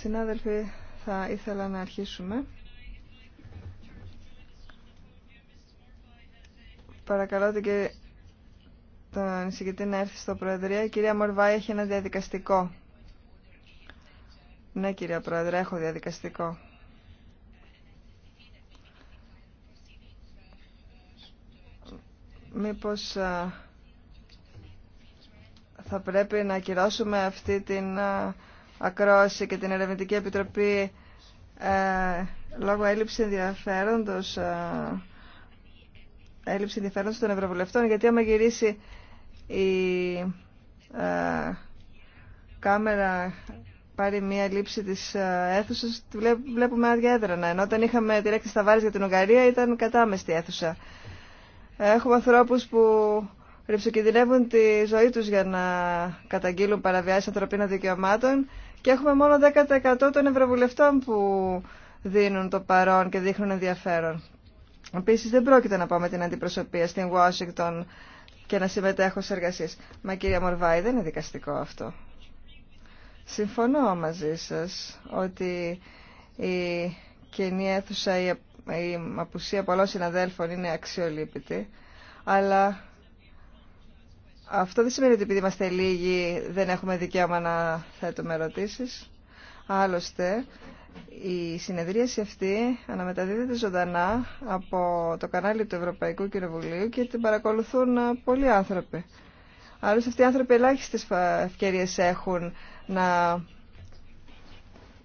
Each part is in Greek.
Συνάδελφοι, θα ήθελα να αρχίσουμε. Παρακαλώ την τον εισηγητή να έρθει στο Προεδρία. Η κυρία Μορβάη έχει ένα διαδικαστικό. Ναι, κυρία Πρόεδρε, έχω διαδικαστικό. Μήπως θα πρέπει να ακυρώσουμε αυτή την ε, ακρόαση και την Ερευνητική Επιτροπή ε, λόγω έλλειψη ενδιαφέροντος, ε, έλλειψη των Ευρωβουλευτών, γιατί άμα γυρίσει η ε, κάμερα πάρει μία λήψη της ε, αίθουσας, τη βλέπουμε άδεια έδρανα. Ενώ όταν είχαμε τη ρέκτη στα για την Ουγγαρία ήταν κατάμεστη αίθουσα. Έχουμε ανθρώπους που ρεψοκινδυνεύουν τη ζωή τους για να καταγγείλουν παραβιάσεις ανθρωπίνων δικαιωμάτων και έχουμε μόνο 10% των ευρωβουλευτών που δίνουν το παρόν και δείχνουν ενδιαφέρον. Επίσης δεν πρόκειται να πάμε με την αντιπροσωπεία στην Ουάσιγκτον και να συμμετέχω σε εργασίες. Μα κυρία Μορβάη δεν είναι δικαστικό αυτό. Συμφωνώ μαζί σας ότι η κοινή αίθουσα, η απουσία πολλών συναδέλφων είναι αξιολύπητη, αλλά αυτό δεν σημαίνει ότι επειδή είμαστε λίγοι δεν έχουμε δικαίωμα να θέτουμε ερωτήσει. Άλλωστε, η συνεδρίαση αυτή αναμεταδίδεται ζωντανά από το κανάλι του Ευρωπαϊκού Κοινοβουλίου και την παρακολουθούν πολλοί άνθρωποι. Άλλωστε, αυτοί οι άνθρωποι ελάχιστε ευκαιρίε έχουν να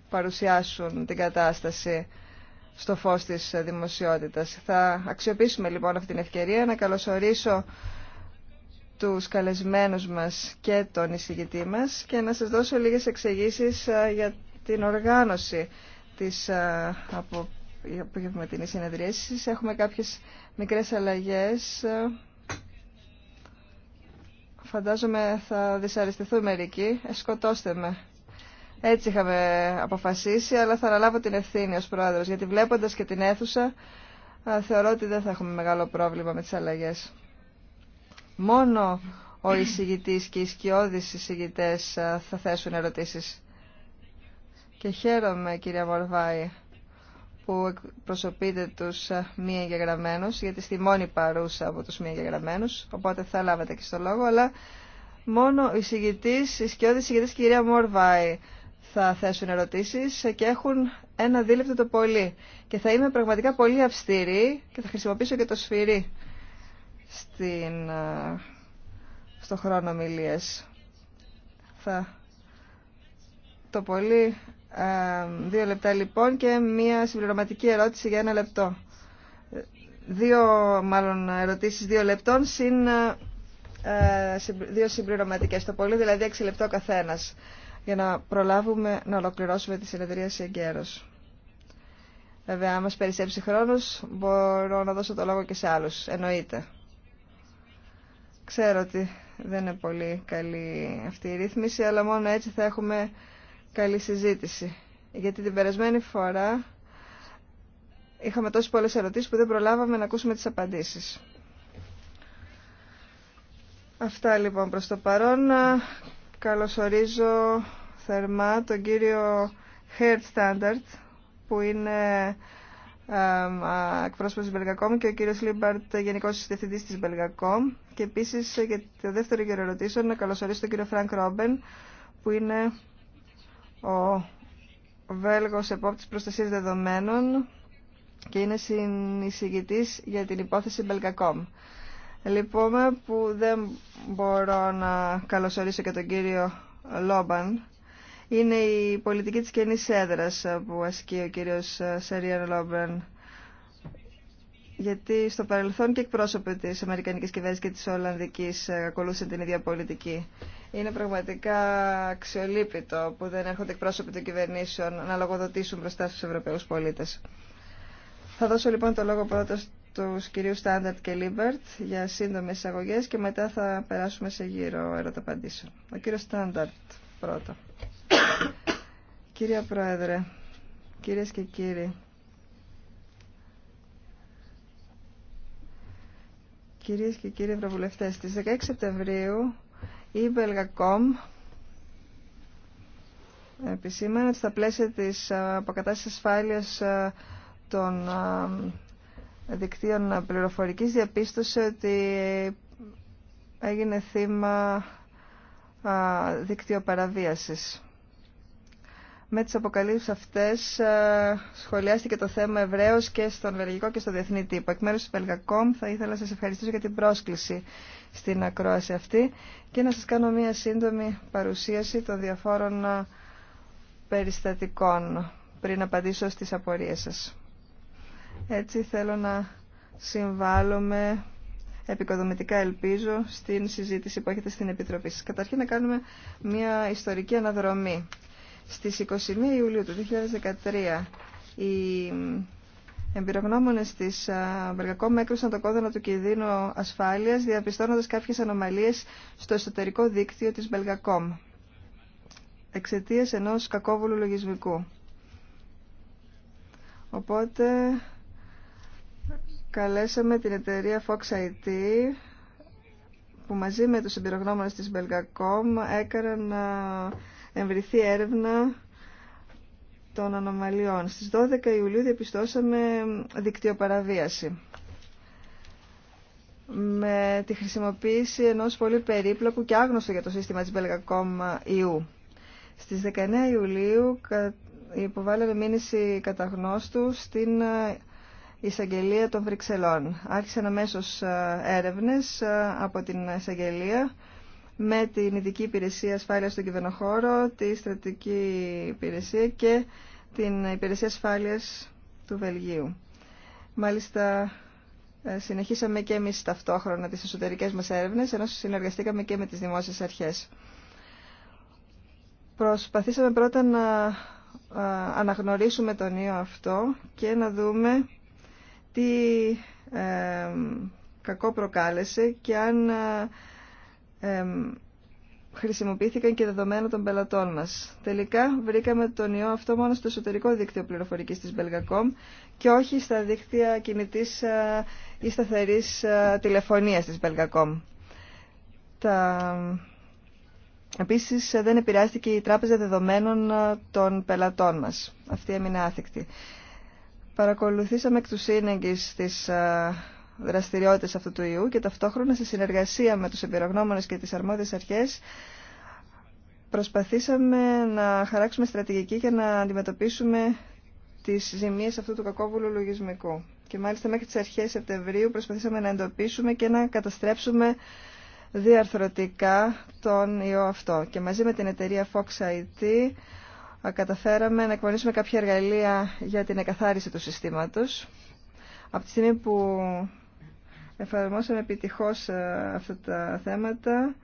παρουσιάσουν την κατάσταση στο φως της δημοσιότητας. Θα αξιοποιήσουμε λοιπόν αυτή την ευκαιρία να καλωσορίσω τους καλεσμένους μας και τον εισηγητή μας και να σας δώσω λίγες εξηγήσεις για την οργάνωση της απογευματινής συνεδρίασης. Έχουμε κάποιες μικρές αλλαγές. Φαντάζομαι θα δυσαρεστηθούν μερικοί. Ε, σκοτώστε με. Έτσι είχαμε αποφασίσει, αλλά θα αναλάβω την ευθύνη ως πρόεδρος, γιατί βλέποντας και την αίθουσα, θεωρώ ότι δεν θα έχουμε μεγάλο πρόβλημα με τις αλλαγές. Μόνο ο εισηγητής και οι σκιώδεις εισηγητές ε, θα θέσουν ερωτήσεις. Και χαίρομαι, κυρία Μορβάη, που προσωπείτε τους ε, μη εγγεγραμμένους, γιατί στη μόνη παρούσα από τους μη εγγεγραμμένους, οπότε θα λάβετε και στο λόγο, αλλά μόνο ο εισηγητής, οι σκιώδεις εισηγητές κυρία Μορβάη θα θέσουν ερωτήσεις και έχουν ένα δίλεπτο το πολύ. Και θα είμαι πραγματικά πολύ αυστηρή και θα χρησιμοποιήσω και το σφυρί στην, ε, στο χρόνο μιλιές, Θα το πολύ ε, δύο λεπτά λοιπόν και μία συμπληρωματική ερώτηση για ένα λεπτό. Δύο μάλλον ερωτήσεις δύο λεπτών συν ε, δύο συμπληρωματικές το πολύ, δηλαδή έξι λεπτό καθένας για να προλάβουμε να ολοκληρώσουμε τη σε εγκαίρος. Βέβαια, άμα μας περισσέψει χρόνος, μπορώ να δώσω το λόγο και σε άλλους. Εννοείται. Ξέρω ότι δεν είναι πολύ καλή αυτή η ρύθμιση, αλλά μόνο έτσι θα έχουμε καλή συζήτηση. Γιατί την περασμένη φορά είχαμε τόσες πολλές ερωτήσεις που δεν προλάβαμε να ακούσουμε τις απαντήσεις. Αυτά λοιπόν προς το παρόν. Καλωσορίζω θερμά τον κύριο Χέρτ Standard που είναι εκπρόσωπο της Belgacom και ο κύριος Λίμπαρτ, Γενικός διευθυντή της Belgacom. Και επίσης ε, για το δεύτερο γύρο ερωτήσεων να καλωσορίσω τον κύριο Φρανκ Ρόμπεν, που είναι ο Βέλγος Επόπτη Προστασία Δεδομένων και είναι συνεισηγητή για την υπόθεση Belgacom. Λυπούμε που δεν μπορώ να καλωσορίσω και τον κύριο Λόμπαν, είναι η πολιτική της καινής έδρας που ασκεί ο κύριος ε, Σεριάν Λόμπεν. Γιατί στο παρελθόν και εκπρόσωποι της Αμερικανικής κυβέρνησης και της Ολλανδικής ε, ακολούθησαν την ίδια πολιτική. Είναι πραγματικά αξιολύπητο που δεν έρχονται εκπρόσωποι των κυβερνήσεων να λογοδοτήσουν μπροστά στους Ευρωπαίους πολίτες. Θα δώσω λοιπόν το λόγο πρώτα στους κυρίους Στάνταρτ και Λίμπερτ για σύντομες εισαγωγές και μετά θα περάσουμε σε γύρω ερωταπαντήσεων. Ο κύριος Στάνταρτ πρώτα. Κύριε Πρόεδρε, κυρίες και κύριοι, κυρίες και κύριοι ευρωβουλευτές, στις 16 Σεπτεμβρίου η Belgacom επισήμανε ότι στα πλαίσια της ε, αποκατάστασης ασφάλειας ε, των ε, δικτύων πληροφορικής διαπίστωσε ότι έγινε θύμα δικτυοπαραβίασης με τις αποκαλύψεις αυτές ε, σχολιάστηκε το θέμα ευρέως και στον Βελγικό και στο Διεθνή Τύπο. Εκ μέρους του Βελγακόμ θα ήθελα να σας ευχαριστήσω για την πρόσκληση στην ακρόαση αυτή και να σας κάνω μία σύντομη παρουσίαση των διαφόρων ε, περιστατικών πριν απαντήσω στις απορίες σας. Έτσι θέλω να συμβάλλουμε επικοδομητικά ελπίζω στην συζήτηση που έχετε στην Επιτροπή σας. Καταρχήν να κάνουμε μια ιστορική αναδρομή στις 21 Ιουλίου του 2013 οι εμπειρογνώμονες της BelgaCom έκρουσαν το κόδωνα του κινδύνου ασφάλειας διαπιστώνοντας κάποιες ανομαλίες στο εσωτερικό δίκτυο της BelgaCom, εξαιτίας ενός κακόβουλου λογισμικού. Οπότε καλέσαμε την εταιρεία Fox IT που μαζί με τους εμπειρογνώμονες της Belgacom έκαναν εμβριθεί έρευνα των ανομαλιών. Στις 12 Ιουλίου διαπιστώσαμε δικτυοπαραβίαση με τη χρησιμοποίηση ενός πολύ περίπλοκου και άγνωστο για το σύστημα της Belgacom EU. Στις 19 Ιουλίου υποβάλλαμε μήνυση κατά γνώστου στην ε, εισαγγελία των Βρυξελών. Άρχισαν αμέσω ε, έρευνες ε, από την εισαγγελία με την Ειδική Υπηρεσία Ασφάλειας στον Κυβερνοχώρο, τη Στρατική Υπηρεσία και την Υπηρεσία Ασφάλειας του Βελγίου. Μάλιστα, ε, συνεχίσαμε και εμείς ταυτόχρονα τις εσωτερικές μας έρευνες, ενώ συνεργαστήκαμε και με τις δημόσιες αρχές. Προσπαθήσαμε πρώτα να ε, αναγνωρίσουμε τον ιό αυτό και να δούμε τι ε, κακό προκάλεσε και αν χρησιμοποιήθηκαν και δεδομένα των πελατών μας. Τελικά βρήκαμε τον ιό αυτό μόνο στο εσωτερικό δίκτυο πληροφορικής της Belgacom και όχι στα δίκτυα κινητής ε, ή σταθερής ε, τηλεφωνίας της Belgacom. Τα... Επίσης ε, δεν επηρεάστηκε η τράπεζα δεδομένων των πελατών μας. Αυτή έμεινε άθικτη. Παρακολουθήσαμε εκ του της Δραστηριότητε αυτού του ιού και ταυτόχρονα σε συνεργασία με τους εμπειρογνώμονες και τις αρμόδιες αρχές προσπαθήσαμε να χαράξουμε στρατηγική και να αντιμετωπίσουμε τις ζημίες αυτού του κακόβουλου λογισμικού. Και μάλιστα μέχρι τις αρχές Σεπτεμβρίου προσπαθήσαμε να εντοπίσουμε και να καταστρέψουμε διαρθρωτικά τον ιό αυτό. Και μαζί με την εταιρεία Fox IT καταφέραμε να εκπονήσουμε κάποια εργαλεία για την εκαθάριση του συστήματος. Από τη στιγμή που εφαρμόσαμε επιτυχώς ε, αυτά τα θέματα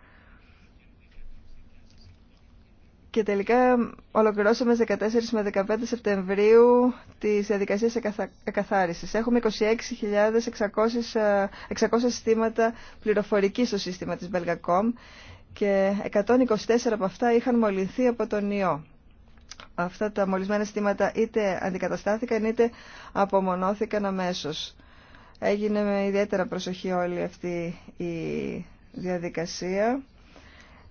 και τελικά ολοκληρώσαμε στις 14 με 15 Σεπτεμβρίου τις διαδικασίες εκαθάρισης. Έχουμε 26.600 ε, συστήματα πληροφορικής στο σύστημα της Belgacom και 124 από αυτά είχαν μολυνθεί από τον ιό. Αυτά τα μολυσμένα συστήματα είτε αντικαταστάθηκαν είτε απομονώθηκαν αμέσως. Έγινε με ιδιαίτερα προσοχή όλη αυτή η διαδικασία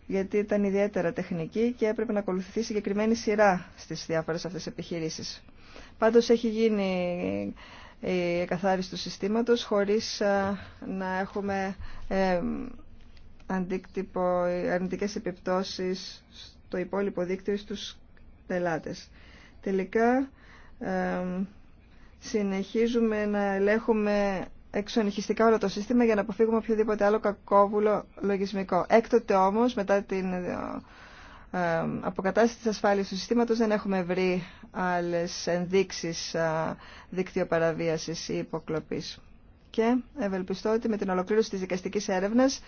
γιατί ήταν ιδιαίτερα τεχνική και έπρεπε να ακολουθηθεί συγκεκριμένη σειρά στις διάφορες αυτές επιχειρήσεις. Πάντως έχει γίνει η εκαθάριση του συστήματος χωρίς να έχουμε αντίκτυπο, αρνητικές επιπτώσεις στο υπόλοιπο δίκτυο στους πελάτες. Τελικά συνεχίζουμε να ελέγχουμε εξονυχιστικά όλο το σύστημα για να αποφύγουμε οποιοδήποτε άλλο κακόβουλο λογισμικό. Έκτοτε όμως, μετά την ε, ε, αποκατάσταση της ασφάλειας του συστήματος, δεν έχουμε βρει άλλες ενδείξεις ε, δικτυοπαραβίασης ή υποκλοπής. Και ευελπιστώ ότι με την ολοκλήρωση της δικαστικής έρευνας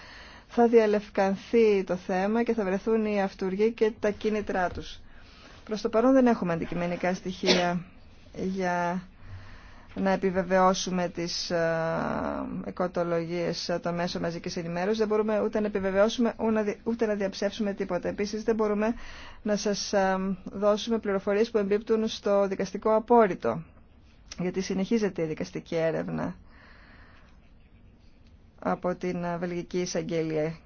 θα διαλευκανθεί το θέμα και θα βρεθούν οι αυτούργοι και τα κίνητρά τους. Προς το παρόν δεν έχουμε αντικειμενικά στοιχεία για να επιβεβαιώσουμε τις ε, οικοτολογίες ε, των μέσων μαζικής ενημέρωσης. Δεν μπορούμε ούτε να επιβεβαιώσουμε ούτε να διαψεύσουμε τίποτα. Επίσης δεν μπορούμε να σας ε, δώσουμε πληροφορίες που εμπίπτουν στο δικαστικό απόρριτο. Γιατί συνεχίζεται η δικαστική έρευνα από την Βελγική Εισαγγελία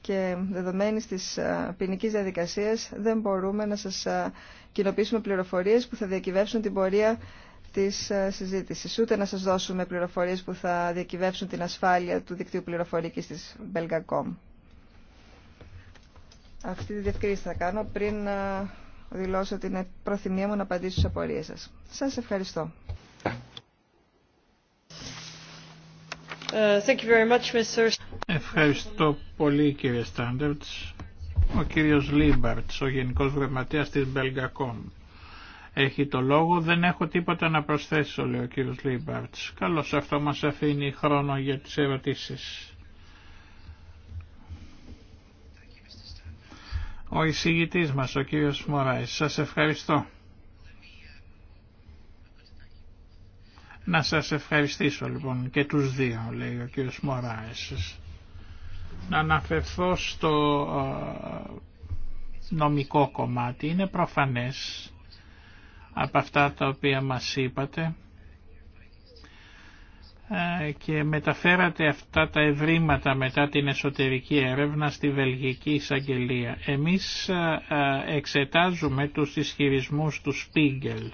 και δεδομένης της ποινική διαδικασία δεν μπορούμε να σας κοινοποιήσουμε πληροφορίες που θα διακυβεύσουν την πορεία της ε, συζήτησης, ούτε να σας δώσουμε πληροφορίες που θα διακυβεύσουν την ασφάλεια του δικτύου πληροφορικής της Belgacom. Αυτή τη διευκρίνηση θα κάνω πριν ε, δηλώσω την προθυμία μου να απαντήσω στις απορίες σας. Σας ευχαριστώ. Ε, thank you very much, Mr. Ευχαριστώ πολύ κύριε Στάντερτς. Ο κύριος Λίμπαρτς, ο Γενικός Γραμματέας της Belgacom έχει το λόγο. Δεν έχω τίποτα να προσθέσω, λέει ο κύριος Λίμπαρτς. Καλώς αυτό μας αφήνει χρόνο για τις ερωτήσεις. Ο εισηγητής μας, ο κύριος Μωράης. Σας ευχαριστώ. Να σας ευχαριστήσω λοιπόν και τους δύο, λέει ο κύριος Μωράης. Να αναφερθώ στο νομικό κομμάτι. Είναι προφανές από αυτά τα οποία μας είπατε ε, και μεταφέρατε αυτά τα ευρήματα μετά την εσωτερική έρευνα στη Βελγική Εισαγγελία. Εμείς ε, ε, εξετάζουμε τους ισχυρισμούς του Σπίγκελ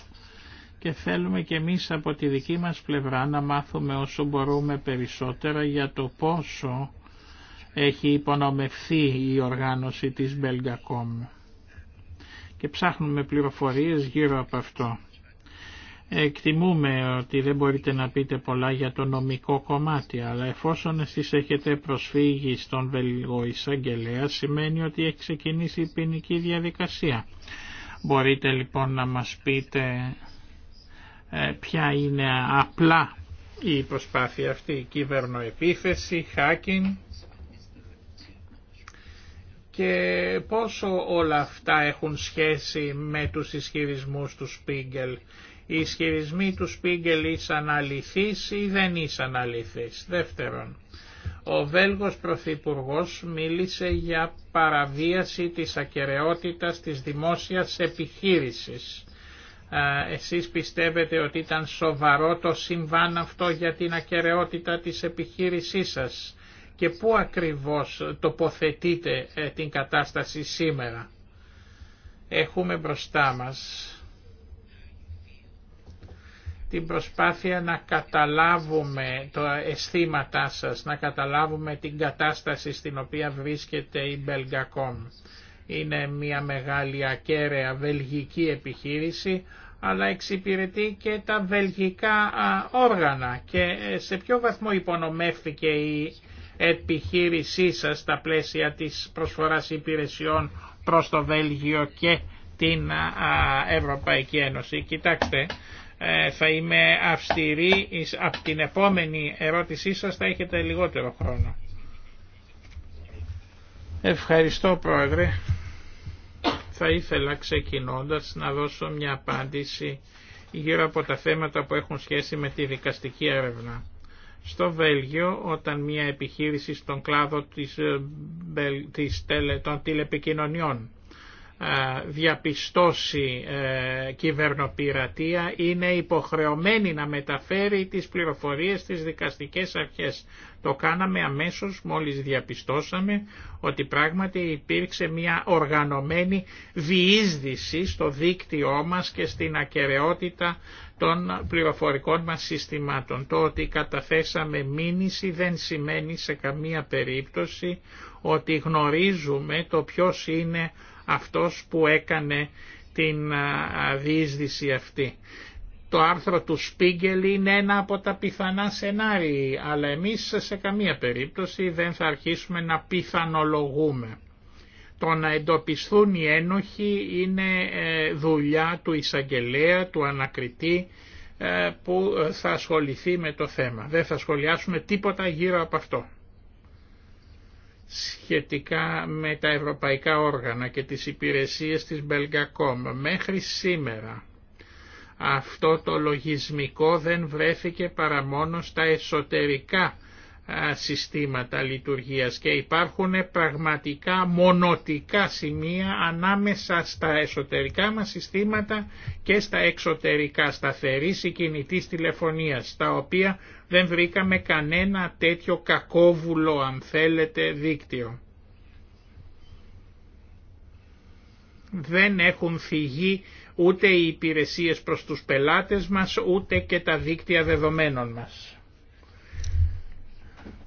και θέλουμε και εμείς από τη δική μας πλευρά να μάθουμε όσο μπορούμε περισσότερα για το πόσο έχει υπονομευθεί η οργάνωση της Belgacom και ψάχνουμε πληροφορίες γύρω από αυτό. Εκτιμούμε ότι δεν μπορείτε να πείτε πολλά για το νομικό κομμάτι, αλλά εφόσον εσείς έχετε προσφύγει στον Βελγό Ισαγγελέα σημαίνει ότι έχει ξεκινήσει η ποινική διαδικασία. Μπορείτε λοιπόν να μας πείτε ε, ποια είναι απλά η προσπάθεια αυτή, η κυβερνοεπίθεση, hacking, και πόσο όλα αυτά έχουν σχέση με τους ισχυρισμούς του Σπίγκελ. Οι ισχυρισμοί του Σπίγκελ ήσαν αληθείς ή δεν ήσαν αληθείς. Δεύτερον, ο Βέλγος Πρωθυπουργό μίλησε για παραβίαση της ακαιρεότητας της δημόσιας επιχείρησης. Εσείς πιστεύετε ότι ήταν σοβαρό το συμβάν αυτό για την ακαιρεότητα της επιχείρησής σας και πού ακριβώς τοποθετείτε ε, την κατάσταση σήμερα. Έχουμε μπροστά μας την προσπάθεια να καταλάβουμε τα αισθήματά σας, να καταλάβουμε την κατάσταση στην οποία βρίσκεται η Belgacom. Είναι μια μεγάλη ακέραια βελγική επιχείρηση, αλλά εξυπηρετεί και τα βελγικά όργανα και ε, σε ποιο βαθμό υπονομεύθηκε η επιχείρησή σας στα πλαίσια της προσφοράς υπηρεσιών προς το Βέλγιο και την Ευρωπαϊκή Ένωση. Κοιτάξτε, ε, θα είμαι αυστηρή, από την επόμενη ερώτησή σας θα έχετε λιγότερο χρόνο. Ευχαριστώ Πρόεδρε. Θα ήθελα ξεκινώντας να δώσω μια απάντηση γύρω από τα θέματα που έχουν σχέση με τη δικαστική έρευνα. Στο Βέλγιο, όταν μια επιχείρηση στον κλάδο της, ε, της, των τηλεπικοινωνιών ε, διαπιστώσει ε, κυβερνοπειρατεία είναι υποχρεωμένη να μεταφέρει τις πληροφορίες στις δικαστικές αρχές. Το κάναμε αμέσως μόλις διαπιστώσαμε ότι πράγματι υπήρξε μια οργανωμένη διείσδυση στο δίκτυό μας και στην ακαιρεότητα των πληροφορικών μας συστημάτων. Το ότι καταθέσαμε μήνυση δεν σημαίνει σε καμία περίπτωση ότι γνωρίζουμε το ποιος είναι αυτός που έκανε την διείσδυση αυτή. Το άρθρο του Σπίγκελ είναι ένα από τα πιθανά σενάρια, αλλά εμείς σε καμία περίπτωση δεν θα αρχίσουμε να πιθανολογούμε. Το να εντοπισθούν οι ένοχοι είναι ε, δουλειά του εισαγγελέα, του ανακριτή ε, που θα ασχοληθεί με το θέμα. Δεν θα σχολιάσουμε τίποτα γύρω από αυτό σχετικά με τα ευρωπαϊκά όργανα και τις υπηρεσίες της Belgacom μέχρι σήμερα. Αυτό το λογισμικό δεν βρέθηκε παρά μόνο στα εσωτερικά συστήματα λειτουργίας και υπάρχουν πραγματικά μονοτικά σημεία ανάμεσα στα εσωτερικά μας συστήματα και στα εξωτερικά σταθερή συγκινητής τηλεφωνίας τα οποία δεν βρήκαμε κανένα τέτοιο κακόβουλο αν θέλετε δίκτυο. Δεν έχουν φυγεί ούτε οι υπηρεσίες προς τους πελάτες μας ούτε και τα δίκτυα δεδομένων μας.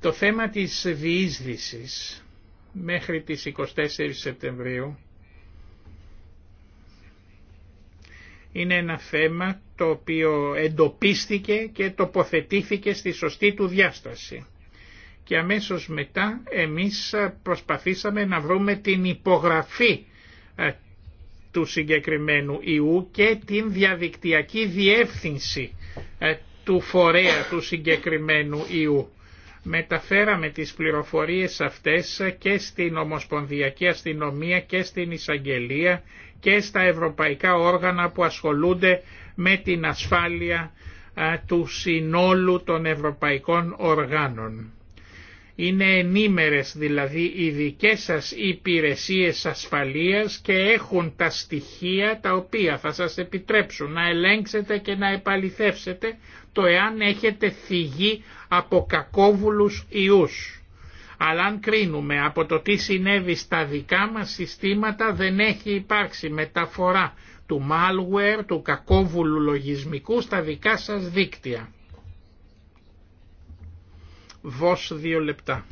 Το θέμα της διείσδυσης μέχρι τις 24 Σεπτεμβρίου είναι ένα θέμα το οποίο εντοπίστηκε και τοποθετήθηκε στη σωστή του διάσταση. Και αμέσως μετά εμείς προσπαθήσαμε να βρούμε την υπογραφή ε, του συγκεκριμένου ιού και την διαδικτυακή διεύθυνση ε, του φορέα του συγκεκριμένου ιού μεταφέραμε τις πληροφορίες αυτές και στην Ομοσπονδιακή Αστυνομία και στην Εισαγγελία και στα ευρωπαϊκά όργανα που ασχολούνται με την ασφάλεια του συνόλου των ευρωπαϊκών οργάνων. Είναι ενήμερες δηλαδή οι δικές σας υπηρεσίες ασφαλείας και έχουν τα στοιχεία τα οποία θα σας επιτρέψουν να ελέγξετε και να επαληθεύσετε το εάν έχετε θυγεί από κακόβουλους ιούς. Αλλά αν κρίνουμε από το τι συνέβη στα δικά μας συστήματα δεν έχει υπάρξει μεταφορά του malware, του κακόβουλου λογισμικού στα δικά σας δίκτυα. Βος δύο λεπτά.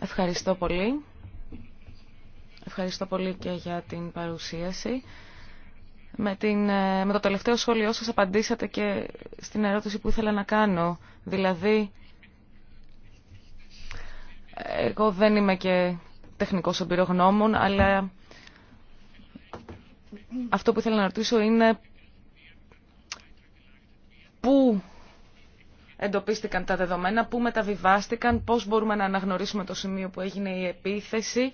Ευχαριστώ πολύ. Ευχαριστώ πολύ και για την παρουσίαση με, την, ε, με το τελευταίο σχόλιο σας απαντήσατε και στην ερώτηση που ήθελα να κάνω. Δηλαδή, εγώ δεν είμαι και τεχνικός εμπειρογνώμων, αλλά αυτό που ήθελα να ρωτήσω είναι πού εντοπίστηκαν τα δεδομένα, πού μεταβιβάστηκαν, πώς μπορούμε να αναγνωρίσουμε το σημείο που έγινε η επίθεση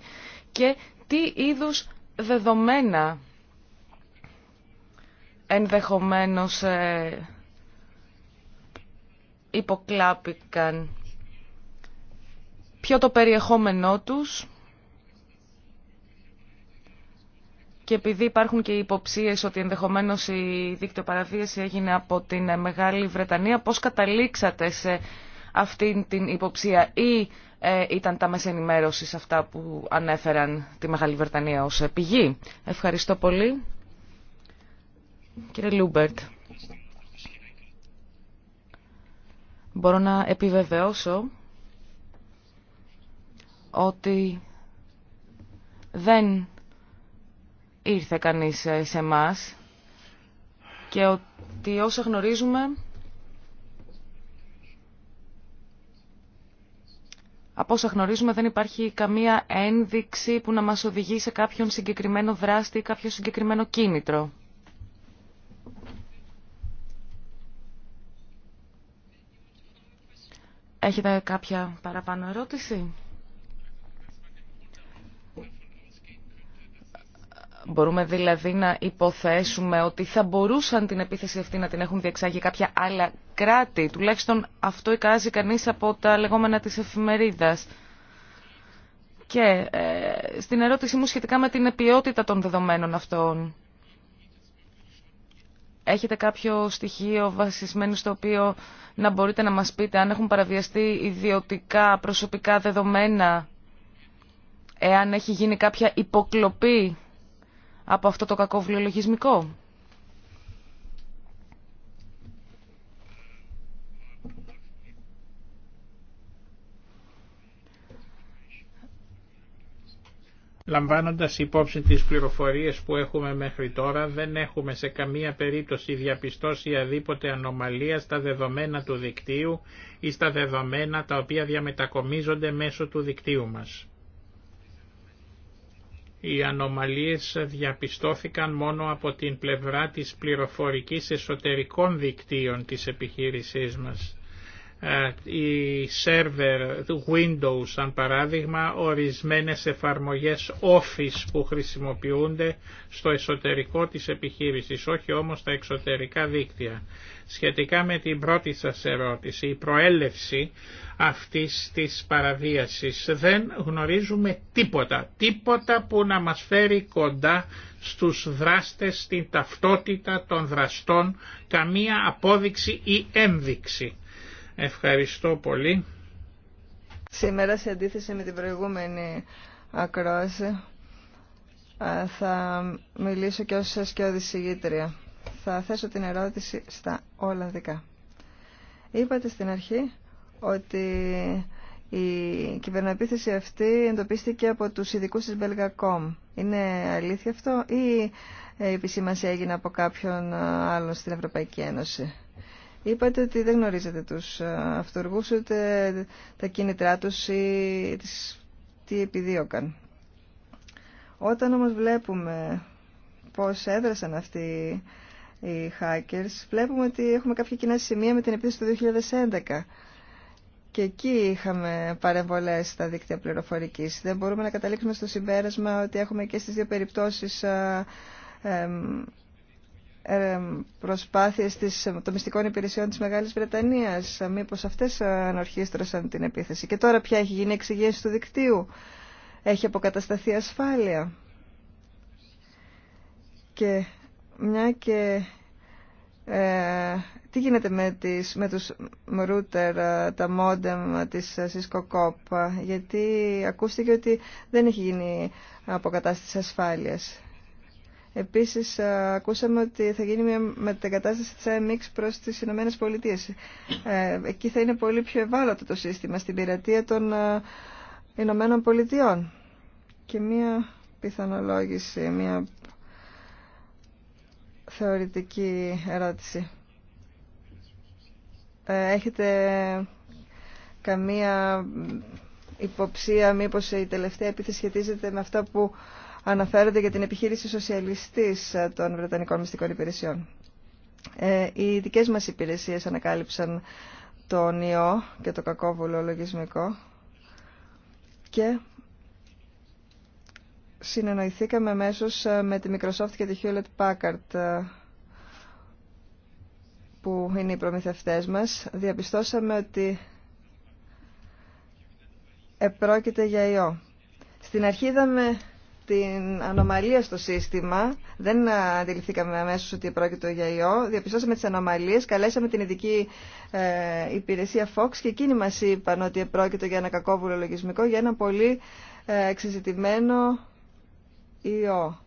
και τι είδους δεδομένα ενδεχομένως ε, υποκλάπηκαν πιο το περιεχόμενό τους και επειδή υπάρχουν και υποψίες ότι ενδεχομένως η δίκτυο παραβίαση έγινε από την Μεγάλη Βρετανία, πώς καταλήξατε σε αυτή την υποψία ή ε, ήταν τα μέσα ενημέρωση αυτά που ανέφεραν τη Μεγάλη Βρετανία ως πηγή. Ευχαριστώ πολύ. Κύριε Λούμπερτ, μπορώ να επιβεβαιώσω ότι δεν ήρθε κανείς σε εμά και ότι όσα γνωρίζουμε από όσα γνωρίζουμε δεν υπάρχει καμία ένδειξη που να μας οδηγεί σε κάποιον συγκεκριμένο δράστη ή κάποιο συγκεκριμένο κίνητρο. Έχετε κάποια παραπάνω ερώτηση? Μπορούμε δηλαδή να υποθέσουμε ότι θα μπορούσαν την επίθεση αυτή να την έχουν διεξάγει κάποια άλλα κράτη. Τουλάχιστον αυτό εικάζει κανείς από τα λεγόμενα της εφημερίδας. Και ε, στην ερώτησή μου σχετικά με την ποιότητα των δεδομένων αυτών. Έχετε κάποιο στοιχείο βασισμένο στο οποίο να μπορείτε να μας πείτε αν έχουν παραβιαστεί ιδιωτικά, προσωπικά δεδομένα, εάν έχει γίνει κάποια υποκλοπή από αυτό το κακό βιολογισμικό. Λαμβάνοντας υπόψη τις πληροφορίες που έχουμε μέχρι τώρα, δεν έχουμε σε καμία περίπτωση διαπιστώσει αδίποτε ανομαλία στα δεδομένα του δικτύου ή στα δεδομένα τα οποία διαμετακομίζονται μέσω του δικτύου μας. Οι ανομαλίες διαπιστώθηκαν μόνο από την πλευρά της πληροφορικής εσωτερικών δικτύων της επιχείρησής μας οι ε, σερβερ Windows σαν παράδειγμα, ορισμένες εφαρμογές Office που χρησιμοποιούνται στο εσωτερικό της επιχείρησης, όχι όμως τα εξωτερικά δίκτυα. Σχετικά με την πρώτη σας ερώτηση, η προέλευση αυτής της παραβίασης δεν γνωρίζουμε τίποτα, τίποτα που να μας φέρει κοντά στους δράστες, την ταυτότητα των δραστών, καμία απόδειξη ή ένδειξη Ευχαριστώ πολύ. Σήμερα σε αντίθεση με την προηγούμενη ακρόαση θα μιλήσω και ως ως συγγήτρια. Θα θέσω την ερώτηση στα Ολλανδικά. Είπατε στην αρχή ότι η κυβερνοεπίθεση αυτή εντοπίστηκε από τους ειδικού της Belgacom. Είναι αλήθεια αυτό ή η επισήμανση έγινε από κάποιον άλλον στην Ευρωπαϊκή Ένωση. Είπατε ότι δεν γνωρίζετε τους ε, αυτοργούς ούτε τα κίνητρά τους ή τι επιδίωκαν. Όταν όμως βλέπουμε πώς έδρασαν αυτοί οι hackers, βλέπουμε ότι έχουμε κάποια κοινά σημεία με την επίθεση του 2011. Και εκεί είχαμε παρεμβολές στα δίκτυα πληροφορικής. Δεν μπορούμε να καταλήξουμε στο συμπέρασμα ότι έχουμε και στις δύο περιπτώσεις ε, ε, ε, προσπάθειες των μυστικών υπηρεσιών της Μεγάλης Βρετανίας. Μήπως αυτές ανορχίστρωσαν την επίθεση. Και τώρα πια έχει γίνει εξηγήση του δικτύου. Έχει αποκατασταθεί ασφάλεια. Και μια και... Ε, τι γίνεται με, τις, τους ρούτερ, τα μόντεμ της Cisco γιατί ακούστηκε ότι δεν έχει γίνει αποκατάσταση ασφάλειας. Επίσης, ε, ακούσαμε ότι θα γίνει μια μετεγκατάσταση της IMX προς τις Ηνωμένες Πολιτείες. Ε, εκεί θα είναι πολύ πιο ευάλωτο το σύστημα στην πειρατεία των ε, Ηνωμένων Πολιτειών. Και μια πιθανολόγηση, μια θεωρητική ερώτηση. Έχετε καμία υποψία μήπως η τελευταία επίθεση σχετίζεται με αυτά που αναφέρονται για την επιχείρηση σοσιαλιστής ε, των Βρετανικών Μυστικών Υπηρεσιών. Ε, οι δικέ μας υπηρεσίες ανακάλυψαν τον ιό και το κακόβουλο λογισμικό και συνεννοηθήκαμε αμέσω ε, με τη Microsoft και τη Hewlett Packard που είναι οι προμηθευτές μας. Διαπιστώσαμε ότι επρόκειται για ιό. Στην αρχή είδαμε την ανομαλία στο σύστημα. Δεν αντιληφθήκαμε αμέσω ότι πρόκειται για ιό. Διαπιστώσαμε τι ανομαλίε, καλέσαμε την ειδική ε, υπηρεσία Fox και εκείνοι μα είπαν ότι πρόκειται για ένα κακόβουλο λογισμικό, για ένα πολύ ε, εξεζητημένο ιό.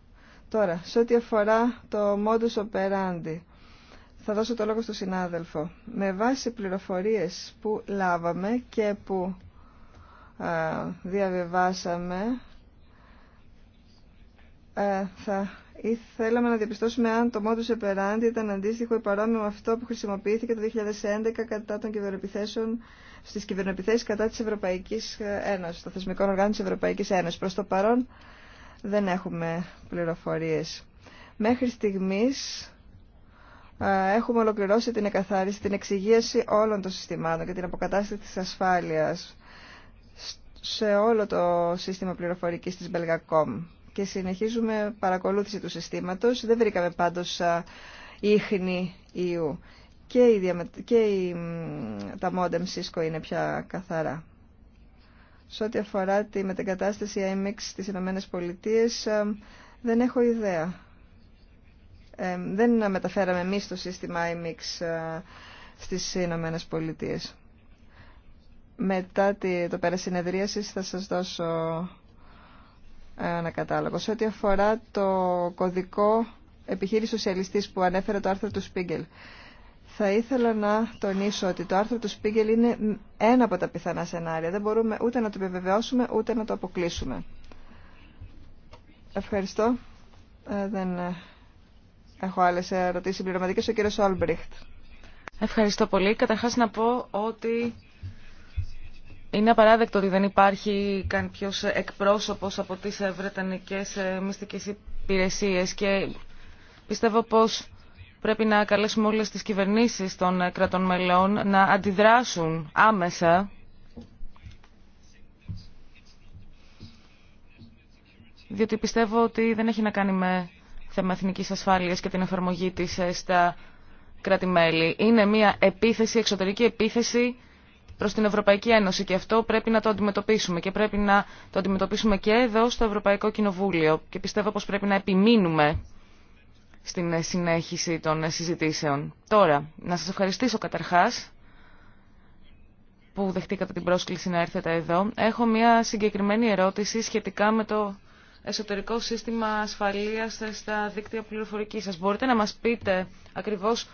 Τώρα, σε ό,τι αφορά το modus operandi, θα δώσω το λόγο στον συνάδελφο. Με βάση πληροφορίες που λάβαμε και που ε, διαβεβάσαμε ε, θα ήθελαμε να διαπιστώσουμε αν το modus operandi ήταν αντίστοιχο ή παρόμοιο με αυτό που χρησιμοποιήθηκε το 2011 κατά των κυβερνοεπιθέσεων στις κυβερνοεπιθέσεις κατά της Ευρωπαϊκής ε, Ένωσης, των θεσμικών οργάνων της Ευρωπαϊκής Ένωσης. Προς το παρόν δεν έχουμε πληροφορίες. Μέχρι στιγμής ε, έχουμε ολοκληρώσει την εκαθάριση, την εξηγίαση όλων των συστημάτων και την αποκατάσταση της ασφάλειας σε όλο το σύστημα πληροφορικής της Belgacom και συνεχίζουμε παρακολούθηση του συστήματος. Δεν βρήκαμε πάντως ίχνη ιού. Και, η και τα μόντεμ Cisco είναι πια καθαρά. Σε ό,τι αφορά τη μετεγκατάσταση IMX στις Ηνωμένες Πολιτείες, δεν έχω ιδέα. Ε, δεν μεταφέραμε εμεί το σύστημα IMX στις Ηνωμένες Πολιτείες. Μετά το πέρα συνεδρίασης θα σας δώσω σε ό,τι αφορά το κωδικό επιχείρηση σοσιαλιστής που ανέφερε το άρθρο του Σπίγκελ, θα ήθελα να τονίσω ότι το άρθρο του Σπίγκελ είναι ένα από τα πιθανά σενάρια. Δεν μπορούμε ούτε να το επιβεβαιώσουμε ούτε να το αποκλείσουμε. Ευχαριστώ. Ε, δεν ε, έχω άλλε ερωτήσει συμπληρωματικές. Ο κύριος Όλμπριχτ. Ευχαριστώ πολύ. Καταρχά να πω ότι είναι απαράδεκτο ότι δεν υπάρχει κάποιο εκπρόσωπος από τις ε, βρετανικές ε, μυστικές υπηρεσίες και πιστεύω πως πρέπει να καλέσουμε όλες τις κυβερνήσεις των ε, κρατών μελών να αντιδράσουν άμεσα διότι πιστεύω ότι δεν έχει να κάνει με θέμα εθνικής ασφάλειας και την εφαρμογή της στα κράτη-μέλη. Είναι μια επίθεση, εξωτερική επίθεση προς την Ευρωπαϊκή Ένωση και αυτό πρέπει να το αντιμετωπίσουμε και πρέπει να το αντιμετωπίσουμε και εδώ στο Ευρωπαϊκό Κοινοβούλιο και πιστεύω πως πρέπει να επιμείνουμε στην συνέχιση των συζητήσεων. Τώρα, να σας ευχαριστήσω καταρχάς που δεχτήκατε την πρόσκληση να έρθετε εδώ. Έχω μια συγκεκριμένη ερώτηση σχετικά με το εσωτερικό σύστημα ασφαλείας στα δίκτυα πληροφορικής σας. Μπορείτε να μας πείτε ακριβώς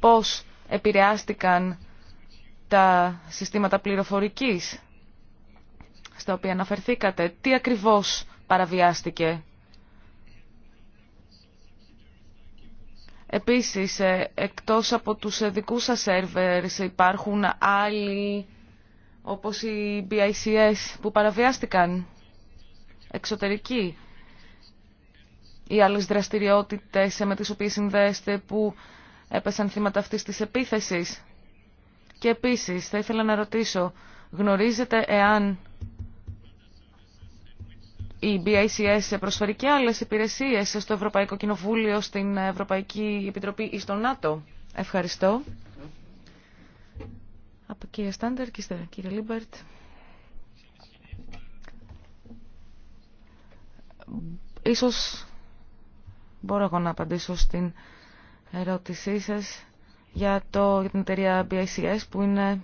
πώς επηρεάστηκαν τα συστήματα πληροφορικής στα οποία αναφερθήκατε. Τι ακριβώς παραβιάστηκε. Επίσης, ε, εκτός από τους δικούς σας σερβερς υπάρχουν άλλοι όπως οι BICS που παραβιάστηκαν εξωτερικοί ή άλλες δραστηριότητες με τις οποίες συνδέεστε που έπεσαν θύματα αυτής της επίθεσης. Και επίσης θα ήθελα να ρωτήσω, γνωρίζετε εάν η BICS προσφέρει και άλλες υπηρεσίες στο Ευρωπαϊκό Κοινοβούλιο, στην Ευρωπαϊκή Επιτροπή ή στο ΝΑΤΟ. Ευχαριστώ. Από κύριε Στάντερ και Ίσως μπορώ εγώ να απαντήσω στην ερώτησή σας για, το, για την εταιρεία BICS που είναι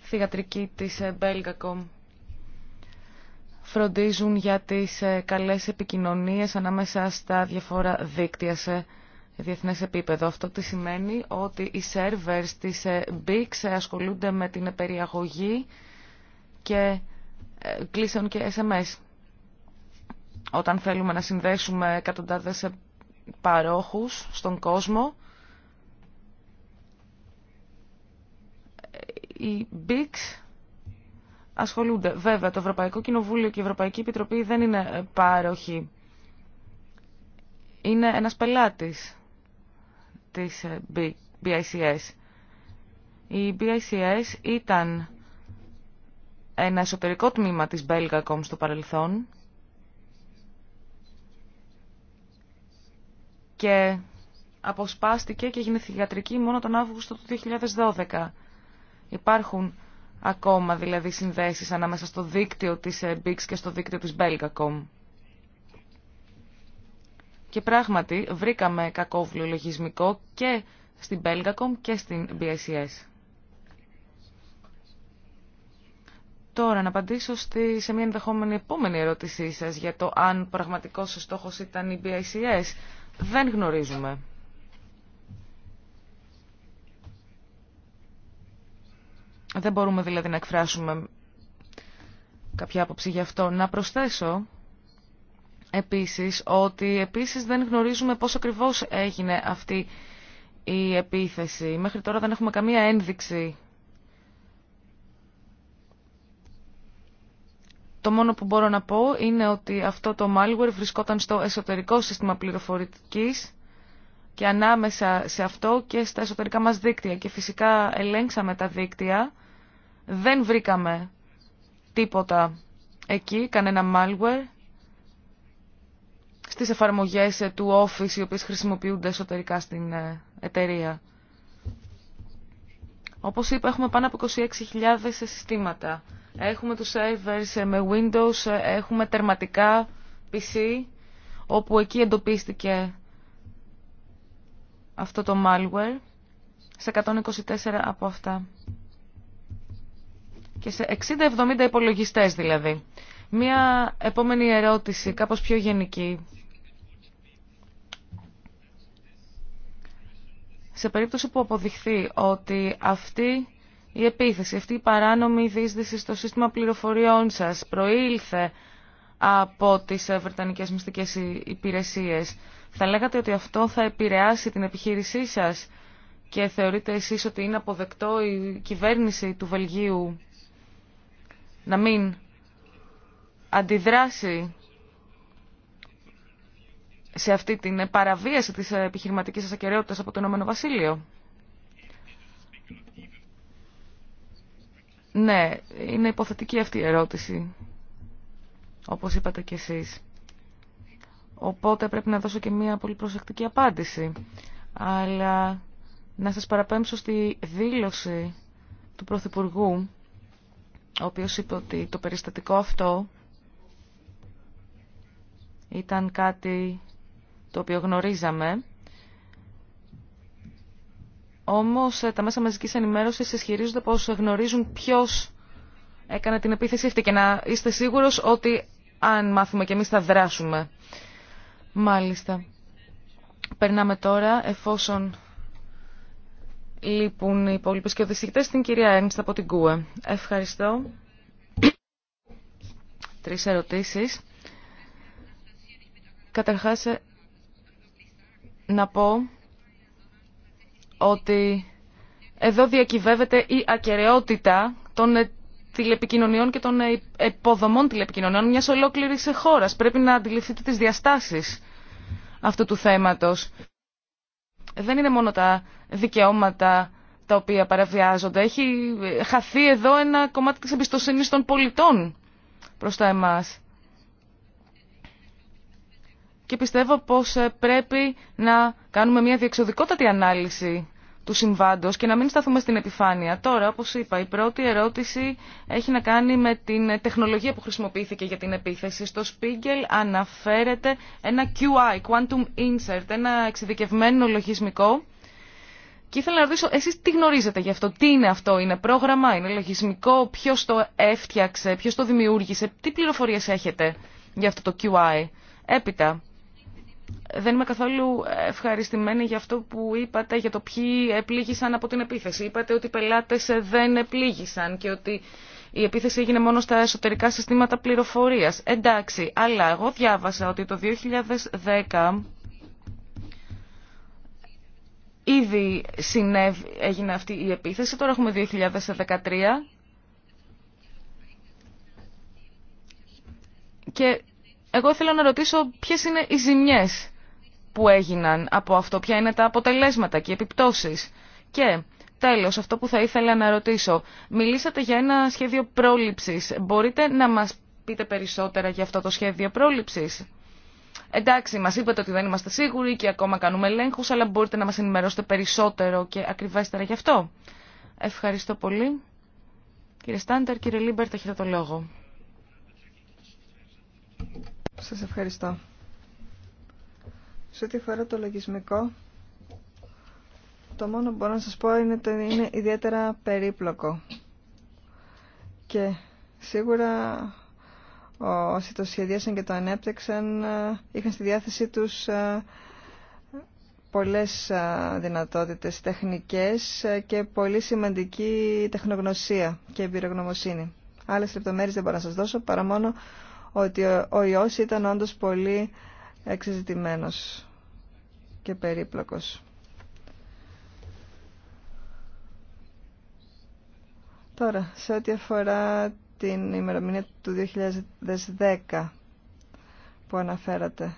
θηγατρική της ε, Belgacom. Φροντίζουν για τις ε, καλές επικοινωνίες ανάμεσα στα διαφορά δίκτυα σε διεθνές επίπεδο. Αυτό τι σημαίνει ότι οι servers της ε, BICS ασχολούνται με την περιαγωγή και κλείσαν και SMS. Όταν θέλουμε να συνδέσουμε εκατοντάδες παρόχους στον κόσμο, οι BICS ασχολούνται. Βέβαια, το Ευρωπαϊκό Κοινοβούλιο και η Ευρωπαϊκή Επιτροπή δεν είναι πάροχη. Είναι ένας πελάτης της BICS. Ε, η BICS ήταν ένα εσωτερικό τμήμα της Belgacom στο παρελθόν και αποσπάστηκε και ιατρική μόνο τον Αύγουστο του 2012. Υπάρχουν ακόμα δηλαδή συνδέσεις ανάμεσα στο δίκτυο της ε, BICS και στο δίκτυο της Belgacom. Και πράγματι βρήκαμε κακόβουλο λογισμικό και στην Belgacom και στην BSES. E Τώρα να απαντήσω στη, σε μια ενδεχόμενη επόμενη ερώτησή σας για το αν πραγματικός ο στόχος ήταν η BICS. E Δεν γνωρίζουμε. Δεν μπορούμε δηλαδή να εκφράσουμε κάποια άποψη γι' αυτό. Να προσθέσω επίσης ότι επίσης δεν γνωρίζουμε πώς ακριβώς έγινε αυτή η επίθεση. Μέχρι τώρα δεν έχουμε καμία ένδειξη. Το μόνο που μπορώ να πω είναι ότι αυτό το malware βρισκόταν στο εσωτερικό σύστημα πληροφορικής και ανάμεσα σε αυτό και στα εσωτερικά μας δίκτυα. Και φυσικά ελέγξαμε τα δίκτυα δεν βρήκαμε τίποτα εκεί, κανένα malware στις εφαρμογές ε, του Office οι οποίες χρησιμοποιούνται εσωτερικά στην ε, εταιρεία. Όπως είπα, έχουμε πάνω από 26.000 ε, συστήματα. Έχουμε τους servers με Windows, έχουμε τερματικά PC, όπου εκεί εντοπίστηκε αυτό το malware, σε 124 από αυτά. Και σε 60-70 υπολογιστές δηλαδή. Μία επόμενη ερώτηση, κάπως πιο γενική. Σε περίπτωση που αποδειχθεί ότι αυτή η επίθεση, αυτή η παράνομη δίσδυση στο σύστημα πληροφοριών σας προήλθε από τις Βρετανικές Μυστικές Υπηρεσίες. Θα λέγατε ότι αυτό θα επηρεάσει την επιχείρησή σας και θεωρείτε εσείς ότι είναι αποδεκτό η κυβέρνηση του Βελγίου να μην αντιδράσει σε αυτή την παραβίαση της επιχειρηματικής σας ακαιρεότητας από το Ηνωμένο Βασίλειο. Ναι, είναι υποθετική αυτή η ερώτηση, όπως είπατε κι εσείς. Οπότε πρέπει να δώσω και μία πολύ προσεκτική απάντηση. Αλλά να σας παραπέμψω στη δήλωση του Πρωθυπουργού ο οποίος είπε ότι το περιστατικό αυτό ήταν κάτι το οποίο γνωρίζαμε. Όμως ε, τα μέσα μαζικής ενημέρωσης ισχυρίζονται πως γνωρίζουν ποιος έκανε την επίθεση αυτή και να είστε σίγουρος ότι αν μάθουμε και εμείς θα δράσουμε. Μάλιστα. Περνάμε τώρα εφόσον λείπουν οι υπόλοιπε και στην κυρία Ένστα από την ΚΟΕ. Ευχαριστώ. Τρεις ερωτήσεις. Καταρχάς, ε, να πω ότι εδώ διακυβεύεται η ακαιρεότητα των ε, τηλεπικοινωνιών και των ε, υποδομών τηλεπικοινωνιών μιας ολόκληρης χώρας. Πρέπει να αντιληφθείτε τις διαστάσεις αυτού του θέματος δεν είναι μόνο τα δικαιώματα τα οποία παραβιάζονται. Έχει χαθεί εδώ ένα κομμάτι της εμπιστοσύνη των πολιτών προς τα εμάς. Και πιστεύω πως πρέπει να κάνουμε μια διεξοδικότατη ανάλυση του συμβάντος και να μην σταθούμε στην επιφάνεια. Τώρα, όπως είπα, η πρώτη ερώτηση έχει να κάνει με την τεχνολογία που χρησιμοποιήθηκε για την επίθεση. Στο Spiegel αναφέρεται ένα QI, Quantum Insert, ένα εξειδικευμένο λογισμικό. Και ήθελα να ρωτήσω, εσείς τι γνωρίζετε γι' αυτό, τι είναι αυτό, είναι πρόγραμμα, είναι λογισμικό, ποιος το έφτιαξε, ποιος το δημιούργησε, τι πληροφορίες έχετε για αυτό το QI. Έπειτα, δεν είμαι καθόλου ευχαριστημένη για αυτό που είπατε για το ποιοι επλήγησαν από την επίθεση. Είπατε ότι οι πελάτες δεν επλήγησαν και ότι η επίθεση έγινε μόνο στα εσωτερικά συστήματα πληροφορίας. Εντάξει, αλλά εγώ διάβασα ότι το 2010 ήδη συνέβη, έγινε αυτή η επίθεση, τώρα έχουμε 2013 και εγώ θέλω να ρωτήσω ποιες είναι οι ζημιές που έγιναν από αυτό, ποια είναι τα αποτελέσματα και οι επιπτώσεις. Και τέλος, αυτό που θα ήθελα να ρωτήσω, μιλήσατε για ένα σχέδιο πρόληψης. Μπορείτε να μας πείτε περισσότερα για αυτό το σχέδιο πρόληψης. Εντάξει, μας είπατε ότι δεν είμαστε σίγουροι και ακόμα κάνουμε ελέγχου, αλλά μπορείτε να μας ενημερώσετε περισσότερο και ακριβέστερα γι' αυτό. Ευχαριστώ πολύ. Κύριε Στάντερ, κύριε Λίμπερ, έχετε το λόγο. Σας ευχαριστώ. Σε ό,τι αφορά το λογισμικό, το μόνο που μπορώ να σας πω είναι ότι είναι ιδιαίτερα περίπλοκο. Και σίγουρα όσοι το σχεδίασαν και το ανέπτυξαν ε, είχαν στη διάθεσή τους ε, πολλές ε, δυνατότητες τεχνικές και πολύ σημαντική τεχνογνωσία και εμπειρογνωμοσύνη. Άλλες λεπτομέρειες δεν μπορώ να σας δώσω παρά μόνο ότι ο ιός ήταν όντως πολύ εξεζητημένος και περίπλοκος. Τώρα, σε ό,τι αφορά την ημερομηνία του 2010 που αναφέρατε.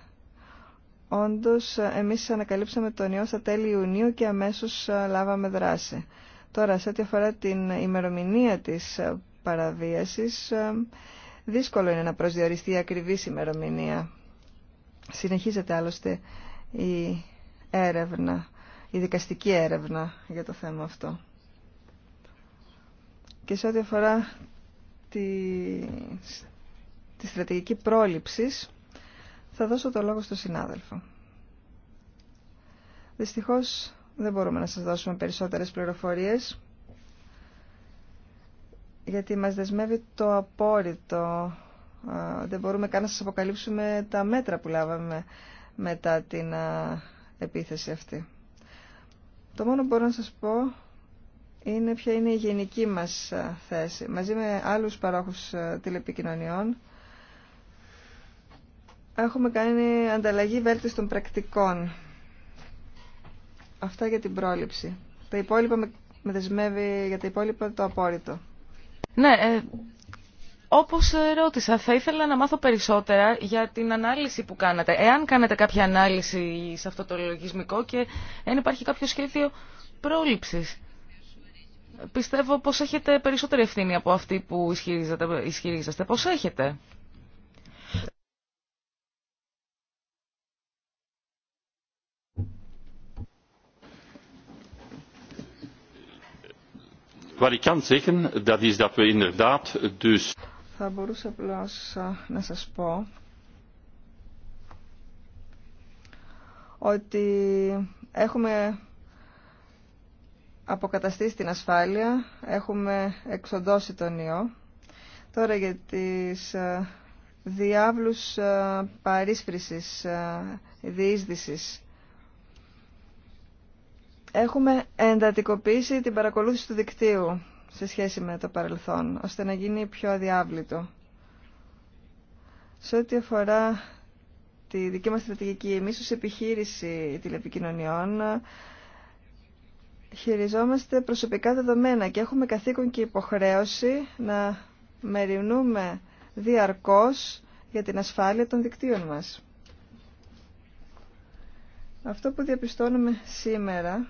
Όντως, εμείς ανακαλύψαμε τον ιό στα τέλη Ιουνίου και αμέσως λάβαμε δράση. Τώρα, σε ό,τι αφορά την ημερομηνία της ε, παραβίασης, ε, Δύσκολο είναι να προσδιοριστεί η ακριβή ημερομηνία. Συνεχίζεται άλλωστε η έρευνα, η δικαστική έρευνα για το θέμα αυτό. Και σε ό,τι αφορά τη, τη στρατηγική πρόληψης, θα δώσω το λόγο στο συνάδελφο. Δυστυχώς δεν μπορούμε να σας δώσουμε περισσότερες πληροφορίες γιατί μας δεσμεύει το απόρριτο. Δεν μπορούμε καν να σας αποκαλύψουμε τα μέτρα που λάβαμε μετά την επίθεση αυτή. Το μόνο που μπορώ να σας πω είναι ποια είναι η γενική μας θέση. Μαζί με άλλους παρόχους τηλεπικοινωνιών έχουμε κάνει ανταλλαγή βέλτιστων πρακτικών. Αυτά για την πρόληψη. Τα υπόλοιπα με δεσμεύει για τα υπόλοιπα το απόρριτο. Ναι, ε, όπως ε, ρώτησα, θα ήθελα να μάθω περισσότερα για την ανάλυση που κάνατε. Εάν κάνετε κάποια ανάλυση σε αυτό το λογισμικό και αν υπάρχει κάποιο σχέδιο πρόληψης. Πιστεύω πως έχετε περισσότερη ευθύνη από αυτή που ισχυρίζεστε. Πώς έχετε. Θα μπορούσα απλώ να σας πω ότι έχουμε αποκαταστήσει την ασφάλεια, έχουμε εξοντώσει τον ιό. Τώρα για τις διάβλους παρίσφρησης, διείσδησης Έχουμε εντατικοποιήσει την παρακολούθηση του δικτύου σε σχέση με το παρελθόν, ώστε να γίνει πιο αδιάβλητο. Σε ό,τι αφορά τη δική μας στρατηγική, εμείς ως επιχείρηση τηλεπικοινωνιών χειριζόμαστε προσωπικά δεδομένα και έχουμε καθήκον και υποχρέωση να μεριμνούμε διαρκώς για την ασφάλεια των δικτύων μας. Αυτό που διαπιστώνουμε σήμερα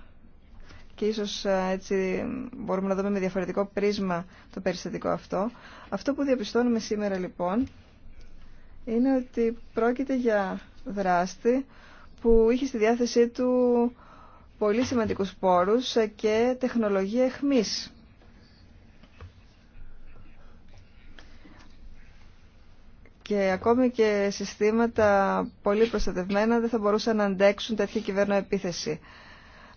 και ίσως ε, έτσι μπορούμε να δούμε με διαφορετικό πρίσμα το περιστατικό αυτό. Αυτό που διαπιστώνουμε σήμερα λοιπόν είναι ότι πρόκειται για δράστη που είχε στη διάθεσή του πολύ σημαντικούς πόρους και τεχνολογία εχμής. Και ακόμη και συστήματα πολύ προστατευμένα δεν θα μπορούσαν να αντέξουν τέτοια κυβέρνοεπίθεση. επίθεση.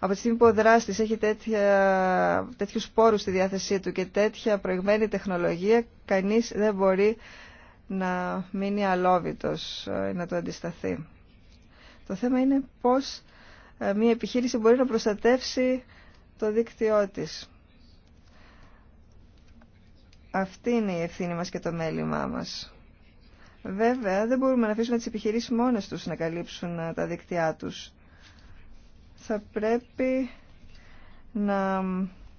Από τη στιγμή που ο δράστης έχει τέτοια, τέτοιους στη διάθεσή του και τέτοια προηγμένη τεχνολογία, κανείς δεν μπορεί να μείνει αλόβητος ε, ή να το αντισταθεί. Το θέμα είναι πώς ε, μια επιχείρηση μπορεί να προστατεύσει το δίκτυό της. Αυτή είναι η ευθύνη μας και το μέλημά μας. Βέβαια, δεν μπορούμε να αφήσουμε τις επιχειρήσεις μόνες τους να καλύψουν ε, τα δίκτυά τους θα πρέπει να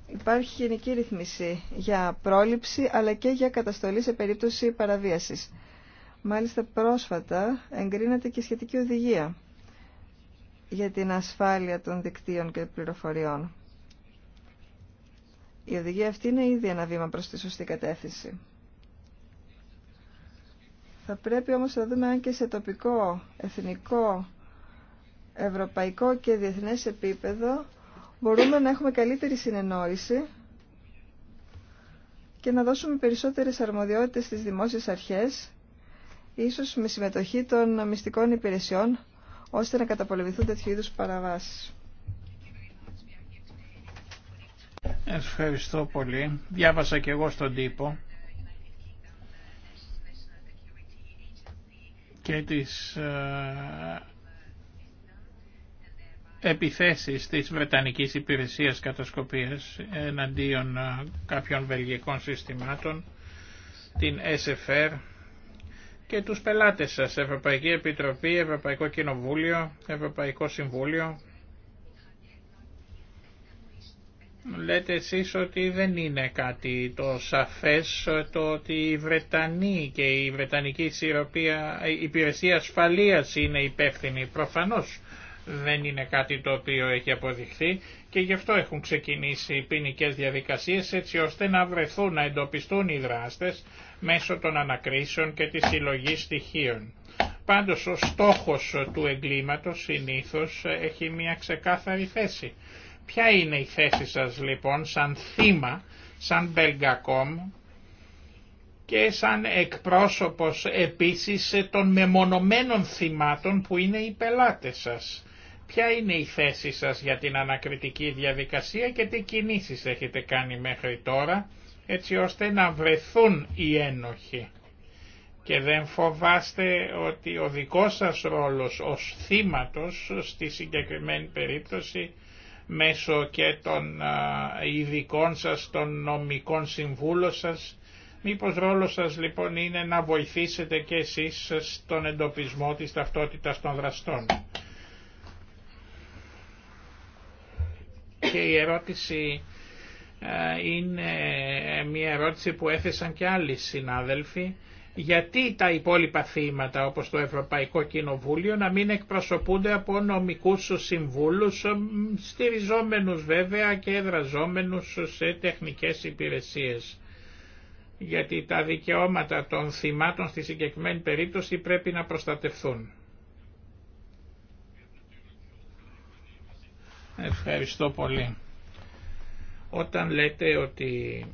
υπάρχει γενική ρυθμίση για πρόληψη αλλά και για καταστολή σε περίπτωση παραβίασης. Μάλιστα πρόσφατα εγκρίνεται και σχετική οδηγία για την ασφάλεια των δικτύων και πληροφοριών. Η οδηγία αυτή είναι ήδη ένα βήμα προς τη σωστή κατεύθυνση. Θα πρέπει όμως να δούμε αν και σε τοπικό, εθνικό ευρωπαϊκό και διεθνές επίπεδο μπορούμε να έχουμε καλύτερη συνεννόηση και να δώσουμε περισσότερες αρμοδιότητες στις δημόσιες αρχές, ίσως με συμμετοχή των μυστικών υπηρεσιών, ώστε να καταπολεμηθούν τέτοιου είδους παραβάσεις. Ευχαριστώ πολύ. Διάβασα και εγώ στον τύπο και τις ε, επιθέσεις της Βρετανικής Υπηρεσίας Κατασκοπίας εναντίον ε, κάποιων βελγικών συστημάτων, την SFR και τους πελάτες σας, Ευρωπαϊκή Επιτροπή, Ευρωπαϊκό Κοινοβούλιο, Ευρωπαϊκό Συμβούλιο. Λέτε εσείς ότι δεν είναι κάτι το σαφές το ότι η Βρετανή και η Βρετανική Υπηρεσία Ασφαλείας είναι υπεύθυνη προφανώς δεν είναι κάτι το οποίο έχει αποδειχθεί και γι' αυτό έχουν ξεκινήσει οι ποινικέ διαδικασίε έτσι ώστε να βρεθούν, να εντοπιστούν οι δράστε μέσω των ανακρίσεων και τη συλλογή στοιχείων. Πάντω ο στόχο του εγκλήματος συνήθω έχει μια ξεκάθαρη θέση. Ποια είναι η θέση σα, λοιπόν σαν θύμα, σαν Belgacom και σαν εκπρόσωπος επίσης των μεμονωμένων θυμάτων που είναι οι πελάτες σας. Ποια είναι η θέση σας για την ανακριτική διαδικασία και τι κινήσεις έχετε κάνει μέχρι τώρα έτσι ώστε να βρεθούν οι ένοχοι. Και δεν φοβάστε ότι ο δικός σας ρόλος ως θύματος στη συγκεκριμένη περίπτωση μέσω και των ειδικών σας, των νομικών συμβούλων σας. Μήπως ρόλος σας λοιπόν είναι να βοηθήσετε και εσείς στον εντοπισμό της ταυτότητας των δραστών. Και η ερώτηση ε, είναι μια ερώτηση που έθεσαν και άλλοι συνάδελφοι. Γιατί τα υπόλοιπα θύματα όπως το Ευρωπαϊκό Κοινοβούλιο να μην εκπροσωπούνται από νομικούς συμβούλους ε, στηριζόμενους βέβαια και εδραζόμενους σε τεχνικές υπηρεσίες. Γιατί τα δικαιώματα των θυμάτων στη συγκεκριμένη περίπτωση πρέπει να προστατευθούν. Ευχαριστώ πολύ. Όταν λέτε ότι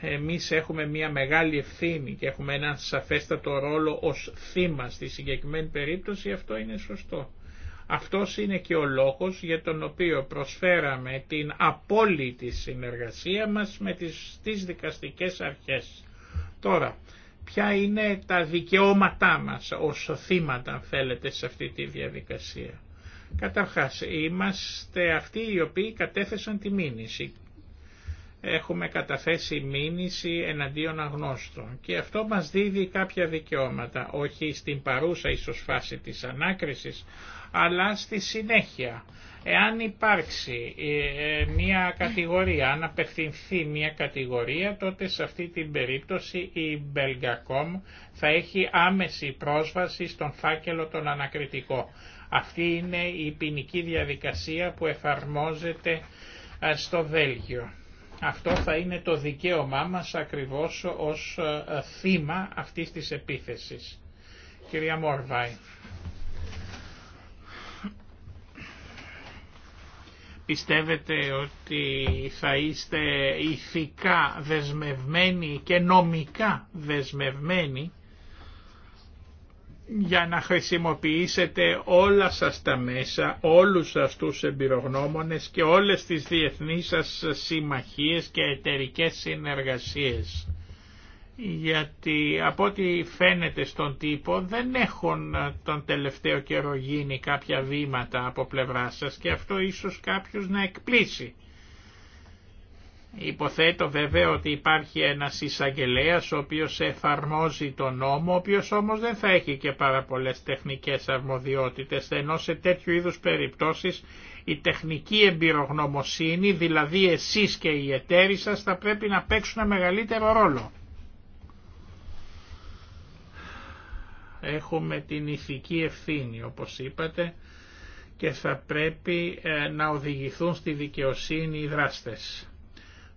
εμείς έχουμε μια μεγάλη ευθύνη και έχουμε έναν σαφέστατο ρόλο ως θύμα στη συγκεκριμένη περίπτωση, αυτό είναι σωστό. Αυτός είναι και ο λόγος για τον οποίο προσφέραμε την απόλυτη συνεργασία μας με τις, τις δικαστικές αρχές. Τώρα, ποια είναι τα δικαιώματά μας ως θύματα, αν θέλετε, σε αυτή τη διαδικασία. Καταρχάς, είμαστε αυτοί οι οποίοι κατέθεσαν τη μήνυση. Έχουμε καταθέσει μήνυση εναντίον αγνώστων και αυτό μας δίδει κάποια δικαιώματα, όχι στην παρούσα ίσως φάση της ανάκρισης, αλλά στη συνέχεια. Εάν υπάρξει ε, ε, μια κατηγορία, αν απευθυνθεί μια κατηγορία, τότε σε αυτή την περίπτωση η Belgacom θα έχει άμεση πρόσβαση στον φάκελο τον ανακριτικό. Αυτή είναι η ποινική διαδικασία που εφαρμόζεται στο Βέλγιο. Αυτό θα είναι το δικαίωμά μας ακριβώς ως θύμα αυτής της επίθεσης. Κυρία Μόρβαϊ. Πιστεύετε ότι θα είστε ηθικά δεσμευμένοι και νομικά δεσμευμένοι για να χρησιμοποιήσετε όλα σας τα μέσα, όλους σας τους εμπειρογνώμονες και όλες τις διεθνείς σας συμμαχίες και εταιρικές συνεργασίες. Γιατί από ό,τι φαίνεται στον τύπο δεν έχουν τον τελευταίο καιρό γίνει κάποια βήματα από πλευρά σας και αυτό ίσως κάποιος να εκπλήσει. Υποθέτω βέβαια ότι υπάρχει ένας εισαγγελέα ο οποίος εφαρμόζει τον νόμο, ο οποίος όμως δεν θα έχει και πάρα πολλές τεχνικές αρμοδιότητες, ενώ σε τέτοιου είδους περιπτώσεις η τεχνική εμπειρογνωμοσύνη, δηλαδή εσείς και οι εταίροι σας θα πρέπει να παίξουν μεγαλύτερο ρόλο. Έχουμε την ηθική ευθύνη όπως είπατε και θα πρέπει ε, να οδηγηθούν στη δικαιοσύνη οι δράστες.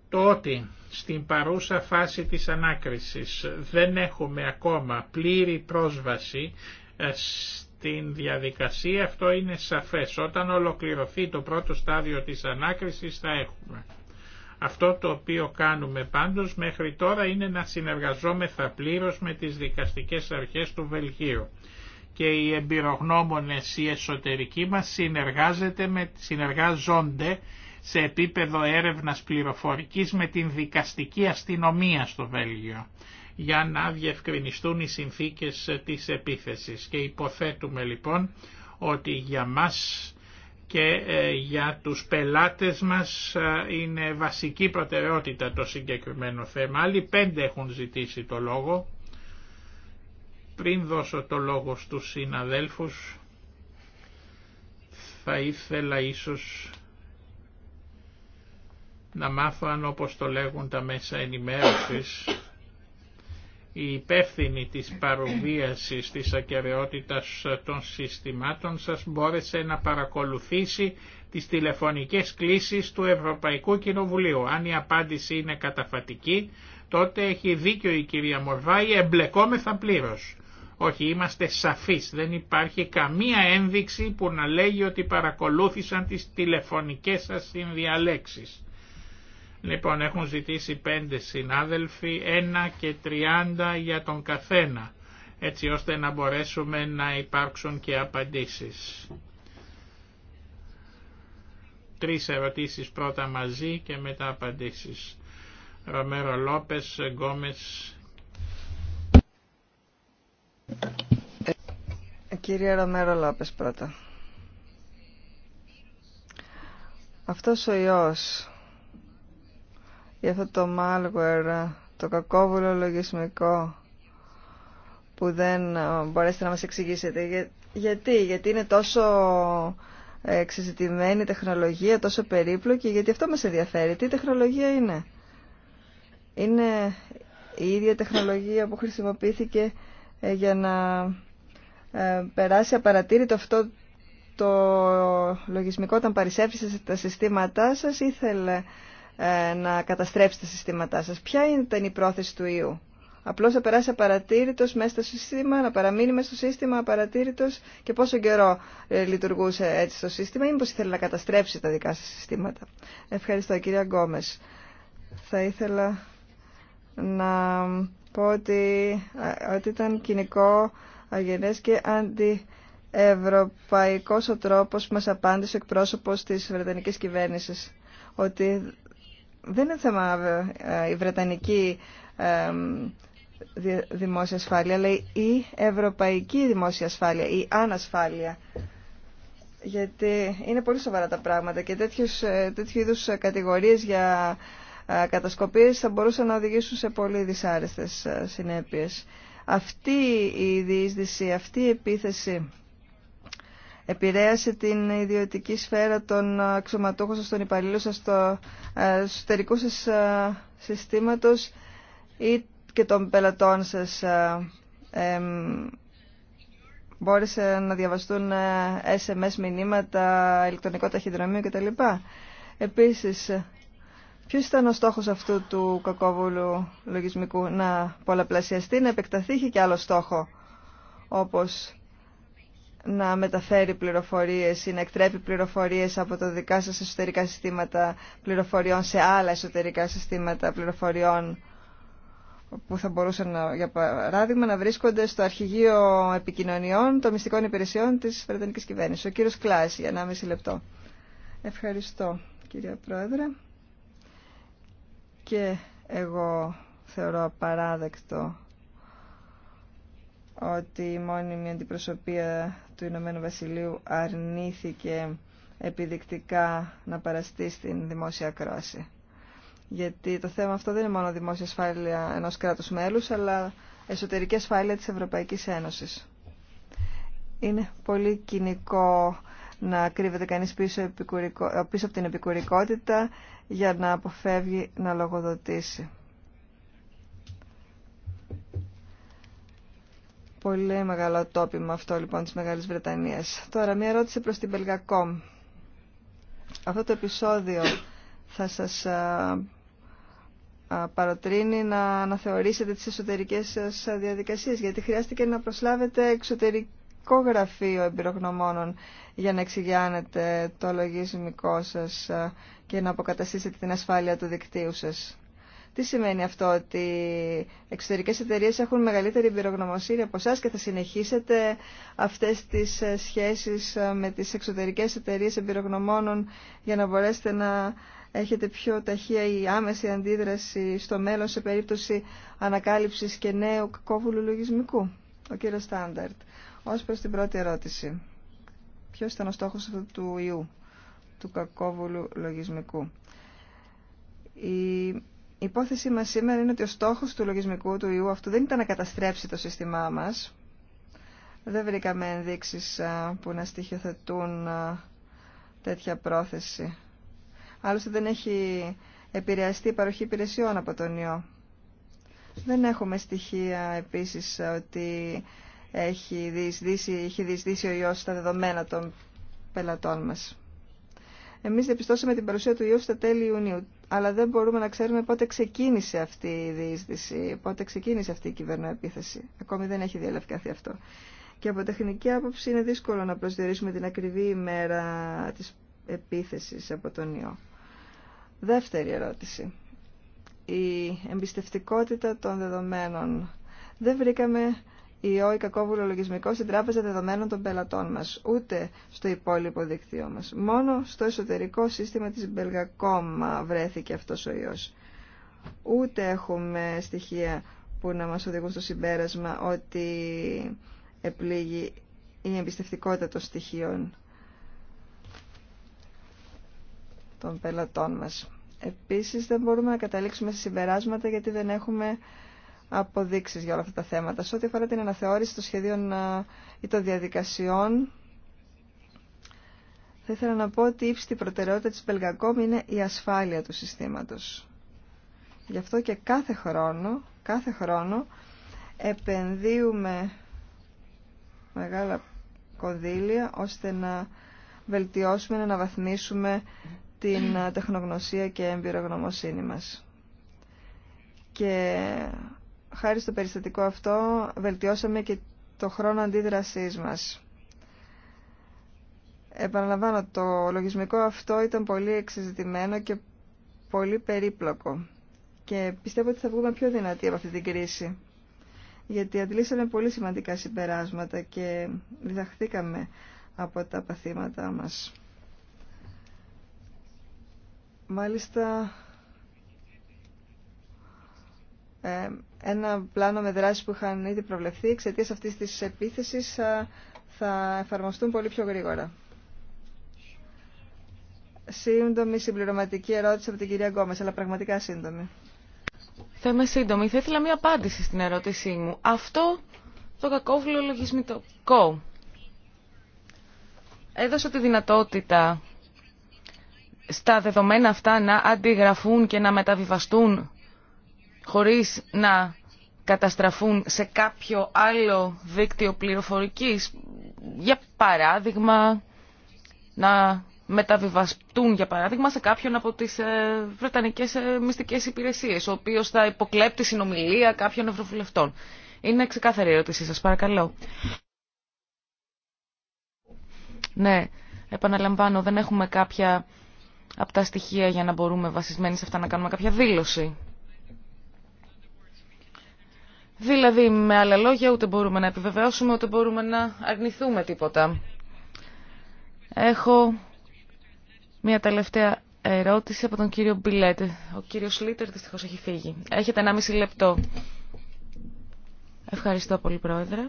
Το ότι στην παρούσα φάση της ανάκρισης δεν έχουμε ακόμα πλήρη πρόσβαση ε, στην διαδικασία αυτό είναι σαφές. Όταν ολοκληρωθεί το πρώτο στάδιο της ανάκρισης θα έχουμε. Αυτό το οποίο κάνουμε πάντως μέχρι τώρα είναι να συνεργαζόμεθα πλήρως με τις δικαστικές αρχές του Βελγίου και οι εμπειρογνώμονες οι εσωτερικοί μας συνεργάζονται με, συνεργάζονται σε επίπεδο έρευνας πληροφορικής με την δικαστική αστυνομία στο Βέλγιο για να διευκρινιστούν οι συνθήκες της επίθεσης. Και υποθέτουμε λοιπόν ότι για μας και ε, για τους πελάτες μας ε, είναι βασική προτεραιότητα το συγκεκριμένο θέμα. Άλλοι πέντε έχουν ζητήσει το λόγο. Πριν δώσω το λόγο στους συναδέλφους θα ήθελα ίσως να μάθω αν όπως το λέγουν τα μέσα ενημέρωσης η υπεύθυνη της παροβίασης της ακεραιότητας των συστημάτων σας μπόρεσε να παρακολουθήσει τις τηλεφωνικές κλήσεις του Ευρωπαϊκού Κοινοβουλίου. Αν η απάντηση είναι καταφατική, τότε έχει δίκιο η κυρία Μορβάη, εμπλεκόμεθα πλήρως. Όχι, είμαστε σαφείς, δεν υπάρχει καμία ένδειξη που να λέγει ότι παρακολούθησαν τις τηλεφωνικές σας συνδιαλέξεις. Λοιπόν, έχουν ζητήσει πέντε συνάδελφοι, ένα και τριάντα για τον καθένα, έτσι ώστε να μπορέσουμε να υπάρξουν και απαντήσεις. Τρεις ερωτήσεις πρώτα μαζί και μετά απαντήσεις. Ρομέρο Λόπες, Γκόμες. Ε, κύριε Ρομέρο Λόπες πρώτα. Αυτός ο ιός για αυτό το malware, το κακόβουλο λογισμικό που δεν ε, μπορέσετε να μας εξηγήσετε. Γιατί, γιατί είναι τόσο εξεζητημένη τεχνολογία, τόσο περίπλοκη, γιατί αυτό μας ενδιαφέρει. Τι τεχνολογία είναι. Είναι η ίδια τεχνολογία που χρησιμοποιήθηκε ε, για να ε, περάσει απαρατήρητο αυτό το λογισμικό όταν παρισέφησε τα συστήματά σας ήθελε ε, να καταστρέψει τα συστήματά σας. Ποια ήταν η πρόθεση του ιού. Απλώς θα περάσει απαρατήρητος μέσα στο σύστημα, να παραμείνει μέσα στο σύστημα απαρατήρητος και πόσο καιρό ε, λειτουργούσε έτσι το σύστημα ή μήπως ήθελε να καταστρέψει τα δικά σας συστήματα. Ευχαριστώ κυρία Γκόμες. Θα ήθελα να πω ότι, ότι ήταν κοινικό, αγενές και αντι... Ευρωπαϊκός ο τρόπος που μας απάντησε ο εκπρόσωπος της Βρετανικής κυβέρνησης ότι δεν είναι θέμα ε, η Βρετανική δημόσια ασφάλεια, αλλά η Ευρωπαϊκή δημόσια ασφάλεια, η ανασφάλεια. Γιατί είναι πολύ σοβαρά τα πράγματα και τέτοιους, ε, τέτοιου είδους κατηγορίες για ε, κατασκοπίες θα μπορούσαν να οδηγήσουν σε πολύ δυσάρεστες συνέπειες. Αυτή η διείσδυση, αυτή η επίθεση επηρέασε την ιδιωτική σφαίρα των ε, αξιωματούχων σας, των υπαλλήλων σας, ε, στο εσωτερικού σας ε, συστήματος ή και των πελατών σας μπόρεσε να διαβαστούν SMS μηνύματα, ηλεκτρονικό ταχυδρομείο κτλ. Επίσης, ποιος ήταν ο στόχος αυτού του κακόβουλου λογισμικού να πολλαπλασιαστεί, να επεκταθεί, και άλλο στόχο, όπως να μεταφέρει πληροφορίες ή να εκτρέπει πληροφορίες από τα δικά σας εσωτερικά συστήματα πληροφοριών σε άλλα εσωτερικά συστήματα πληροφοριών που θα μπορούσαν, να, για παράδειγμα, να βρίσκονται στο αρχηγείο επικοινωνιών των μυστικών υπηρεσιών της Βρετανικής Κυβέρνησης. Ο κύριος Κλάση, για 1,5 λεπτό. Ευχαριστώ, κύριε Πρόεδρε. Και εγώ θεωρώ απαράδεκτο ότι η μόνιμη αντιπροσωπεία του Ηνωμένου Βασιλείου αρνήθηκε επιδεικτικά να παραστεί στην δημόσια κρόση. Γιατί το θέμα αυτό δεν είναι μόνο δημόσια ασφάλεια ενός κράτους μέλους, αλλά εσωτερική ασφάλεια της Ευρωπαϊκής Ένωσης. Είναι πολύ κοινικό να κρύβεται κανείς πίσω, πίσω από την επικουρικότητα για να αποφεύγει να λογοδοτήσει. πολύ μεγάλο τόπιμα αυτό λοιπόν της Μεγάλης Βρετανίας. Τώρα μια ερώτηση προς την Belgacom. Αυτό το επεισόδιο θα σας παροτρύνει να αναθεωρήσετε τις εσωτερικές σας διαδικασίες γιατί χρειάστηκε να προσλάβετε εξωτερικό γραφείο εμπειρογνωμόνων για να εξηγιάνετε το λογισμικό σας και να αποκαταστήσετε την ασφάλεια του δικτύου σας. Τι σημαίνει αυτό, ότι εξωτερικές εταιρείες έχουν μεγαλύτερη εμπειρογνωμοσύνη από εσά και θα συνεχίσετε αυτές τις ε, σχέσεις ε, με τις εξωτερικές εταιρείες εμπειρογνωμόνων για να μπορέσετε να έχετε πιο ταχεία ή άμεση αντίδραση στο μέλλον σε περίπτωση ανακάλυψης και νέου κακόβουλου λογισμικού. Ο κύριος Στάνταρτ. Ως προς την πρώτη ερώτηση. Ποιος ήταν ο στόχος αυτού του ιού, του κακόβουλου λογισμικού. Η υπόθεσή μας σήμερα είναι ότι ο στόχος του λογισμικού του ιού αυτού δεν ήταν να καταστρέψει το σύστημά μας. Δεν βρήκαμε ενδείξεις που να στοιχειοθετούν τέτοια πρόθεση. Άλλωστε δεν έχει επηρεαστεί η παροχή υπηρεσιών από τον ιό. Δεν έχουμε στοιχεία επίσης ότι έχει διεισδύσει, έχει ο ιός στα δεδομένα των πελατών μας. Εμείς διαπιστώσαμε την παρουσία του ιού στα τέλη Ιουνίου αλλά δεν μπορούμε να ξέρουμε πότε ξεκίνησε αυτή η διείσδυση, πότε ξεκίνησε αυτή η κυβερνοεπίθεση. Ακόμη δεν έχει διαλευκαθεί αυτό. Και από τεχνική άποψη είναι δύσκολο να προσδιορίσουμε την ακριβή ημέρα της επίθεσης από τον ιό. Δεύτερη ερώτηση. Η εμπιστευτικότητα των δεδομένων. Δεν βρήκαμε η κακόβουλο λογισμικό στην τράπεζα δεδομένων των πελατών μας, ούτε στο υπόλοιπο δίκτυό μας. Μόνο στο εσωτερικό σύστημα της Belgacom βρέθηκε αυτός ο ιός. Ούτε έχουμε στοιχεία που να μας οδηγούν στο συμπέρασμα ότι επλήγει η εμπιστευτικότητα των στοιχείων των πελατών μας. Επίσης δεν μπορούμε να καταλήξουμε σε συμπεράσματα γιατί δεν έχουμε Αποδείξει για όλα αυτά τα θέματα. Σε ό,τι αφορά την αναθεώρηση των σχεδίων ε, ή των διαδικασιών, θα ήθελα να πω ότι η προτεραιότητα τη Belgacom είναι η ασφάλεια του συστήματο. Γι' αυτό και κάθε χρόνο, κάθε χρόνο επενδύουμε μεγάλα κονδύλια ώστε να βελτιώσουμε, να αναβαθμίσουμε την ε, τεχνογνωσία και εμπειρογνωμοσύνη μας. Και χάρη στο περιστατικό αυτό βελτιώσαμε και το χρόνο αντίδρασής μας. Επαναλαμβάνω, το λογισμικό αυτό ήταν πολύ εξεζητημένο και πολύ περίπλοκο. Και πιστεύω ότι θα βγούμε πιο δυνατοί από αυτή την κρίση. Γιατί αντλήσαμε πολύ σημαντικά συμπεράσματα και διδαχθήκαμε από τα παθήματά μας. Μάλιστα, ε, ένα πλάνο με δράση που είχαν ήδη προβλεφθεί εξαιτία αυτής της επίθεσης ε, θα εφαρμοστούν πολύ πιο γρήγορα. Σύντομη συμπληρωματική ερώτηση από την κυρία Γκόμες, αλλά πραγματικά σύντομη. Θα είμαι σύντομη. Θα ήθελα μία απάντηση στην ερώτησή μου. Αυτό το κακόβουλο λογισμικό έδωσε τη δυνατότητα στα δεδομένα αυτά να αντιγραφούν και να μεταβιβαστούν χωρίς να καταστραφούν σε κάποιο άλλο δίκτυο πληροφορικής. Για παράδειγμα, να μεταβιβαστούν, για παράδειγμα, σε κάποιον από τις ε, Βρετανικές ε, Μυστικές Υπηρεσίες, ο οποίος θα υποκλέπτει συνομιλία κάποιων ευρωβουλευτών. Είναι ξεκάθαρη η ερώτησή σας, παρακαλώ. Ναι, επαναλαμβάνω, δεν έχουμε κάποια από τα στοιχεία για να μπορούμε βασισμένοι σε αυτά να κάνουμε κάποια δήλωση. Δηλαδή, με άλλα λόγια, ούτε μπορούμε να επιβεβαιώσουμε, ούτε μπορούμε να αρνηθούμε τίποτα. Έχω μια τελευταία ερώτηση από τον κύριο Μπιλέτ. Ο κύριος Λίτερ δυστυχώς έχει φύγει. Έχετε ένα μισή λεπτό. Ευχαριστώ πολύ, Πρόεδρε.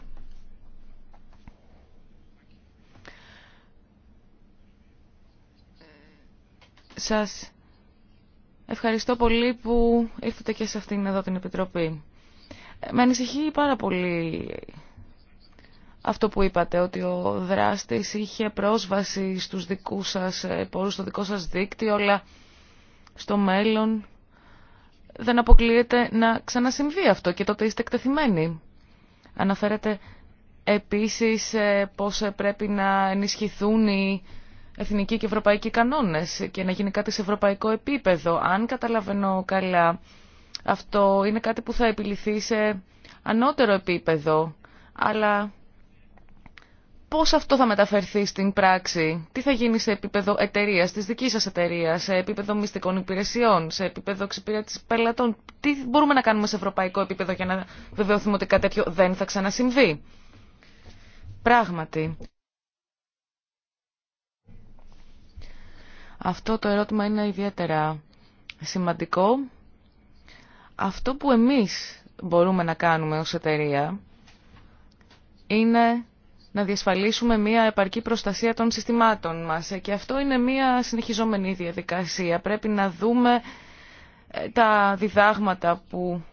Σας ευχαριστώ πολύ που ήρθατε και σε αυτήν εδώ την Επιτροπή. Με ανησυχεί πάρα πολύ αυτό που είπατε, ότι ο δράστης είχε πρόσβαση στους δικούς σας πόρους, στο δικό σας δίκτυο, αλλά στο μέλλον δεν αποκλείεται να ξανασυμβεί αυτό και τότε είστε εκτεθειμένοι. Αναφέρετε επίσης ε, πώς πρέπει να ενισχυθούν οι εθνικοί και ευρωπαϊκοί κανόνες και να γίνει κάτι σε ευρωπαϊκό επίπεδο. Αν καταλαβαίνω καλά, αυτό είναι κάτι που θα επιληθεί σε ανώτερο επίπεδο, αλλά πώς αυτό θα μεταφερθεί στην πράξη, τι θα γίνει σε επίπεδο εταιρείας, της δικής σας εταιρείας, σε επίπεδο μυστικών υπηρεσιών, σε επίπεδο εξυπηρέτησης πελατών, τι μπορούμε να κάνουμε σε ευρωπαϊκό επίπεδο για να βεβαιωθούμε ότι κάτι τέτοιο δεν θα ξανασυμβεί. Πράγματι. Αυτό το ερώτημα είναι ιδιαίτερα σημαντικό αυτό που εμείς μπορούμε να κάνουμε ως εταιρεία είναι να διασφαλίσουμε μια επαρκή προστασία των συστημάτων μας και αυτό είναι μια συνεχιζόμενη διαδικασία. Πρέπει να δούμε ε, τα διδάγματα που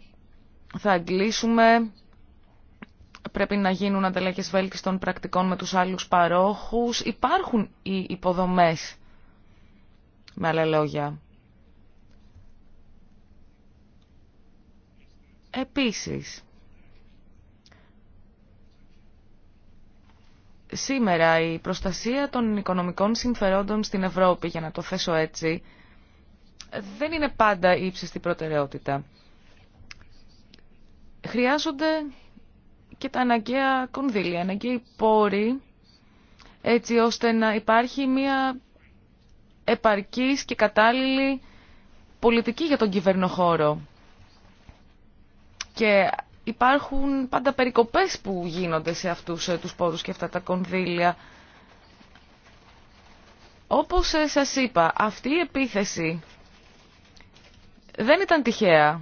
θα αγγλίσουμε, πρέπει να γίνουν ανταλλαγές βέλτιστων πρακτικών με τους άλλους παρόχους. Υπάρχουν οι υποδομές, με άλλα λόγια. Επίσης, σήμερα η προστασία των οικονομικών συμφερόντων στην Ευρώπη, για να το θέσω έτσι, δεν είναι πάντα η ύψιστη προτεραιότητα. Χρειάζονται και τα αναγκαία κονδύλια, αναγκαίοι πόροι, έτσι ώστε να υπάρχει μια επαρκής και κατάλληλη πολιτική για τον κυβερνοχώρο. Και υπάρχουν πάντα περικοπές που γίνονται σε αυτούς ε, τους πόρους και αυτά τα κονδύλια. Όπως ε, σας είπα, αυτή η επίθεση δεν ήταν τυχαία.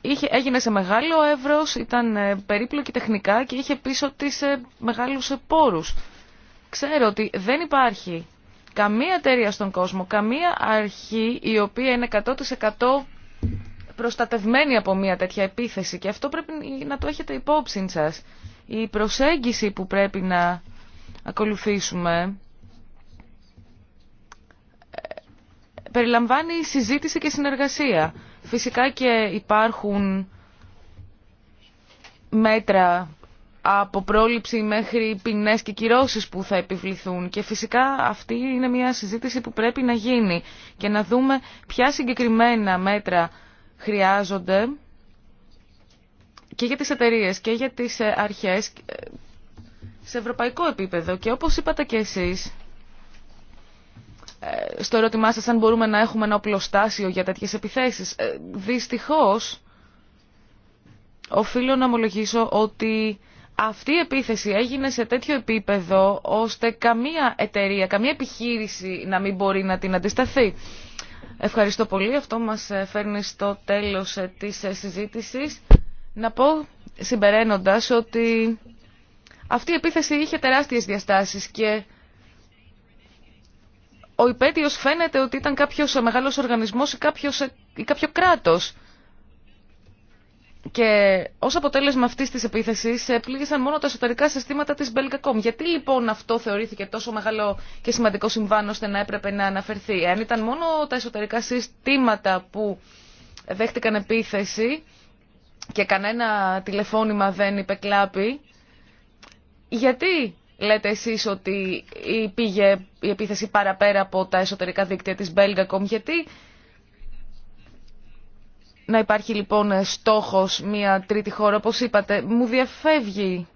Είχε, έγινε σε μεγάλο εύρος, ήταν ε, περίπλοκη τεχνικά και είχε πίσω της μεγάλους πόρους. Ξέρω ότι δεν υπάρχει καμία εταιρεία στον κόσμο, καμία αρχή η οποία είναι 100% προστατευμένη από μια τέτοια επίθεση και αυτό πρέπει να το έχετε υπόψη σας. Η προσέγγιση που πρέπει να ακολουθήσουμε ε, περιλαμβάνει συζήτηση και συνεργασία. Φυσικά και υπάρχουν μέτρα από πρόληψη μέχρι ποινές και κυρώσεις που θα επιβληθούν. Και φυσικά αυτή είναι μια συζήτηση που πρέπει να γίνει και να δούμε ποια συγκεκριμένα μέτρα χρειάζονται και για τις εταιρείε και για τις ε, αρχές ε, σε ευρωπαϊκό επίπεδο. Και όπως είπατε και εσείς, ε, στο ερώτημά σας αν μπορούμε να έχουμε ένα οπλοστάσιο για τέτοιες επιθέσεις, δυστυχώς οφείλω να ομολογήσω ότι αυτή η επίθεση έγινε σε τέτοιο επίπεδο ώστε καμία εταιρεία, καμία επιχείρηση να μην μπορεί να την αντισταθεί. Ευχαριστώ πολύ. Αυτό μας ε, φέρνει στο τέλος ε, της ε, συζήτησης. Να πω συμπεραίνοντας ότι αυτή η επίθεση είχε τεράστιες διαστάσεις και ο υπέτειος φαίνεται ότι ήταν κάποιος μεγάλος οργανισμός ή, κάποιος, ή κάποιο κράτος. Και ω αποτέλεσμα αυτή τη επίθεση ε, πλήγησαν μόνο τα εσωτερικά συστήματα τη Belgacom. Γιατί λοιπόν αυτό θεωρήθηκε τόσο μεγάλο και σημαντικό συμβάν ώστε να έπρεπε να αναφερθεί. Αν ήταν μόνο τα εσωτερικά συστήματα που δέχτηκαν επίθεση και κανένα τηλεφώνημα δεν υπεκλάπη, γιατί λέτε εσεί ότι πήγε η επίθεση παραπέρα από τα εσωτερικά δίκτυα τη Belgacom, γιατί να υπάρχει λοιπόν ε, στόχος μια τρίτη χώρα, όπως είπατε. Μου διαφεύγει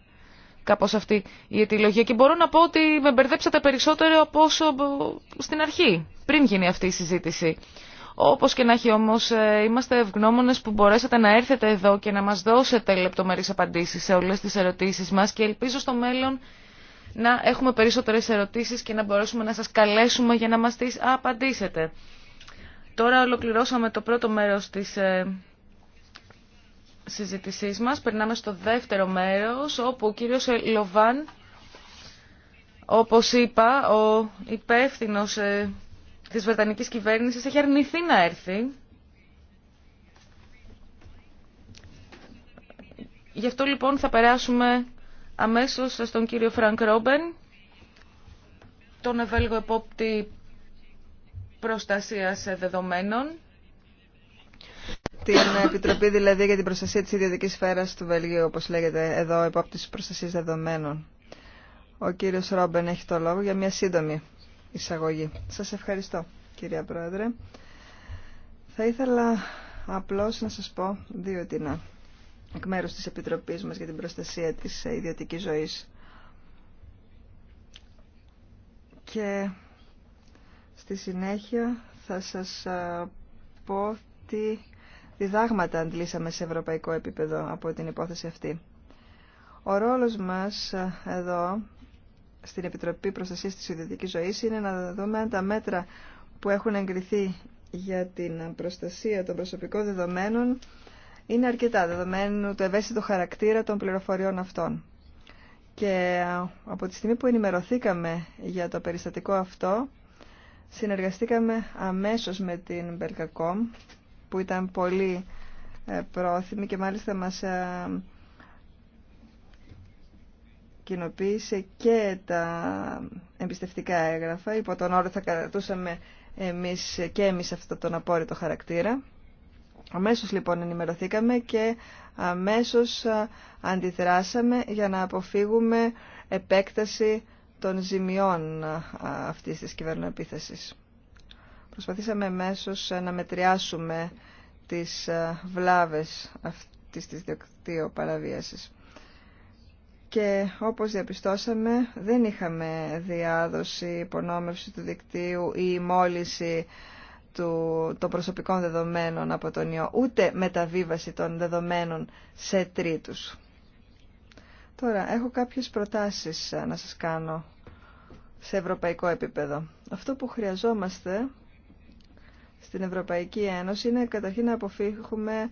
κάπως αυτή η αιτιολογία και μπορώ να πω ότι με μπερδέψατε περισσότερο από όσο στην αρχή, πριν γίνει αυτή η συζήτηση. Όπως και να έχει όμως, ε, είμαστε ευγνώμονες που μπορέσατε να έρθετε εδώ και να μας δώσετε λεπτομερείς απαντήσεις σε όλες τις ερωτήσεις μας και ελπίζω στο μέλλον να έχουμε περισσότερες ερωτήσεις και να μπορέσουμε να σας καλέσουμε για να μας τις απαντήσετε. Τώρα ολοκληρώσαμε το πρώτο μέρος της ε, συζήτησής μας. Περνάμε στο δεύτερο μέρος, όπου ο κύριος ε, Λοβάν, όπως είπα, ο υπεύθυνος ε, της Βρετανικής κυβέρνησης έχει αρνηθεί να έρθει. Γι' αυτό λοιπόν θα περάσουμε αμέσως στον κύριο Φρανκ Ρόμπεν, τον Ευέλγο Επόπτη προστασίας δεδομένων. Την Επιτροπή δηλαδή για την προστασία της ιδιωτικής σφαίρας του Βελγίου, όπως λέγεται εδώ, υπόπτυση προστασίας δεδομένων. Ο κύριος Ρόμπεν έχει το λόγο για μια σύντομη εισαγωγή. Σας ευχαριστώ, κυρία Πρόεδρε. Θα ήθελα απλώς να σας πω δύο τινά εκ μέρους της Επιτροπής μας για την προστασία της ιδιωτικής ζωής. Και Στη συνέχεια θα σας πω τι διδάγματα αντλήσαμε σε ευρωπαϊκό επίπεδο από την υπόθεση αυτή. Ο ρόλος μας εδώ στην Επιτροπή Προστασίας της Ιδιωτικής Ζωής είναι να δούμε αν τα μέτρα που έχουν εγκριθεί για την προστασία των προσωπικών δεδομένων είναι αρκετά δεδομένου του ευαίσθητου χαρακτήρα των πληροφοριών αυτών. Και από τη στιγμή που ενημερωθήκαμε για το περιστατικό αυτό, συνεργαστήκαμε αμέσως με την Belgacom που ήταν πολύ ε, πρόθυμη και μάλιστα μας ε, κοινοποίησε και τα εμπιστευτικά έγγραφα. Υπό τον όρο θα κρατούσαμε εμείς και εμείς αυτό τον απόρριτο χαρακτήρα. Αμέσως λοιπόν ενημερωθήκαμε και αμέσως ε, αντιδράσαμε για να αποφύγουμε επέκταση των ζημιών αυτής της κυβερνοεπίθεσης. Προσπαθήσαμε μέσως να μετριάσουμε τις βλάβες αυτής της διοκτήου παραβίασης. Και όπως διαπιστώσαμε δεν είχαμε διάδοση, υπονόμευση του δικτύου ή μόλυση του, των προσωπικών δεδομένων από τον ιό, ούτε μεταβίβαση των δεδομένων σε τρίτους. Τώρα, έχω κάποιες προτάσεις ε, να σας κάνω σε ευρωπαϊκό επίπεδο. Αυτό που χρειαζόμαστε στην Ευρωπαϊκή Ένωση είναι καταρχήν να αποφύγουμε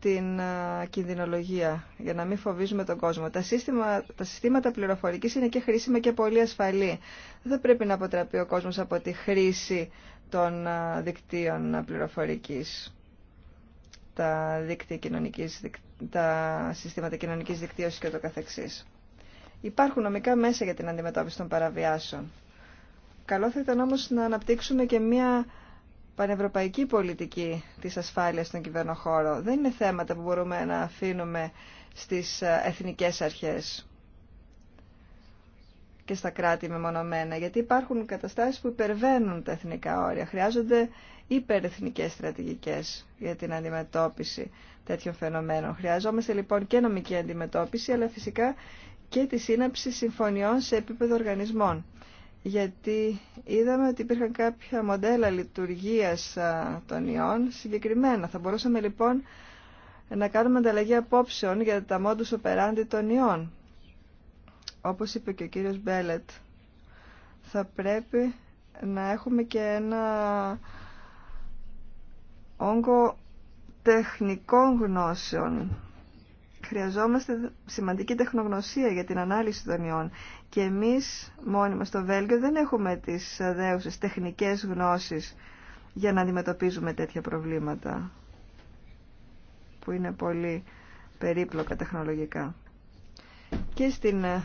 την ε, κινδυνολογία για να μην φοβίζουμε τον κόσμο. Τα, σύστημα, συστήματα πληροφορικής είναι και χρήσιμα και πολύ ασφαλή. Δεν θα πρέπει να αποτραπεί ο κόσμος από τη χρήση των ε, δικτύων πληροφορικής. Τα δίκτυα κοινωνικής τα συστήματα κοινωνική δικτύωση και το καθεξής. Υπάρχουν νομικά μέσα για την αντιμετώπιση των παραβιάσεων. Καλό θα ήταν όμως να αναπτύξουμε και μια πανευρωπαϊκή πολιτική της ασφάλειας στον κυβερνοχώρο. Δεν είναι θέματα που μπορούμε να αφήνουμε στις εθνικές αρχές και στα κράτη μεμονωμένα, γιατί υπάρχουν καταστάσεις που υπερβαίνουν τα εθνικά όρια. Χρειάζονται υπερεθνικές στρατηγικές για την αντιμετώπιση τέτοιων φαινομένων. Χρειαζόμαστε λοιπόν και νομική αντιμετώπιση, αλλά φυσικά και τη σύναψη συμφωνιών σε επίπεδο οργανισμών. Γιατί είδαμε ότι υπήρχαν κάποια μοντέλα λειτουργίας των ιών συγκεκριμένα. Θα μπορούσαμε λοιπόν να κάνουμε ανταλλαγή απόψεων για τα μόντους operandi των ιών όπως είπε και ο κύριος Μπέλετ, θα πρέπει να έχουμε και ένα όγκο τεχνικών γνώσεων. Χρειαζόμαστε σημαντική τεχνογνωσία για την ανάλυση των ιών και εμείς μόνοι μας στο Βέλγιο δεν έχουμε τις αδέουσες τεχνικές γνώσεις για να αντιμετωπίζουμε τέτοια προβλήματα που είναι πολύ περίπλοκα τεχνολογικά και στην ε,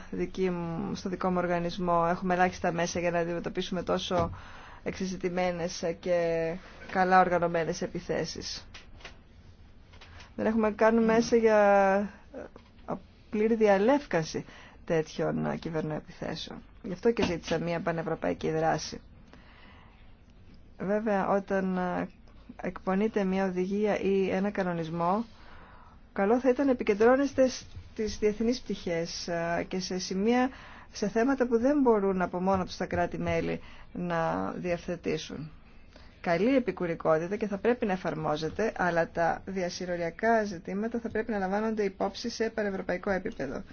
στο δικό μου οργανισμό έχουμε ελάχιστα μέσα για να αντιμετωπίσουμε τόσο εξεζητημένες ε, και καλά οργανωμένες επιθέσεις. Δεν έχουμε καν μέσα για ε, πλήρη διαλεύκανση τέτοιων επιθέσεων. Γι' αυτό και ζήτησα μια πανευρωπαϊκή δράση. Βέβαια, όταν εκπονείται μια οδηγία ή ένα κανονισμό, καλό θα ήταν να επικεντρώνεστε τις διεθνείς πτυχές ε, και σε σημεία, σε θέματα που δεν μπορούν από μόνο τους τα κράτη-μέλη να διευθετήσουν. Καλή επικουρικότητα και θα πρέπει να εφαρμόζεται, αλλά τα διασυρωριακά ζητήματα θα πρέπει να λαμβάνονται υπόψη σε παρευρωπαϊκό επίπεδο.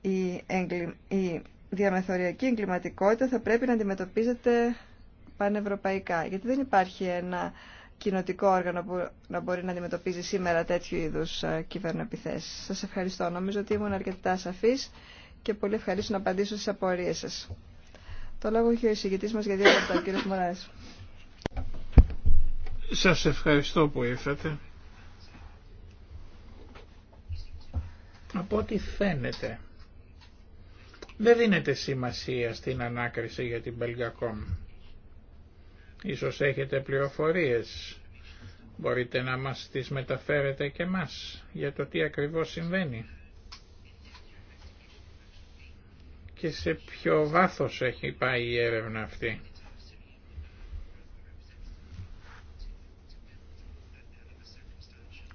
Η, εγκλη... η διαμεθοριακή εγκληματικότητα θα πρέπει να αντιμετωπίζεται πανευρωπαϊκά, γιατί δεν υπάρχει ένα κοινοτικό όργανο που να μπορεί να αντιμετωπίζει σήμερα τέτοιου είδους ε, επιθέσει. Σας ευχαριστώ. Νομίζω ότι ήμουν αρκετά σαφής και πολύ ευχαρίστω να απαντήσω στι απορίε σας. Το λόγο έχει ο εισηγητή μας για δύο λεπτά, ο Σας ευχαριστώ που ήρθατε. Από ό,τι φαίνεται, δεν δίνεται σημασία στην ανάκριση για την Belgacom. Ίσως έχετε πληροφορίες. Μπορείτε να μας τις μεταφέρετε και μας για το τι ακριβώς συμβαίνει. Και σε ποιο βάθος έχει πάει η έρευνα αυτή.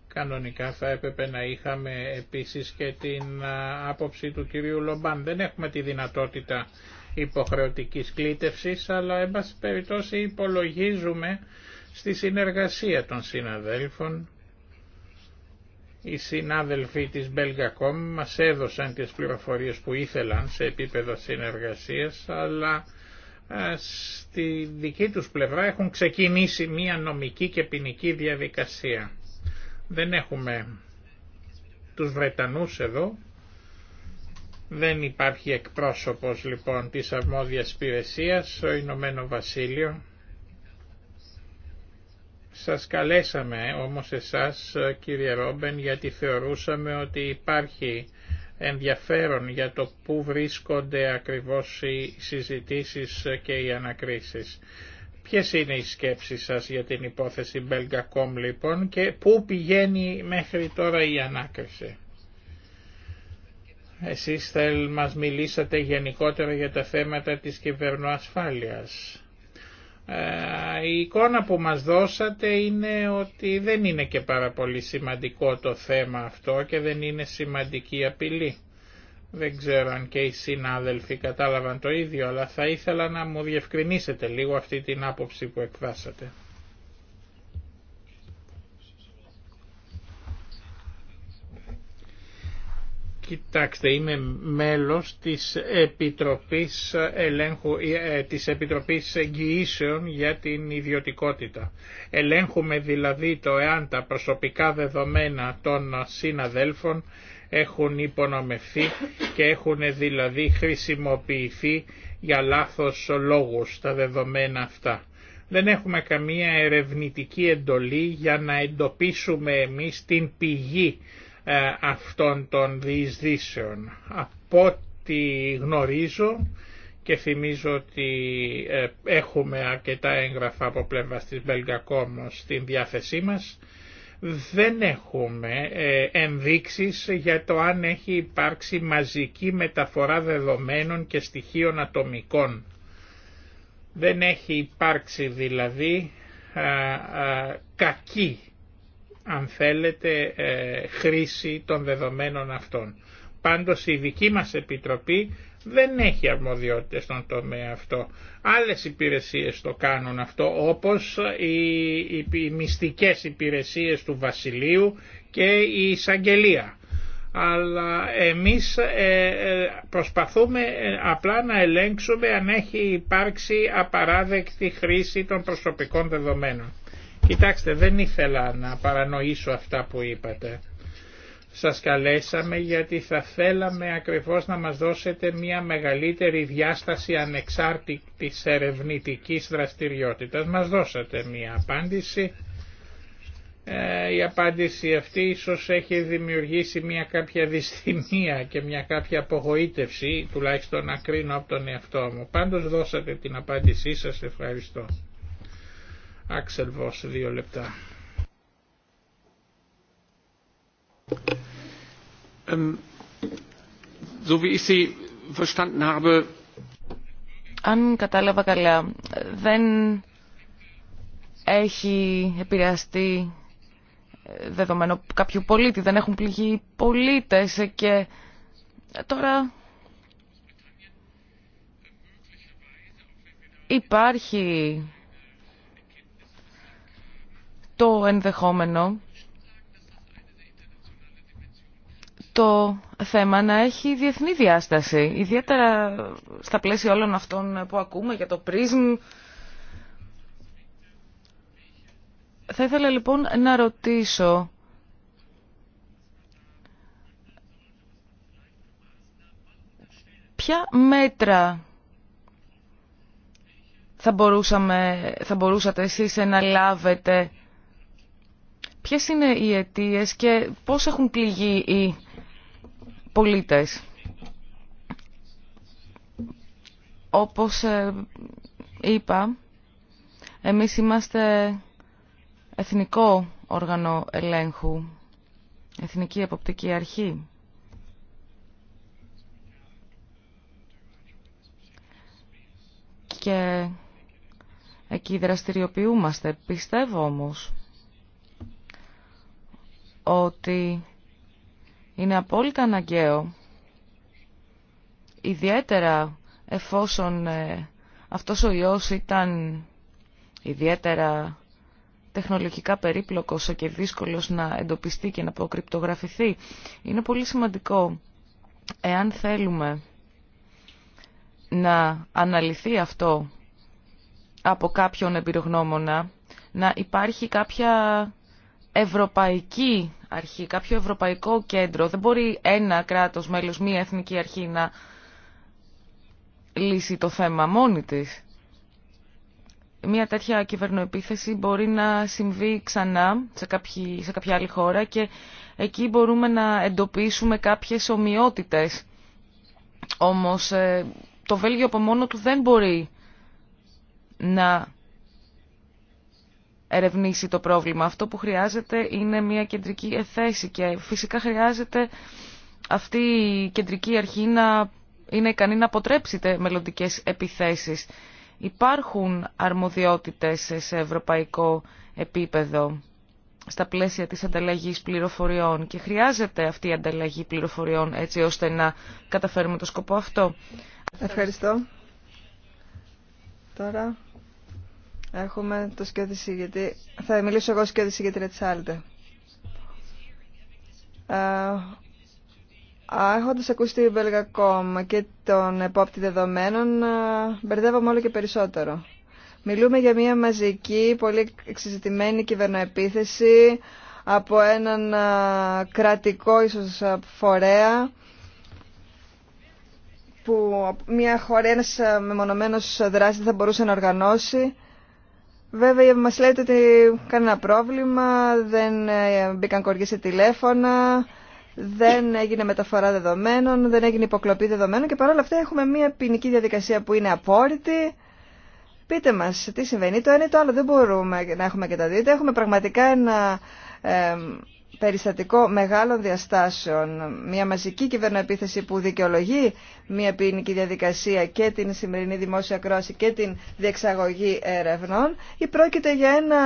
Κανονικά θα έπρεπε να είχαμε επίσης και την άποψη του κυρίου Λομπάν. Δεν έχουμε τη δυνατότητα υποχρεωτική κλήτευσης, αλλά εν πάση περιπτώσει υπολογίζουμε στη συνεργασία των συναδέλφων. Οι συνάδελφοί της Belgacom μας έδωσαν τις πληροφορίες που ήθελαν σε επίπεδο συνεργασίας, αλλά ε, στη δική τους πλευρά έχουν ξεκινήσει μία νομική και ποινική διαδικασία. Δεν έχουμε τους Βρετανούς εδώ, δεν υπάρχει εκπρόσωπος λοιπόν της αρμόδιας υπηρεσία στο Ηνωμένο Βασίλειο. Σας καλέσαμε όμως εσάς κύριε Ρόμπεν γιατί θεωρούσαμε ότι υπάρχει ενδιαφέρον για το πού βρίσκονται ακριβώς οι συζητήσεις και οι ανακρίσεις. Ποιες είναι οι σκέψεις σας για την υπόθεση Belgacom λοιπόν και πού πηγαίνει μέχρι τώρα η ανάκριση. Εσείς μας μιλήσατε γενικότερα για τα θέματα της κυβερνοασφάλειας. Ε, η εικόνα που μας δώσατε είναι ότι δεν είναι και πάρα πολύ σημαντικό το θέμα αυτό και δεν είναι σημαντική απειλή. Δεν ξέρω αν και οι συνάδελφοι κατάλαβαν το ίδιο, αλλά θα ήθελα να μου διευκρινίσετε λίγο αυτή την άποψη που εκφράσατε. Κοιτάξτε, είμαι μέλος της Επιτροπής, Ελέγχου, ε, της Επιτροπής Εγγυήσεων για την Ιδιωτικότητα. Ελέγχουμε δηλαδή το εάν τα προσωπικά δεδομένα των συναδέλφων έχουν υπονομευθεί και έχουν δηλαδή χρησιμοποιηθεί για λάθος λόγους τα δεδομένα αυτά. Δεν έχουμε καμία ερευνητική εντολή για να εντοπίσουμε εμείς την πηγή ε, αυτών των διεισδύσεων. Από ό,τι γνωρίζω και θυμίζω ότι ε, έχουμε αρκετά έγγραφα από πλευρά της Belgacom στην διάθεσή μας, δεν έχουμε ε, ενδείξεις για το αν έχει υπάρξει μαζική μεταφορά δεδομένων και στοιχείων ατομικών. Δεν έχει υπάρξει δηλαδή κακή αν θέλετε, ε, χρήση των δεδομένων αυτών. Πάντως η δική μας Επιτροπή δεν έχει αρμοδιότητες στον τομέα αυτό. Άλλες υπηρεσίες το κάνουν αυτό, όπως οι μυστικές υπηρεσίες του Βασιλείου και η εισαγγελία. Αλλά εμείς ε, ε, προσπαθούμε απλά να ελέγξουμε αν έχει υπάρξει απαράδεκτη χρήση των προσωπικών δεδομένων. Κοιτάξτε, δεν ήθελα να παρανοήσω αυτά που είπατε. Σας καλέσαμε γιατί θα θέλαμε ακριβώς να μας δώσετε μια μεγαλύτερη διάσταση ανεξάρτητης ερευνητικής δραστηριότητας. Μας δώσατε μια απάντηση. Ε, η απάντηση αυτή ίσως έχει δημιουργήσει μια κάποια δυστυχία και μια κάποια απογοήτευση, τουλάχιστον να κρίνω από τον εαυτό μου. Πάντως δώσατε την απάντησή σας, ευχαριστώ δύο λεπτά. Αν κατάλαβα καλά, δεν έχει επηρεαστεί δεδομένο κάποιου πολίτη, δεν έχουν πληγεί οι πολίτες και τώρα υπάρχει το ενδεχόμενο το θέμα να έχει διεθνή διάσταση, ιδιαίτερα στα πλαίσια όλων αυτών που ακούμε για το πρίσμ. Θα ήθελα λοιπόν να ρωτήσω ποια μέτρα θα, μπορούσαμε, θα μπορούσατε εσείς να λάβετε Ποιες είναι οι αιτίες και πώς έχουν πληγεί οι πολίτες. Όπως ε, είπα, εμείς είμαστε εθνικό όργανο ελέγχου, εθνική εποπτική αρχή. Και εκεί δραστηριοποιούμαστε. Πιστεύω όμως ότι είναι απόλυτα αναγκαίο, ιδιαίτερα εφόσον ε, αυτός ο ιός ήταν ιδιαίτερα τεχνολογικά περίπλοκος και δύσκολος να εντοπιστεί και να αποκρυπτογραφηθεί. Είναι πολύ σημαντικό, εάν θέλουμε να αναλυθεί αυτό από κάποιον εμπειρογνώμονα, να υπάρχει κάποια ευρωπαϊκή αρχή, κάποιο ευρωπαϊκό κέντρο. Δεν μπορεί ένα κράτος μέλος, μία εθνική αρχή να λύσει το θέμα μόνη της. Μία τέτοια κυβερνοεπίθεση μπορεί να συμβεί ξανά σε, κάποια άλλη χώρα και εκεί μπορούμε να εντοπίσουμε κάποιες ομοιότητες. Όμως ε, το Βέλγιο από μόνο του δεν μπορεί να ερευνήσει το πρόβλημα. Αυτό που χρειάζεται είναι μια κεντρική θέση και φυσικά χρειάζεται αυτή η κεντρική αρχή να είναι ικανή να αποτρέψει μελλοντικές επιθέσεις. Υπάρχουν αρμοδιότητες σε ευρωπαϊκό επίπεδο στα πλαίσια της ανταλλαγής πληροφοριών και χρειάζεται αυτή η ανταλλαγή πληροφοριών έτσι ώστε να καταφέρουμε το σκοπό αυτό. Ευχαριστώ. Τώρα Έχουμε το σκέδιση γιατί... Θα μιλήσω εγώ σκέδιση για την Ετσάλτε. Έχοντα ακούσει τη Belgacom και τον επόπτη δεδομένων, μπερδεύομαι όλο και περισσότερο. Μιλούμε για μια μαζική, πολύ εξεζητημένη κυβερνοεπίθεση από έναν κρατικό ίσως φορέα που μια χώρα, ένας μεμονωμένος δεν θα μπορούσε να οργανώσει Βέβαια μας λέτε ότι κανένα πρόβλημα, δεν ε, μπήκαν κοργή σε τηλέφωνα, δεν έγινε μεταφορά δεδομένων, δεν έγινε υποκλοπή δεδομένων και παρόλα αυτά έχουμε μια ποινική διαδικασία που είναι απόρριτη. Πείτε μας τι συμβαίνει, το ένα ή το άλλο δεν μπορούμε να έχουμε και τα δύο. Έχουμε πραγματικά ένα ε, περιστατικό μεγάλων διαστάσεων, μια μαζική κυβερνοεπίθεση που δικαιολογεί μια ποινική διαδικασία και την σημερινή δημόσια κρόση και την διεξαγωγή έρευνων ή πρόκειται για ένα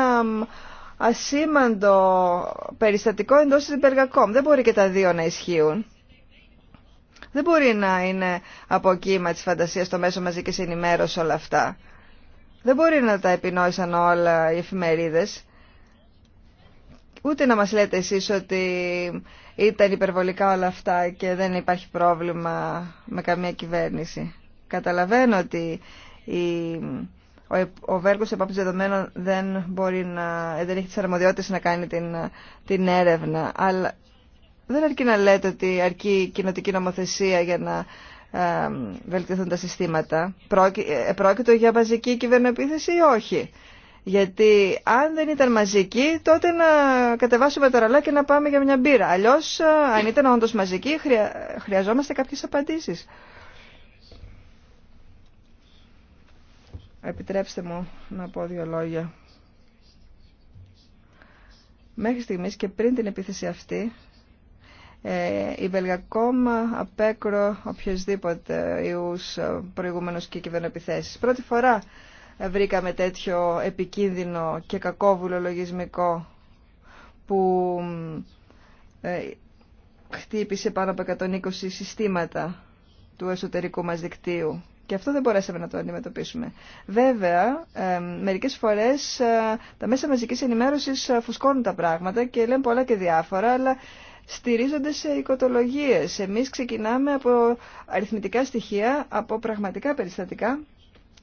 ασήμαντο περιστατικό εντός της Υπεργακόμ. Δεν μπορεί και τα δύο να ισχύουν. Δεν μπορεί να είναι από κύμα της φαντασίας το μέσο και ενημέρωσης όλα αυτά. Δεν μπορεί να τα επινόησαν όλα οι εφημερίδες. Ούτε να μας λέτε εσείς ότι ήταν υπερβολικά όλα αυτά και δεν υπάρχει πρόβλημα με καμία κυβέρνηση. Καταλαβαίνω ότι η, ο, ο Βέργος δεδομένων δεν, μπορεί να, δεν έχει τις αρμοδιότητες να κάνει την, την έρευνα. Αλλά δεν αρκεί να λέτε ότι αρκεί κοινοτική νομοθεσία για να ε, βελτιωθούν τα συστήματα. Πρόκει, ε, για μαζική κυβερνοεπίθεση ή όχι. Γιατί αν δεν ήταν μαζική, τότε να κατεβάσουμε τα ρολά και να πάμε για μια μπύρα. Αλλιώ, αν ήταν όντω μαζική, χρεια... χρειαζόμαστε κάποιε απαντήσει. Επιτρέψτε μου να πω δύο λόγια. Μέχρι στιγμής και πριν την επίθεση αυτή, ε, η Βελγακόμ απέκρο οποιοδήποτε ε, ιούς ε, προηγούμενους και κυβερνοεπιθέσεις. Πρώτη φορά βρήκαμε τέτοιο επικίνδυνο και κακόβουλο λογισμικό που ε, χτύπησε πάνω από 120 συστήματα του εσωτερικού μας δικτύου. Και αυτό δεν μπορέσαμε να το αντιμετωπίσουμε. Βέβαια, ε, μερικές φορές ε, τα μέσα μαζικής ενημέρωσης φουσκώνουν τα πράγματα και λένε πολλά και διάφορα, αλλά στηρίζονται σε οικοτολογίες. Εμείς ξεκινάμε από αριθμητικά στοιχεία, από πραγματικά περιστατικά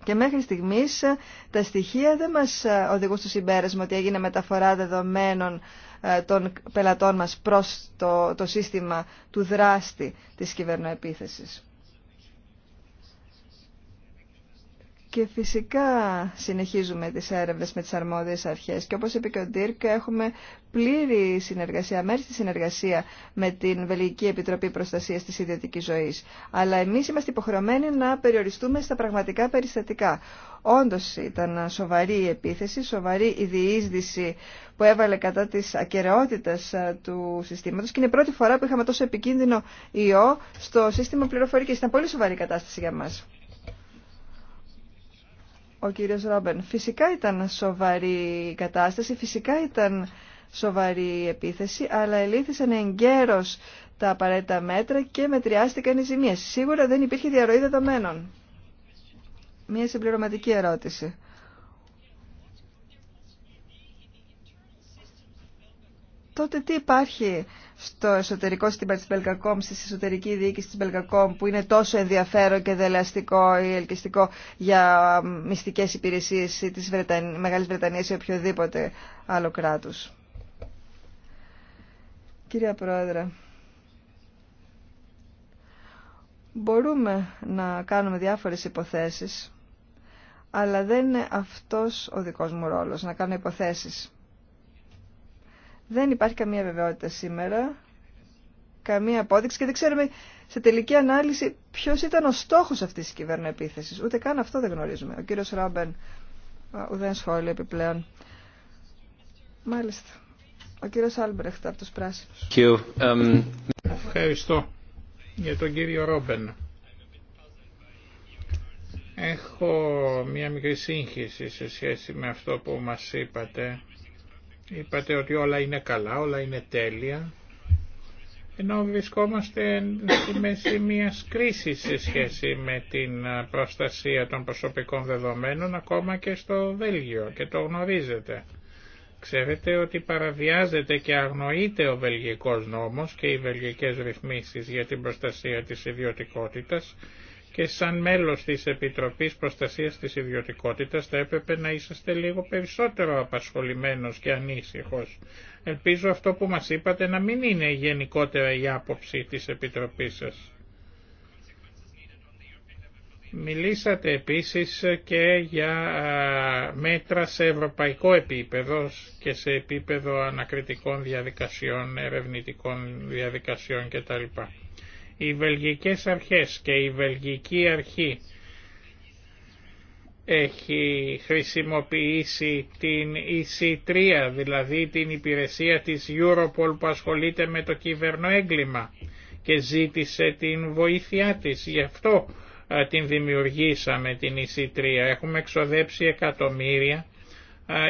και μέχρι στιγμής ε, τα στοιχεία δεν μας ε, οδηγούν στο συμπέρασμα ότι έγινε μεταφορά δεδομένων ε, των πελατών μας προς το, το σύστημα του δράστη της κυβερνοεπίθεσης. Και φυσικά συνεχίζουμε τις έρευνες με τις αρμόδιες αρχές και όπως είπε και ο Ντύρκ έχουμε πλήρη συνεργασία, στη συνεργασία με την Βελγική Επιτροπή Προστασίας της Ιδιωτικής Ζωής. Αλλά εμείς είμαστε υποχρεωμένοι να περιοριστούμε στα πραγματικά περιστατικά. Όντως ήταν σοβαρή η επίθεση, σοβαρή η διείσδυση που έβαλε κατά της ακαιρεότητας ε, του συστήματος και είναι η πρώτη φορά που είχαμε τόσο επικίνδυνο ιό στο σύστημα πληροφορικής. Ήταν πολύ σοβαρή κατάσταση για μας ο κύριος Ρόμπεν. Φυσικά ήταν σοβαρή κατάσταση, φυσικά ήταν σοβαρή επίθεση, αλλά ελήθησαν εγκαίρως τα απαραίτητα μέτρα και μετριάστηκαν οι ζημίες. Σίγουρα δεν υπήρχε διαρροή δεδομένων. Μία συμπληρωματική ερώτηση. τότε τι υπάρχει στο εσωτερικό σύστημα της Belgacom, στη εσωτερική διοίκηση της Belgacom που είναι τόσο ενδιαφέρον και δελαστικό ή ελκυστικό για μυστικές υπηρεσίες της Μεγάλης Βρετανίας ή οποιοδήποτε άλλο κράτους. Κυρία Πρόεδρε, μπορούμε να κάνουμε διάφορες υποθέσεις, αλλά δεν είναι αυτός ο δικός μου ρόλος, να κάνω υποθέσεις. Δεν υπάρχει καμία βεβαιότητα σήμερα, καμία απόδειξη και δεν ξέρουμε σε τελική ανάλυση ποιο ήταν ο στόχο αυτή τη κυβερνοεπίθεση. Ούτε καν αυτό δεν γνωρίζουμε. Ο κύριο Ρόμπεν ουδέν σχόλιο επιπλέον. Μάλιστα. Ο κύριος Άλμπρεχτ από του Πράσινου. Um, Ευχαριστώ για τον κύριο Ρόμπεν. Έχω μία μικρή σύγχυση σε σχέση με αυτό που μας είπατε Είπατε ότι όλα είναι καλά, όλα είναι τέλεια, ενώ βρισκόμαστε στη μέση μιας κρίσης σε σχέση με την προστασία των προσωπικών δεδομένων ακόμα και στο Βέλγιο και το γνωρίζετε. Ξέρετε ότι παραβιάζεται και αγνοείται ο βελγικός νόμος και οι βελγικές ρυθμίσεις για την προστασία της ιδιωτικότητας και σαν μέλος της Επιτροπής Προστασίας της Ιδιωτικότητας θα έπρεπε να είσαστε λίγο περισσότερο απασχολημένος και ανήσυχος. Ελπίζω αυτό που μας είπατε να μην είναι γενικότερα η άποψη της Επιτροπής σας. Μιλήσατε επίσης και για μέτρα σε ευρωπαϊκό επίπεδο και σε επίπεδο ανακριτικών διαδικασιών, ερευνητικών διαδικασιών κτλ. Οι βελγικές αρχές και η βελγική αρχή έχει χρησιμοποιήσει την EC3, δηλαδή την υπηρεσία της Europol που ασχολείται με το κυβερνοέγκλημα και ζήτησε την βοήθειά της. Γι' αυτό την δημιουργήσαμε την EC3. Έχουμε εξοδέψει εκατομμύρια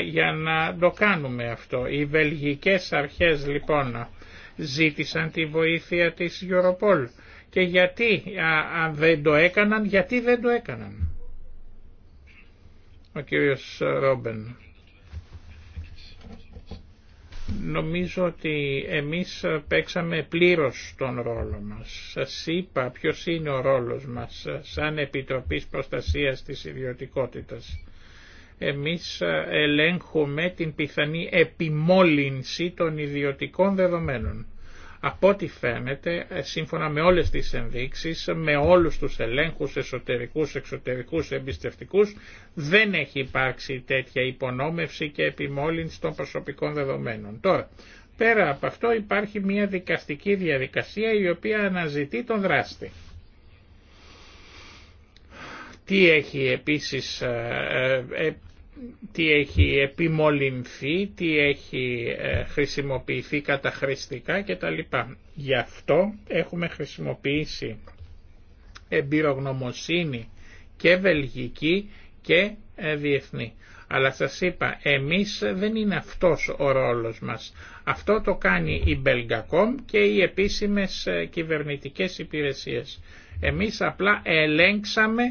για να το κάνουμε αυτό. Οι βελγικές αρχές λοιπόν ζήτησαν τη βοήθεια της Europol και γιατί αν δεν το έκαναν, γιατί δεν το έκαναν. Ο κύριος Ρόμπεν. Νομίζω ότι εμείς παίξαμε πλήρως τον ρόλο μας. Σας είπα ποιος είναι ο ρόλος μας σαν Επιτροπής Προστασίας της Ιδιωτικότητας εμείς ε, ελέγχουμε την πιθανή επιμόλυνση των ιδιωτικών δεδομένων. Από ό,τι φαίνεται, ε, σύμφωνα με όλες τις ενδείξεις, με όλους τους ελέγχους εσωτερικούς, εξωτερικούς, εμπιστευτικούς, δεν έχει υπάρξει τέτοια υπονόμευση και επιμόλυνση των προσωπικών δεδομένων. Τώρα, πέρα από αυτό υπάρχει μια δικαστική διαδικασία η οποία αναζητεί τον δράστη. Τι έχει επίσης ε, τι έχει επιμολυνθεί, τι έχει ε, χρησιμοποιηθεί καταχρηστικά κτλ. Γι' αυτό έχουμε χρησιμοποιήσει εμπειρογνωμοσύνη και βελγική και ε, διεθνή. Αλλά σας είπα, εμείς δεν είναι αυτός ο ρόλος μας. Αυτό το κάνει η Belgacom και οι επίσημες ε, κυβερνητικές υπηρεσίες. Εμείς απλά ελέγξαμε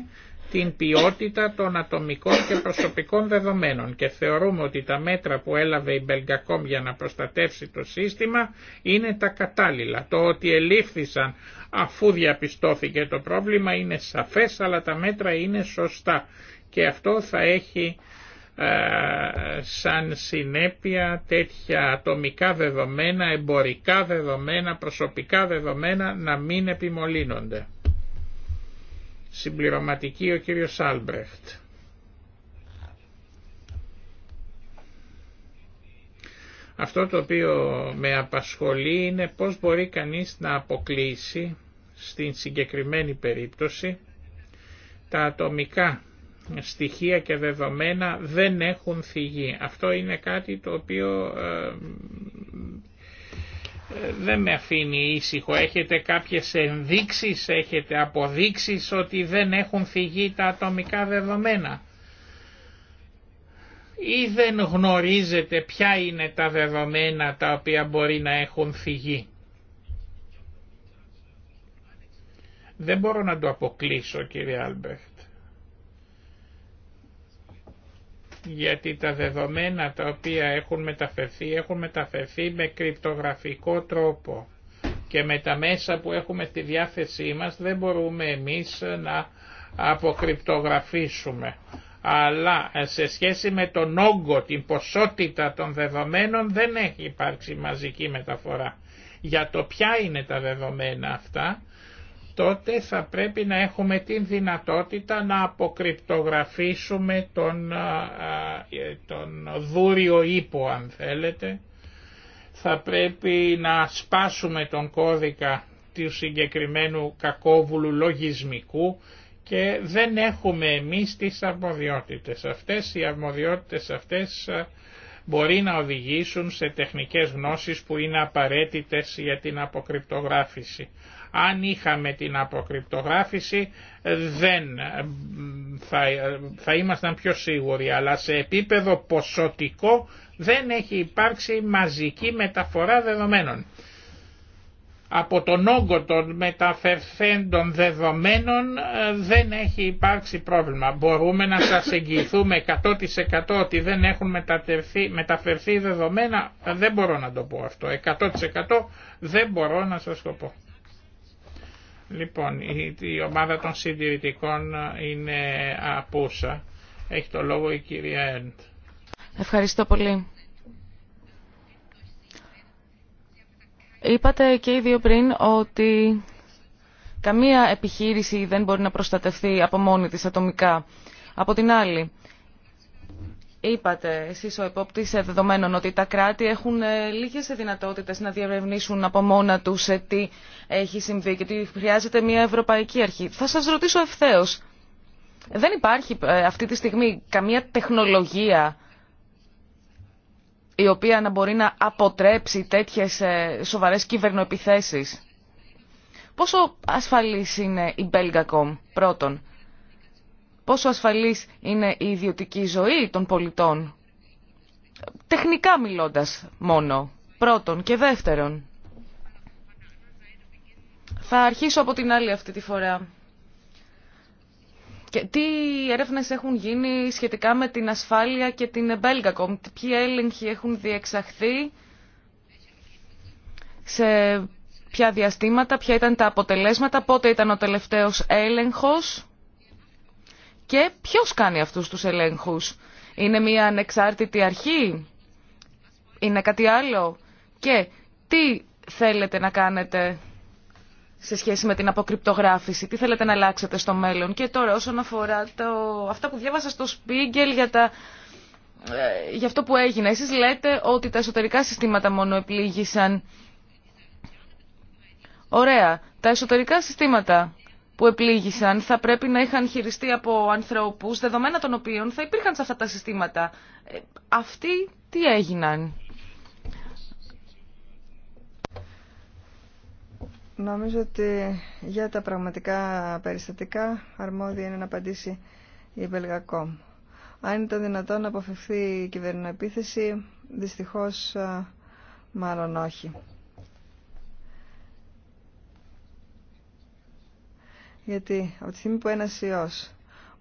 την ποιότητα των ατομικών και προσωπικών δεδομένων και θεωρούμε ότι τα μέτρα που έλαβε η Belgacom για να προστατεύσει το σύστημα είναι τα κατάλληλα. Το ότι ελήφθησαν αφού διαπιστώθηκε το πρόβλημα είναι σαφές αλλά τα μέτρα είναι σωστά και αυτό θα έχει ε, σαν συνέπεια τέτοια ατομικά δεδομένα, εμπορικά δεδομένα, προσωπικά δεδομένα να μην επιμολύνονται. Συμπληρωματική ο κύριος Άλμπρεχτ. Αυτό το οποίο με απασχολεί είναι πώς μπορεί κανείς να αποκλείσει στην συγκεκριμένη περίπτωση τα ατομικά στοιχεία και δεδομένα δεν έχουν θυγεί. Αυτό είναι κάτι το οποίο ε, δεν με αφήνει ήσυχο. Έχετε κάποιες ενδείξεις, έχετε αποδείξεις ότι δεν έχουν φυγεί τα ατομικά δεδομένα. Ή δεν γνωρίζετε ποια είναι τα δεδομένα τα οποία μπορεί να έχουν φυγεί. Δεν μπορώ να το αποκλείσω κύριε Άλμπεχτ. γιατί τα δεδομένα τα οποία έχουν μεταφερθεί έχουν μεταφερθεί με κρυπτογραφικό τρόπο και με τα μέσα που έχουμε στη διάθεσή μας δεν μπορούμε εμείς να αποκρυπτογραφήσουμε. Αλλά ε, σε σχέση με τον όγκο, την ποσότητα των δεδομένων δεν έχει υπάρξει μαζική μεταφορά. Για το ποια είναι τα δεδομένα αυτά τότε θα πρέπει να έχουμε την δυνατότητα να αποκρυπτογραφήσουμε τον, ε, τον δούριο ύπο αν θέλετε. Θα πρέπει να σπάσουμε τον κώδικα του συγκεκριμένου κακόβουλου λογισμικού και δεν έχουμε εμείς τις αρμοδιότητες αυτές. Οι αρμοδιότητες αυτές μπορεί να οδηγήσουν σε τεχνικές γνώσεις που είναι απαραίτητες για την αποκρυπτογράφηση. Αν είχαμε την αποκρυπτογράφηση δεν θα, ήμασταν πιο σίγουροι, αλλά σε επίπεδο ποσοτικό δεν έχει υπάρξει μαζική μεταφορά δεδομένων. Από τον όγκο των μεταφερθέντων δεδομένων ε, δεν έχει υπάρξει πρόβλημα. Μπορούμε να σας εγγυηθούμε 100% ότι δεν έχουν μεταφερθεί, μεταφερθεί δεδομένα. Δεν μπορώ να το πω αυτό. 100% δεν μπορώ να σας το πω. Λοιπόν, η, ομάδα των συντηρητικών ε, είναι απούσα. Έχει το λόγο η κυρία Έρντ. Ευχαριστώ πολύ. Είπατε και οι δύο πριν ότι καμία επιχείρηση δεν μπορεί να προστατευτεί από μόνη της ατομικά. Από την άλλη, Είπατε εσείς ο επόπτης δεδομένων ότι τα κράτη έχουν ε, λίγες δυνατότητες να διερευνήσουν από μόνα τους σε τι έχει συμβεί και ότι χρειάζεται μια ευρωπαϊκή αρχή. Θα σας ρωτήσω ευθέω. Δεν υπάρχει ε, αυτή τη στιγμή καμία τεχνολογία η οποία να μπορεί να αποτρέψει τέτοιες ε, σοβαρές κυβερνοεπιθέσεις. Πόσο ασφαλής είναι η Belgacom πρώτον πόσο ασφαλής είναι η ιδιωτική ζωή των πολιτών. Τεχνικά μιλώντας μόνο, πρώτον και δεύτερον. Θα αρχίσω από την άλλη αυτή τη φορά. Και τι έρευνες έχουν γίνει σχετικά με την ασφάλεια και την Belgacom, ποιοι έλεγχοι έχουν διεξαχθεί, σε ποια διαστήματα, ποια ήταν τα αποτελέσματα, πότε ήταν ο τελευταίος έλεγχος και ποιος κάνει αυτούς τους ελέγχους. Είναι μια ανεξάρτητη αρχή. Είναι κάτι άλλο. Και τι θέλετε να κάνετε σε σχέση με την αποκρυπτογράφηση, τι θέλετε να αλλάξετε στο μέλλον. Και τώρα όσον αφορά το... αυτά που διάβασα στο Spiegel για, ε, για αυτό που έγινε. Εσείς λέτε ότι τα εσωτερικά συστήματα μόνο επλήγησαν. Ωραία. Τα εσωτερικά συστήματα που επλήγησαν θα πρέπει να είχαν χειριστεί από ανθρώπους, δεδομένα των οποίων θα υπήρχαν σε αυτά τα συστήματα. Ε, αυτοί τι έγιναν. Νομίζω ότι για τα πραγματικά περιστατικά αρμόδια είναι να απαντήσει η Βελγακόμ. Αν ήταν δυνατόν να αποφευθεί η κυβερνοεπίθεση, δυστυχώς ε, μάλλον όχι. Γιατί από τη στιγμή που ένας ιός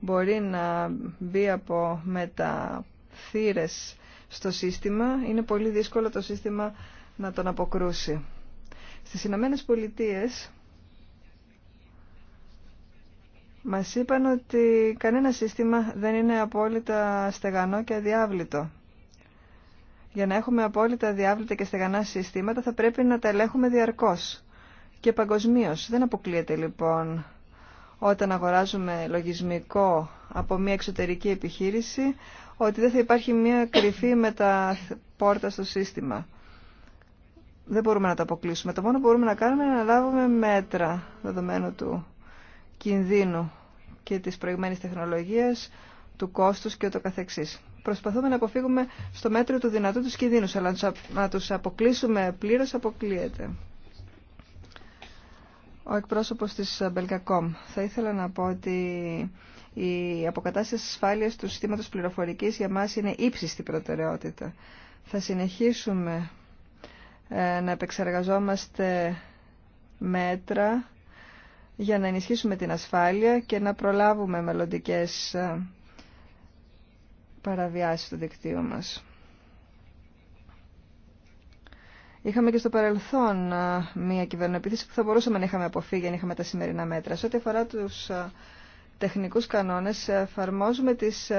μπορεί να μπει από μεταθύρες στο σύστημα, είναι πολύ δύσκολο το σύστημα να τον αποκρούσει. Στις Ηνωμένε Πολιτείες μα είπαν ότι κανένα σύστημα δεν είναι απόλυτα στεγανό και αδιάβλητο. Για να έχουμε απόλυτα αδιάβλητα και στεγανά συστήματα θα πρέπει να τα ελέγχουμε διαρκώς και παγκοσμίω. Δεν αποκλείεται λοιπόν όταν αγοράζουμε λογισμικό από μια εξωτερική επιχείρηση ότι δεν θα υπάρχει μια κρυφή πόρτα στο σύστημα. Δεν μπορούμε να τα αποκλείσουμε. Το μόνο που μπορούμε να κάνουμε είναι να λάβουμε μέτρα δεδομένου του κινδύνου και της προηγμένης τεχνολογίας, του κόστους και ούτω καθεξής. Προσπαθούμε να αποφύγουμε στο μέτρο του δυνατού τους κινδύνους, αλλά να τους αποκλείσουμε πλήρως αποκλείεται ο εκπρόσωπος της Belgacom. Θα ήθελα να πω ότι η αποκατάσταση ασφάλειας του συστήματος πληροφορικής για μας είναι ύψιστη προτεραιότητα. Θα συνεχίσουμε ε, να επεξεργαζόμαστε μέτρα για να ενισχύσουμε την ασφάλεια και να προλάβουμε μελλοντικές ε, παραβιάσεις του δικτύου μας. Είχαμε και στο παρελθόν μια κυβερνοεπίθεση που θα μπορούσαμε να είχαμε αποφύγει αν είχαμε τα σημερινά μέτρα. Σε ό,τι αφορά του τεχνικούς κανόνες, εφαρμόζουμε τις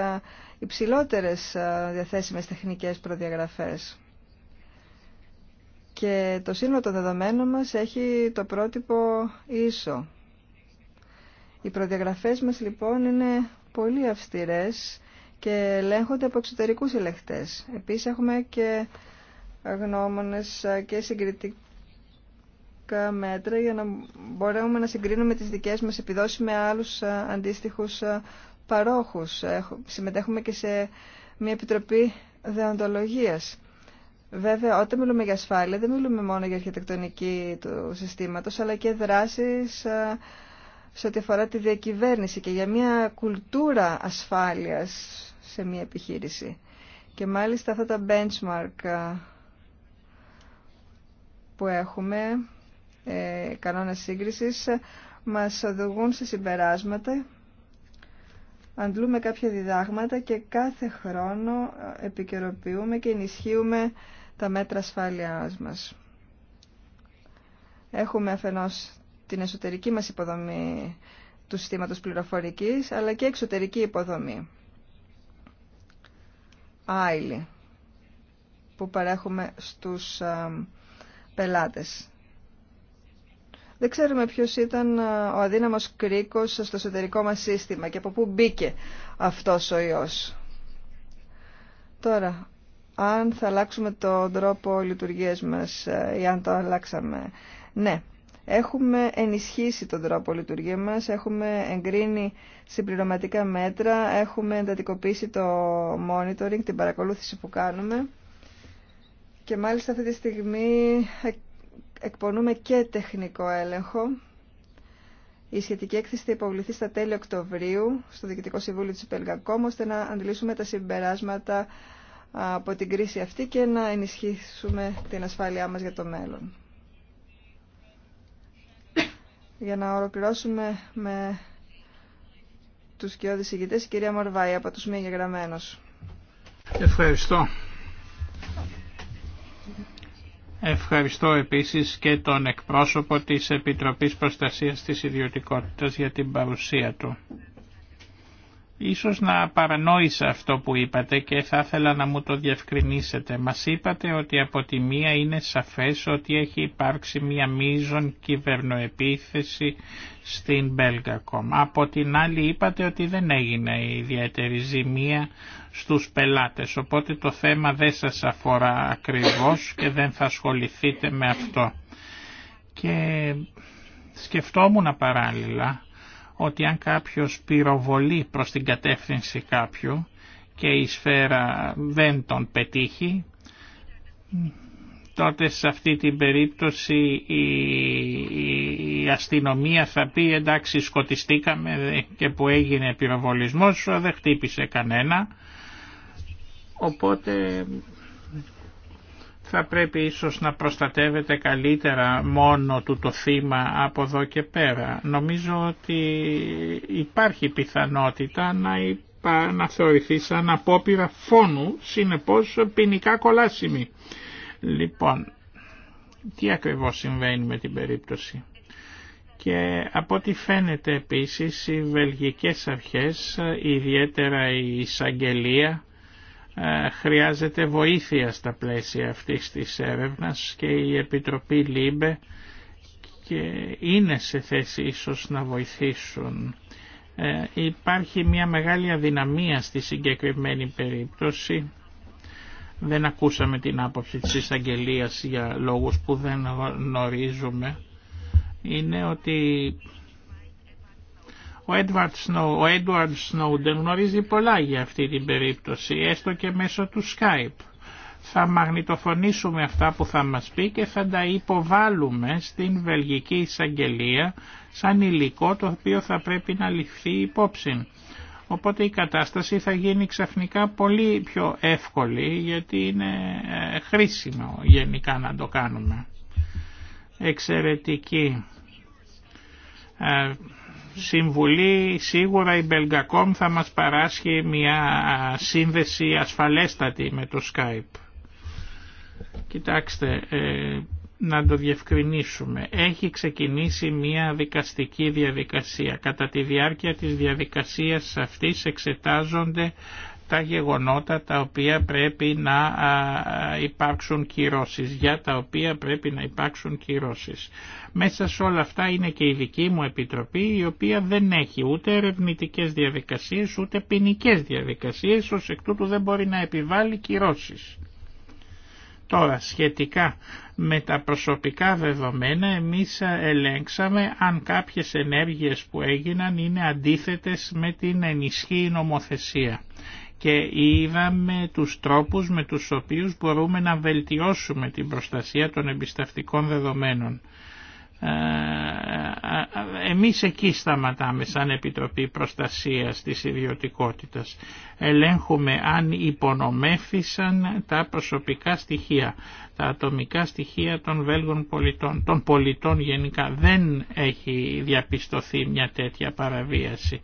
υψηλότερες διαθέσιμες τεχνικές προδιαγραφές. Και το σύνολο των δεδομένων μας έχει το πρότυπο ίσο. Οι προδιαγραφές μας λοιπόν είναι πολύ αυστηρές και ελέγχονται από εξωτερικούς ελεγχτές. Επίσης έχουμε και γνώμονες ε, και συγκριτικά μέτρα για να μπορέσουμε να συγκρίνουμε τις δικές μας επιδόσεις με άλλους ε, αντίστοιχους ε, παρόχους. Συμμετέχουμε και σε μια επιτροπή δεοντολογίας. Βέβαια, όταν μιλούμε για ασφάλεια, δεν μιλούμε μόνο για αρχιτεκτονική του συστήματος, αλλά και δράσεις σε ό,τι αφορά τη διακυβέρνηση και για μια κουλτούρα ασφάλειας σε μια επιχείρηση. Και μάλιστα αυτά τα benchmark που έχουμε, ε, κανόνες σύγκρισης, μας οδηγούν σε συμπεράσματα, αντλούμε κάποια διδάγματα και κάθε χρόνο ε, επικαιροποιούμε και ενισχύουμε τα μέτρα ασφάλειάς μας. Έχουμε αφενός την εσωτερική μας υποδομή του συστήματος πληροφορικής, αλλά και εξωτερική υποδομή. Άιλη, που παρέχουμε στους ε, πελάτες. Δεν ξέρουμε ποιος ήταν ε, ο αδύναμος κρίκος στο εσωτερικό μας σύστημα και από πού μπήκε αυτός ο ιός. Τώρα, αν θα αλλάξουμε τον τρόπο λειτουργίας μας ε, ή αν το αλλάξαμε. Ναι, έχουμε ενισχύσει τον τρόπο λειτουργίας μας, έχουμε εγκρίνει συμπληρωματικά μέτρα, έχουμε εντατικοποιήσει το monitoring, την παρακολούθηση που κάνουμε και μάλιστα αυτή τη στιγμή εκπονούμε και τεχνικό έλεγχο. Η σχετική έκθεση θα υποβληθεί στα τέλη Οκτωβρίου στο Διοικητικό Συμβούλιο της Πελγακόμ, ώστε να αντιλήσουμε τα συμπεράσματα από την κρίση αυτή και να ενισχύσουμε την ασφάλειά μας για το μέλλον. Για να ολοκληρώσουμε με τους κοιόδης ηγητές, η κυρία Μορβάη από τους μη εγγεγραμμένους. Ευχαριστώ. Ευχαριστώ επίσης και τον εκπρόσωπο της Επιτροπής Προστασίας της Ιδιωτικότητας για την παρουσία του. Ίσως να παρανόησα αυτό που είπατε και θα ήθελα να μου το διευκρινίσετε. Μας είπατε ότι από τη μία είναι σαφές ότι έχει υπάρξει μία μείζον κυβερνοεπίθεση στην Belgacom. Από την άλλη είπατε ότι δεν έγινε ιδιαίτερη ζημία στους πελάτες, οπότε το θέμα δεν σας αφορά ακριβώς και δεν θα ασχοληθείτε με αυτό. Και σκεφτόμουν παράλληλα ότι αν κάποιος πυροβολεί προς την κατεύθυνση κάποιου και η σφαίρα δεν τον πετύχει, τότε σε αυτή την περίπτωση η, αστυνομία θα πει εντάξει σκοτιστήκαμε και που έγινε πυροβολισμός δεν χτύπησε κανένα Οπότε θα πρέπει ίσως να προστατεύεται καλύτερα μόνο του το θύμα από εδώ και πέρα. Νομίζω ότι υπάρχει πιθανότητα να, υπα... να θεωρηθεί σαν απόπειρα φόνου, συνεπώς ποινικά κολάσιμη. Λοιπόν, τι ακριβώς συμβαίνει με την περίπτωση. Και από ό,τι φαίνεται επίσης οι βελγικές αρχές, ιδιαίτερα η εισαγγελία, ε, χρειάζεται βοήθεια στα πλαίσια αυτής της έρευνας και η Επιτροπή ΛΥΜΠΕ και είναι σε θέση ίσως να βοηθήσουν. Ε, υπάρχει μια μεγάλη αδυναμία στη συγκεκριμένη περίπτωση. Δεν ακούσαμε την άποψη της εισαγγελία για λόγους που δεν γνωρίζουμε. Είναι ότι ο Έντουαρντ Σνόου, ο Σνόουντεν γνωρίζει πολλά για αυτή την περίπτωση, έστω και μέσω του Skype. Θα μαγνητοφωνήσουμε αυτά που θα μας πει και θα τα υποβάλουμε στην Βελγική Εισαγγελία σαν υλικό το οποίο θα πρέπει να ληφθεί υπόψη. Οπότε η κατάσταση θα γίνει ξαφνικά πολύ πιο εύκολη γιατί είναι ε, χρήσιμο γενικά να το κάνουμε. Εξαιρετική ε, Συμβουλή σίγουρα η Belgacom θα μας παράσχει μια σύνδεση ασφαλέστατη με το Skype. Κοιτάξτε, ε, να το διευκρινίσουμε. Έχει ξεκινήσει μια δικαστική διαδικασία. Κατά τη διάρκεια της διαδικασίας αυτής εξετάζονται τα γεγονότα τα οποία πρέπει να υπάρξουν κυρώσεις, για τα οποία πρέπει να υπάρξουν κυρώσεις. Μέσα σε όλα αυτά είναι και η δική μου επιτροπή η οποία δεν έχει ούτε ερευνητικέ διαδικασίες ούτε ποινικέ διαδικασίες ω εκ τούτου δεν μπορεί να επιβάλλει κυρώσεις. Τώρα σχετικά με τα προσωπικά δεδομένα εμείς ελέγξαμε αν κάποιες ενέργειες που έγιναν είναι αντίθετες με την ενισχύη νομοθεσία και είδαμε τους τρόπους με τους οποίους μπορούμε να βελτιώσουμε την προστασία των εμπιστευτικών δεδομένων. Ε, ε, εμείς εκεί σταματάμε σαν Επιτροπή Προστασίας της Ιδιωτικότητας. Ελέγχουμε αν υπονομεύθησαν τα προσωπικά στοιχεία, τα ατομικά στοιχεία των Βέλγων πολιτών, των πολιτών γενικά. Δεν έχει διαπιστωθεί μια τέτοια παραβίαση.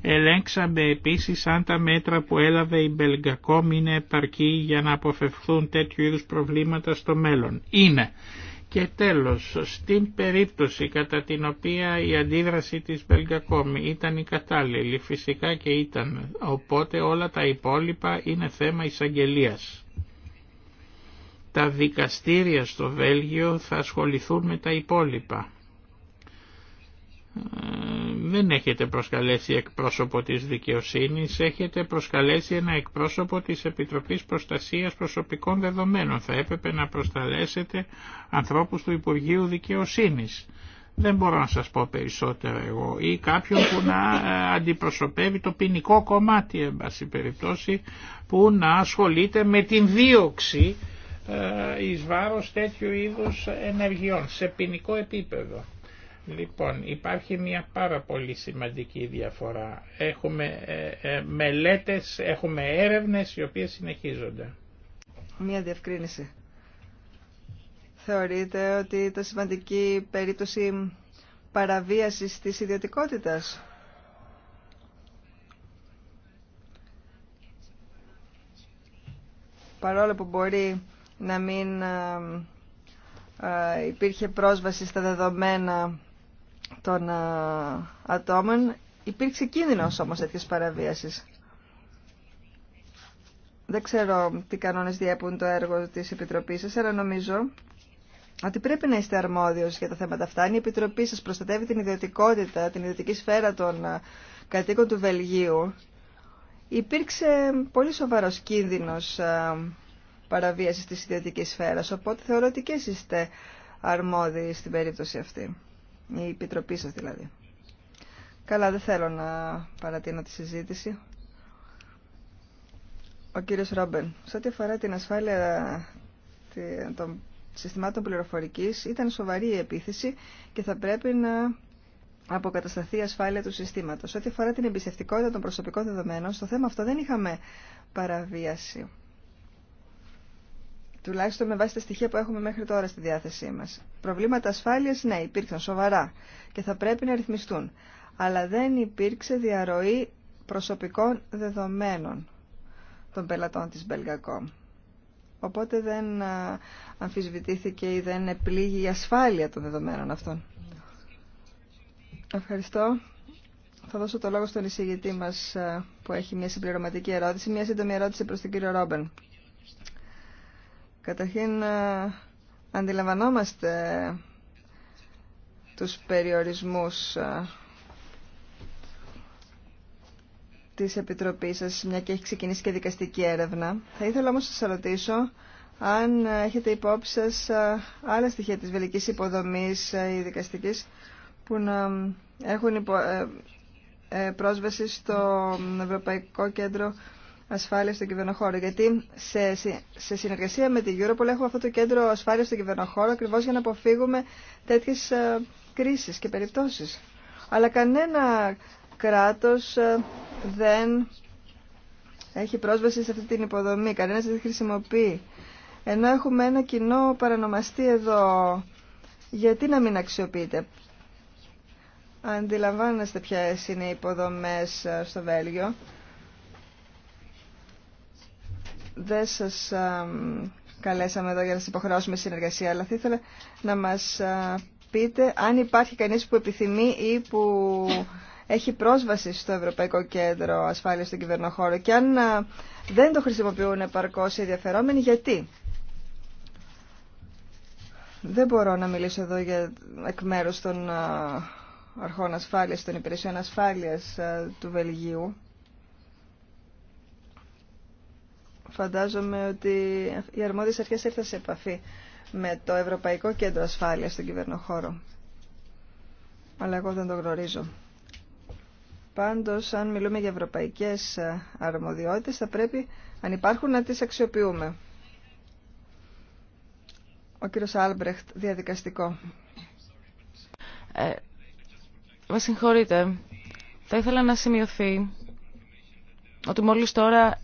Ελέγξαμε επίσης αν τα μέτρα που έλαβε η Μπελγκακόμ είναι επαρκή για να αποφευθούν τέτοιου είδους προβλήματα στο μέλλον. Είναι. Και τέλος, στην περίπτωση κατά την οποία η αντίδραση της Belgacom ήταν η κατάλληλη, φυσικά και ήταν, οπότε όλα τα υπόλοιπα είναι θέμα εισαγγελία. Τα δικαστήρια στο Βέλγιο θα ασχοληθούν με τα υπόλοιπα δεν έχετε προσκαλέσει εκπρόσωπο της δικαιοσύνης, έχετε προσκαλέσει ένα εκπρόσωπο της Επιτροπής Προστασίας Προσωπικών Δεδομένων. Θα έπρεπε να προσταλέσετε ανθρώπους του Υπουργείου Δικαιοσύνης. Δεν μπορώ να σας πω περισσότερο εγώ. Ή κάποιον που να ε, αντιπροσωπεύει το ποινικό κομμάτι, εν περιπτώσει, που να ασχολείται με την δίωξη ε, εις βάρος τέτοιου είδους ενεργειών, σε ποινικό επίπεδο. Λοιπόν, υπάρχει μια πάρα πολύ σημαντική διαφορά. Έχουμε ε, ε, μελέτες, έχουμε έρευνες οι οποίες συνεχίζονται. Μια διευκρίνηση. Θεωρείτε ότι το σημαντική περίπτωση παραβίασης της ιδιωτικότητας. Παρόλο που μπορεί να μην ε, υπήρχε πρόσβαση στα δεδομένα των ε, ατόμων υπήρξε κίνδυνος όμως τέτοια παραβίασης. Δεν ξέρω τι κανόνες διέπουν το έργο της Επιτροπής σας, αλλά νομίζω ότι πρέπει να είστε αρμόδιος για τα θέματα αυτά. η Επιτροπή σας προστατεύει την ιδιωτικότητα, την ιδιωτική σφαίρα των ε, κατοίκων του Βελγίου, υπήρξε πολύ σοβαρός κίνδυνος ε, παραβίασης της ιδιωτικής σφαίρας, οπότε θεωρώ ότι και είστε αρμόδιοι στην περίπτωση αυτή η επιτροπή σας δηλαδή. Καλά, δεν θέλω να παρατείνω τη συζήτηση. Ο κύριος Ρόμπεν, σε ό,τι αφορά την ασφάλεια των συστημάτων πληροφορικής, ήταν σοβαρή η επίθεση και θα πρέπει να αποκατασταθεί η ασφάλεια του συστήματος. Σε ό,τι αφορά την εμπιστευτικότητα των προσωπικών δεδομένων, στο θέμα αυτό δεν είχαμε παραβίαση τουλάχιστον με βάση τα στοιχεία που έχουμε μέχρι τώρα στη διάθεσή μας. Προβλήματα ασφάλειας, ναι, υπήρξαν σοβαρά και θα πρέπει να ρυθμιστούν. Αλλά δεν υπήρξε διαρροή προσωπικών δεδομένων των πελατών της Belgacom. Οπότε δεν αμφισβητήθηκε ή δεν επλήγει η ασφάλεια των δεδομένων αυτών. Ευχαριστώ. Θα δώσω το λόγο στον εισηγητή μας που έχει μια συμπληρωματική ερώτηση, μια σύντομη ερώτηση προς τον κύριο Ρόμπεν. Καταρχήν ε, αντιλαμβανόμαστε τους περιορισμούς ε, της Επιτροπής σας, μια και έχει ξεκινήσει και δικαστική έρευνα. Θα ήθελα όμως να σας ρωτήσω αν έχετε υπόψη σας ε, άλλα στοιχεία της βελικής υποδομής ή δικαστικής που έχουν υπο... πρόσβαση στο Ευρωπαϊκό Κέντρο ασφάλεια στον κυβερνοχώρο. Γιατί σε, σε συνεργασία με την Europol έχουμε αυτό το κέντρο ασφάλεια στον κυβερνοχώρο ακριβώ για να αποφύγουμε τέτοιε κρίσει και περιπτώσει. Αλλά κανένα κράτο ε, δεν έχει πρόσβαση σε αυτή την υποδομή. Κανένα δεν τη χρησιμοποιεί. Ενώ έχουμε ένα κοινό παρανομαστή εδώ. Γιατί να μην αξιοποιείται. Αντιλαμβάνεστε ποιες είναι οι υποδομές ε, στο Βέλγιο δεν σας καλέσαμε εδώ για να σας υποχρεώσουμε συνεργασία, αλλά θα ήθελα να μας ε, πείτε αν υπάρχει κανείς που επιθυμεί ή που έχει πρόσβαση στο Ευρωπαϊκό Κέντρο Ασφάλειας στον Κυβερνοχώρο και αν ε, δεν το χρησιμοποιούν επαρκώς οι ενδιαφερόμενοι, γιατί. Δεν μπορώ να μιλήσω εδώ για εκ μέρους των ε, αρχών ασφάλειας, των υπηρεσιών ασφάλειας του Βελγίου. φαντάζομαι ότι οι αρμόδιες αρχές ήρθαν σε επαφή με το Ευρωπαϊκό Κέντρο Ασφάλειας στον κυβερνοχώρο. Αλλά εγώ δεν το γνωρίζω. Πάντως, αν μιλούμε για ευρωπαϊκές ε, αρμοδιότητες, θα πρέπει, αν υπάρχουν, να τις αξιοποιούμε. Ο κύριος Άλμπρεχτ, διαδικαστικό. Ε, με συγχωρείτε. Θα ήθελα να σημειωθεί ότι μόλις τώρα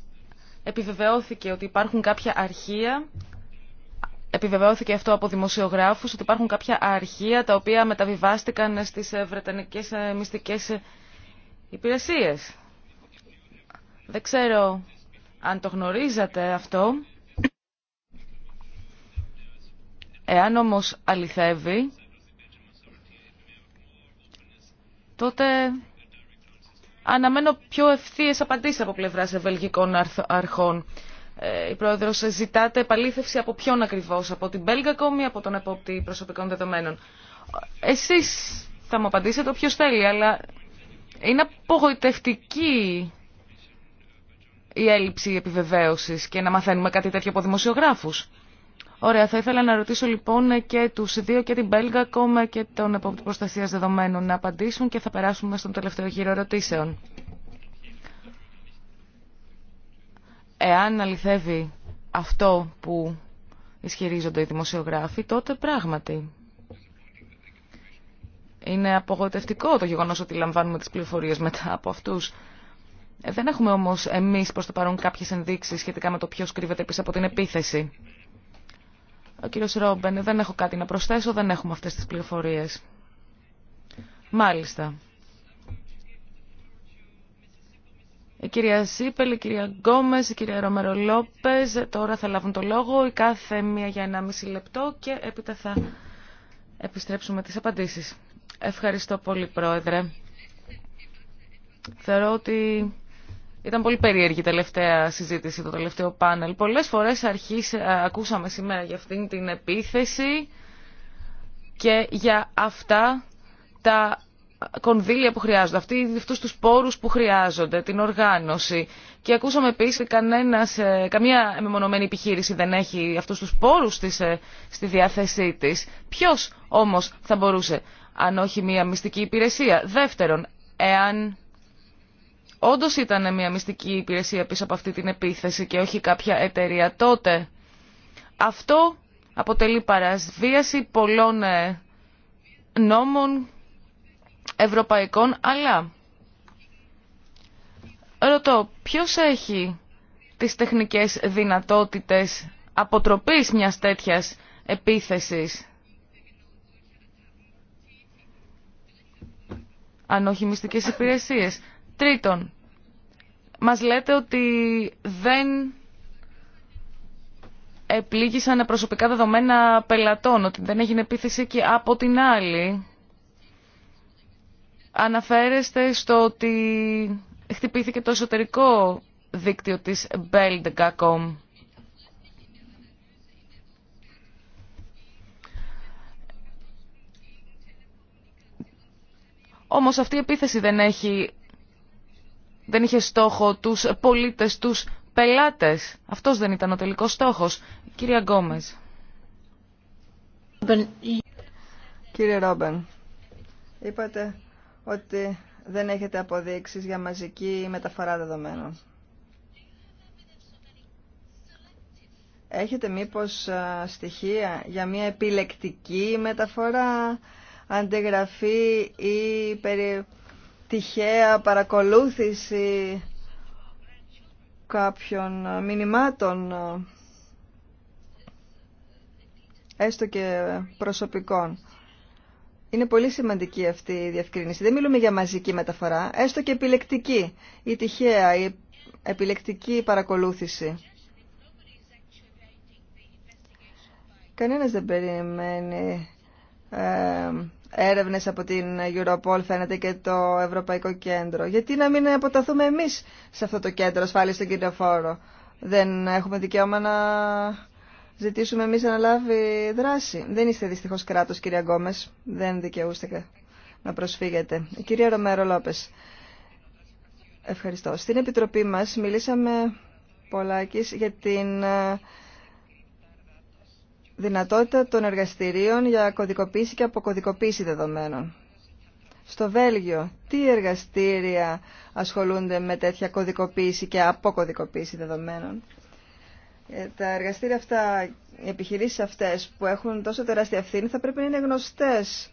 επιβεβαιώθηκε ότι υπάρχουν κάποια αρχεία, επιβεβαιώθηκε αυτό από δημοσιογράφους, ότι υπάρχουν κάποια αρχεία τα οποία μεταβιβάστηκαν στις ε, βρετανικές ε, μυστικές ε, υπηρεσίες. Δεν ξέρω αν το γνωρίζατε αυτό. Εάν όμως αληθεύει, τότε αναμένω πιο ευθείε απαντήσει από πλευρά βελγικών αρχών. Ε, η πρόεδρο ε, ζητάτε επαλήθευση από ποιον ακριβώ, από την Belgacom ή από τον επόπτη προσωπικών δεδομένων. Εσεί θα μου απαντήσετε όποιο θέλει, αλλά είναι απογοητευτική η έλλειψη επιβεβαίωση και να μαθαίνουμε κάτι τέτοιο από δημοσιογράφου. Ωραία, θα ήθελα να ρωτήσω λοιπόν και του δύο και την Μπέλγα ακόμα και τον επόπτη προστασία δεδομένων να απαντήσουν και θα περάσουμε στον τελευταίο γύρο ερωτήσεων. Εάν αληθεύει αυτό που ισχυρίζονται οι δημοσιογράφοι, τότε πράγματι είναι απογοητευτικό το γεγονός ότι λαμβάνουμε τις πληροφορίες μετά από αυτούς. Ε, δεν έχουμε όμως εμείς προς το παρόν κάποιες ενδείξεις σχετικά με το ποιος κρύβεται πίσω από την επίθεση. Ο κύριος Ρόμπεν, δεν έχω κάτι να προσθέσω, δεν έχουμε αυτές τις πληροφορίες. Μάλιστα. Η κυρία Σίπελ, η κυρία Γκόμες, η κυρία Ρομερο τώρα θα λάβουν το λόγο, η κάθε μία για μισή λεπτό και έπειτα θα επιστρέψουμε τις απαντήσεις. Ευχαριστώ πολύ, Πρόεδρε. Θεωρώ ότι ήταν πολύ περίεργη η τελευταία συζήτηση, το τελευταίο πάνελ. Πολλές φορές ε, ακούσαμε σήμερα για αυτήν την επίθεση και για αυτά τα κονδύλια που χρειάζονται, αυτοί, αυτούς τους πόρους που χρειάζονται, την οργάνωση. Και ακούσαμε επίσης ότι ε, καμία μεμονωμένη επιχείρηση δεν έχει αυτούς τους πόρους ε, στη διάθεσή της. Ποιος όμως θα μπορούσε, αν όχι μια μυστική υπηρεσία. Δεύτερον, εάν όντως ήταν μια μυστική υπηρεσία πίσω από αυτή την επίθεση και όχι κάποια εταιρεία τότε. Αυτό αποτελεί παρασβίαση πολλών ε, νόμων ευρωπαϊκών, αλλά ρωτώ ποιος έχει τις τεχνικές δυνατότητες αποτροπής μιας τέτοιας επίθεσης. Αν όχι μυστικές υπηρεσίες. Τρίτον, μας λέτε ότι δεν επλήγησαν προσωπικά δεδομένα πελατών, ότι δεν έγινε επίθεση και από την άλλη. Αναφέρεστε στο ότι χτυπήθηκε το εσωτερικό δίκτυο της Belgacom. Όμως αυτή η επίθεση δεν έχει δεν είχε στόχο τους πολίτες, τους πελάτες. Αυτός δεν ήταν ο τελικός στόχος. Κυρία Γκόμες. Κύριε Ρόμπεν, είπατε ότι δεν έχετε αποδείξεις για μαζική μεταφορά δεδομένων. Έχετε μήπως στοιχεία για μια επιλεκτική μεταφορά, αντιγραφή ή περί τυχαία παρακολούθηση κάποιων μηνυμάτων έστω και προσωπικών. Είναι πολύ σημαντική αυτή η διευκρίνηση. Δεν μιλούμε για μαζική μεταφορά, έστω και επιλεκτική ή τυχαία ή επιλεκτική παρακολούθηση. Κανένας δεν περιμένει ε, έρευνες από την Europol φαίνεται και το Ευρωπαϊκό Κέντρο. Γιατί να μην αποταθούμε εμείς σε αυτό το κέντρο ασφάλεια στον κύριο Δεν έχουμε δικαίωμα να ζητήσουμε εμείς να λάβει δράση. Δεν είστε δυστυχώς κράτος κυρία Γκόμες. Δεν δικαιούστε να προσφύγετε. κυρία Ρομέρο Λόπες. Ευχαριστώ. Στην Επιτροπή μας μιλήσαμε πολλάκι για την ε, δυνατότητα των εργαστηρίων για κωδικοποίηση και αποκωδικοποίηση δεδομένων. Στο Βέλγιο, τι εργαστήρια ασχολούνται με τέτοια κωδικοποίηση και αποκωδικοποίηση δεδομένων. Ε, τα εργαστήρια αυτά, οι επιχειρήσεις αυτές που έχουν τόσο τεράστια ευθύνη θα πρέπει να είναι γνωστές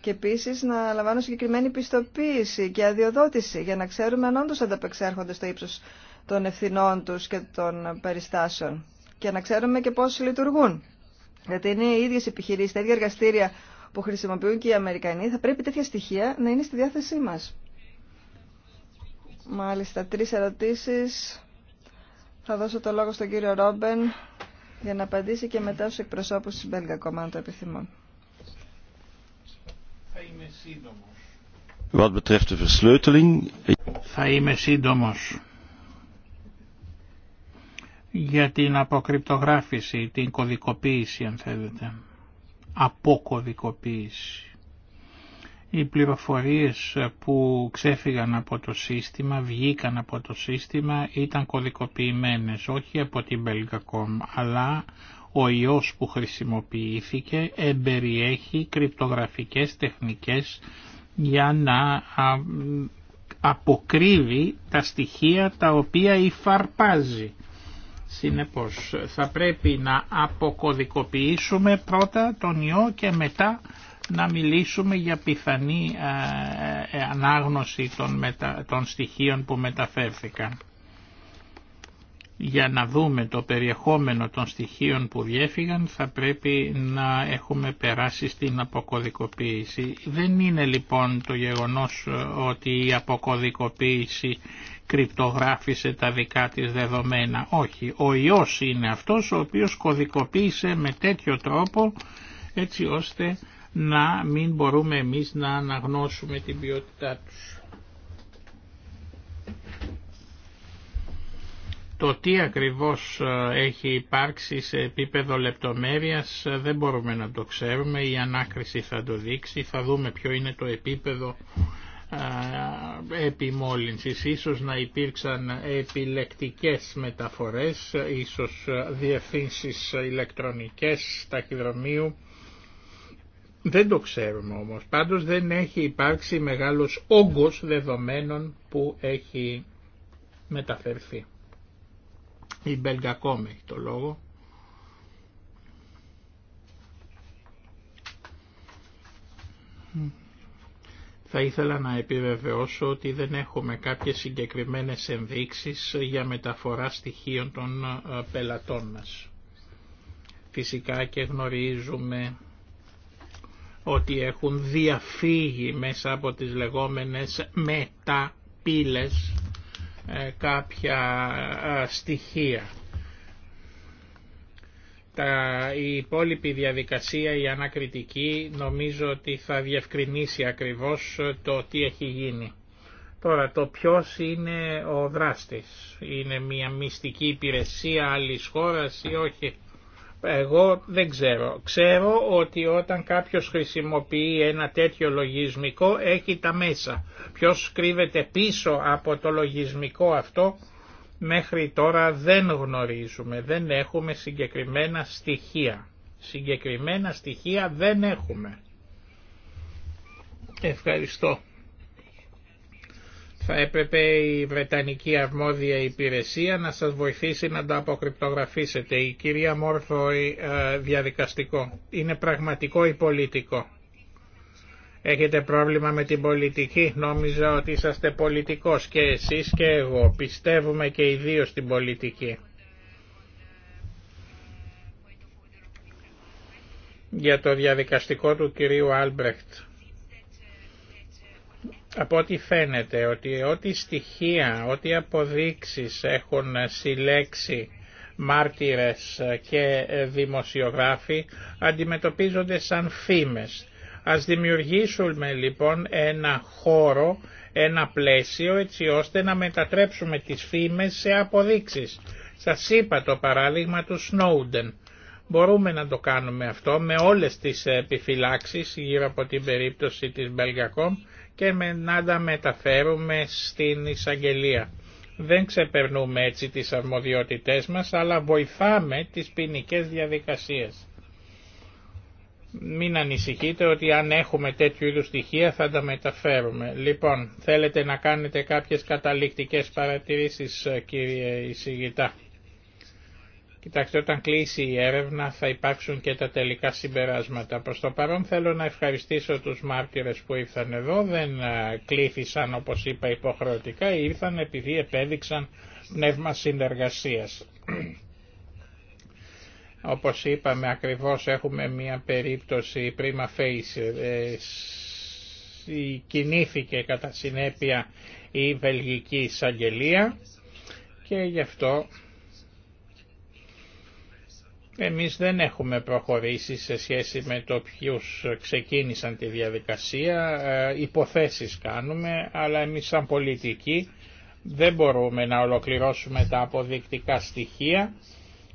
και επίσης να λαμβάνουν συγκεκριμένη πιστοποίηση και αδειοδότηση για να ξέρουμε αν όντως ανταπεξέρχονται στο ύψος των ευθυνών τους και των περιστάσεων και να ξέρουμε και πώς λειτουργούν γιατί είναι οι ίδιες επιχειρήσεις, τα ίδια εργαστήρια που χρησιμοποιούν και οι Αμερικανοί, θα πρέπει τέτοια στοιχεία να είναι στη διάθεσή μας. Μάλιστα, τρεις ερωτήσεις. Θα δώσω το λόγο στον κύριο Ρόμπεν για να απαντήσει και μετά στους εκπροσώπους της Μπέλγα αν το επιθυμών. Θα είμαι σύντομος. Θα για την αποκρυπτογράφηση, την κωδικοποίηση αν θέλετε. Αποκωδικοποίηση. Οι πληροφορίες που ξέφυγαν από το σύστημα, βγήκαν από το σύστημα, ήταν κωδικοποιημένες όχι από την Belgacom, αλλά ο ιός που χρησιμοποιήθηκε εμπεριέχει κρυπτογραφικές τεχνικές για να αποκρύβει τα στοιχεία τα οποία υφαρπάζει Συνεπώς θα πρέπει να αποκωδικοποιήσουμε πρώτα τον ιό και μετά να μιλήσουμε για πιθανή ε, ε, ανάγνωση των, στοιχείων που μεταφέρθηκαν. Για να δούμε το περιεχόμενο των στοιχείων που διέφυγαν θα πρέπει να έχουμε περάσει στην αποκωδικοποίηση. Δεν είναι λοιπόν το γεγονός ε, ότι η αποκωδικοποίηση κρυπτογράφησε τα δικά της δεδομένα. Όχι, ο ιός είναι αυτός ο οποίος κωδικοποίησε με τέτοιο τρόπο έτσι ώστε να μην μπορούμε εμείς να αναγνώσουμε την ποιότητά τους. Το τι ακριβώς ε, έχει υπάρξει σε επίπεδο λεπτομέρειας ε, δεν μπορούμε να το ξέρουμε, η ανάκριση θα το δείξει, θα δούμε ποιο είναι το επίπεδο επιμόλυνσης. Ίσως να υπήρξαν επιλεκτικές μεταφορές, ίσως διευθύνσεις ηλεκτρονικές ταχυδρομείου. Δεν το ξέρουμε όμως. Πάντως δεν έχει υπάρξει μεγάλος όγκος δεδομένων που έχει μεταφερθεί. Η Μπελγκακόμ έχει το λόγο. Θα ήθελα να επιβεβαιώσω ότι δεν έχουμε κάποιες συγκεκριμένες ενδείξεις για μεταφορά στοιχείων των ε, πελατών μας. Φυσικά και γνωρίζουμε ότι έχουν διαφύγει μέσα από τις λεγόμενες μεταπύλες ε, κάποια ε, στοιχεία τα, η υπόλοιπη διαδικασία, η ανακριτική, νομίζω ότι θα διευκρινίσει ακριβώς ε, το τι έχει γίνει. Τώρα το ποιος είναι ο δράστης. Είναι μια μυστική υπηρεσία άλλης χώρας ή όχι. Εγώ δεν ξέρω. Ξέρω ότι όταν κάποιος χρησιμοποιεί ένα τέτοιο λογισμικό έχει τα μέσα. Ποιος κρύβεται πίσω από το λογισμικό αυτό μέχρι τώρα δεν γνωρίζουμε, δεν έχουμε συγκεκριμένα στοιχεία. Συγκεκριμένα στοιχεία δεν έχουμε. Ευχαριστώ. Θα έπρεπε η Βρετανική Αρμόδια Υπηρεσία να σας βοηθήσει να τα αποκρυπτογραφήσετε. Η κυρία Μόρθο ε, διαδικαστικό. Είναι πραγματικό ή πολιτικό. Έχετε πρόβλημα με την πολιτική. Νόμιζα ότι είσαστε πολιτικός και εσείς και εγώ. Πιστεύουμε και οι δύο στην πολιτική. Για το διαδικαστικό του κυρίου Άλμπρεχτ. Από ό,τι φαίνεται ότι ό,τι στοιχεία, ό,τι αποδείξεις έχουν συλλέξει μάρτυρες και δημοσιογράφοι αντιμετωπίζονται σαν φήμες Ας δημιουργήσουμε λοιπόν ένα χώρο, ένα πλαίσιο έτσι ώστε να μετατρέψουμε τις φήμες σε αποδείξεις. Σας είπα το παράδειγμα του Σνόουντεν. Μπορούμε να το κάνουμε αυτό με όλες τις επιφυλάξεις γύρω από την περίπτωση της Belgacom και με, να τα μεταφέρουμε στην εισαγγελία. Δεν ξεπερνούμε έτσι τις αρμοδιότητές μας αλλά βοηθάμε τις ποινικέ διαδικασίες. Μην ανησυχείτε ότι αν έχουμε τέτοιου είδους στοιχεία θα τα μεταφέρουμε. Λοιπόν, θέλετε να κάνετε κάποιες καταληκτικές παρατηρήσεις ε, κύριε εισηγητά. Κοιτάξτε, όταν κλείσει η έρευνα θα υπάρξουν και τα τελικά συμπεράσματα. Προς το παρόν θέλω να ευχαριστήσω τους μάρτυρες που ήρθαν εδώ. Δεν ε, κλήθησαν, όπως είπα, υποχρεωτικά. Ήρθαν επειδή επέδειξαν πνεύμα συνεργασίας. Όπως είπαμε ακριβώς έχουμε μια περίπτωση prima face. Ε, κινήθηκε κατά συνέπεια η Βελγική εισαγγελία και γι' αυτό εμείς δεν έχουμε προχωρήσει σε σχέση με το ποιους ξεκίνησαν τη διαδικασία, ε, υποθέσεις κάνουμε, αλλά εμείς σαν πολιτικοί δεν μπορούμε να ολοκληρώσουμε τα αποδεικτικά στοιχεία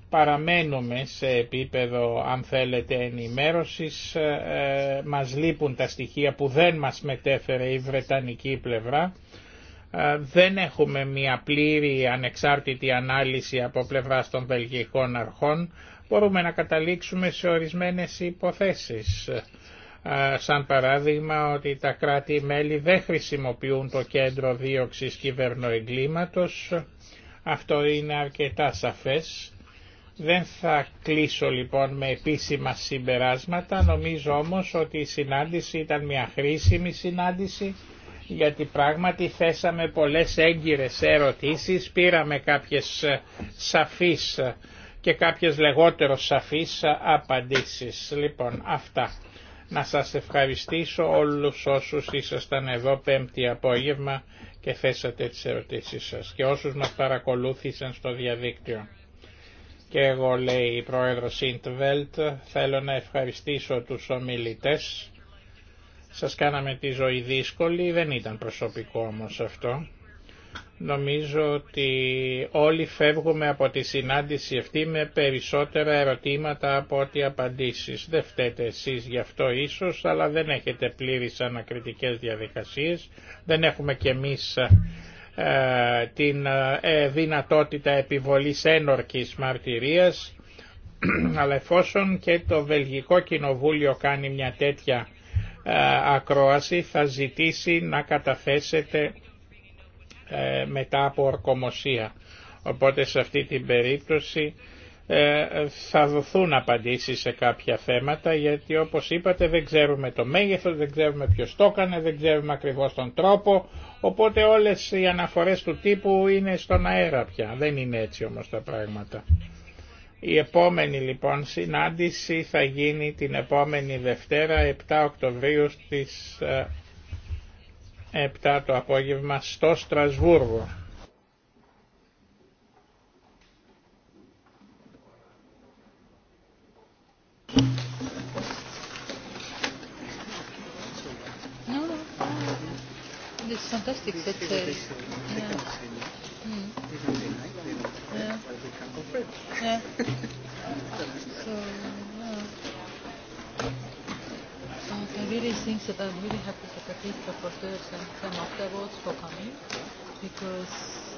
παραμένουμε σε επίπεδο αν θέλετε ενημέρωσης, ε, ε, μας λείπουν τα στοιχεία που δεν μας μετέφερε η Βρετανική πλευρά, ε, δεν έχουμε μια πλήρη ανεξάρτητη ανάλυση από πλευρά των βελγικών αρχών, μπορούμε να καταλήξουμε σε ορισμένες υποθέσεις. Σαν παράδειγμα ότι τα κράτη-μέλη δεν χρησιμοποιούν το κέντρο δίωξης κυβερνοεγκλήματος, αυτό είναι αρκετά σαφές δεν θα κλείσω λοιπόν με επίσημα συμπεράσματα, νομίζω όμως ότι η συνάντηση ήταν μια χρήσιμη συνάντηση γιατί πράγματι θέσαμε πολλές έγκυρες ερωτήσεις, πήραμε κάποιες ε, σαφείς ε, και κάποιες λεγότερο σαφείς ε, απαντήσεις. Λοιπόν, αυτά. Να σας ευχαριστήσω όλους όσους ήσασταν εδώ πέμπτη απόγευμα και θέσατε τις ερωτήσεις σας και όσους μας παρακολούθησαν στο διαδίκτυο. Και εγώ λέει η Πρόεδρος Ιντβέλτ θέλω να ευχαριστήσω τους ομιλητές. Σας κάναμε τη ζωή δύσκολη, δεν ήταν προσωπικό όμως αυτό. Νομίζω ότι όλοι φεύγουμε από τη συνάντηση αυτή με περισσότερα ερωτήματα από ό,τι απαντήσεις. Δεν φταίτε εσείς γι' αυτό ίσως, αλλά δεν έχετε πλήρης ανακριτικές διαδικασίες. Δεν έχουμε κι εμείς ε, την ε, δυνατότητα επιβολής ένορκης μαρτυρίας αλλά εφόσον και το Βελγικό Κοινοβούλιο κάνει μια τέτοια ε, ακρόαση θα ζητήσει να καταθέσετε μετά από ορκομοσία. Οπότε σε αυτή την περίπτωση ε, θα δοθούν απαντήσεις σε κάποια θέματα γιατί όπως είπατε δεν ξέρουμε το μέγεθος, δεν ξέρουμε ποιος το έκανε, δεν ξέρουμε ακριβώς τον τρόπο οπότε όλες οι αναφορές του τύπου είναι στον αέρα πια, δεν είναι έτσι όμως τα πράγματα. Η επόμενη λοιπόν συνάντηση θα γίνει την επόμενη Δευτέρα 7 Οκτωβρίου στις 7 ε, το απόγευμα στο Στρασβούργο. it's fantastic that uh yeah. Yeah. Yeah. So I really think that I'm really happy for the rapporteurs and some afterwards for coming because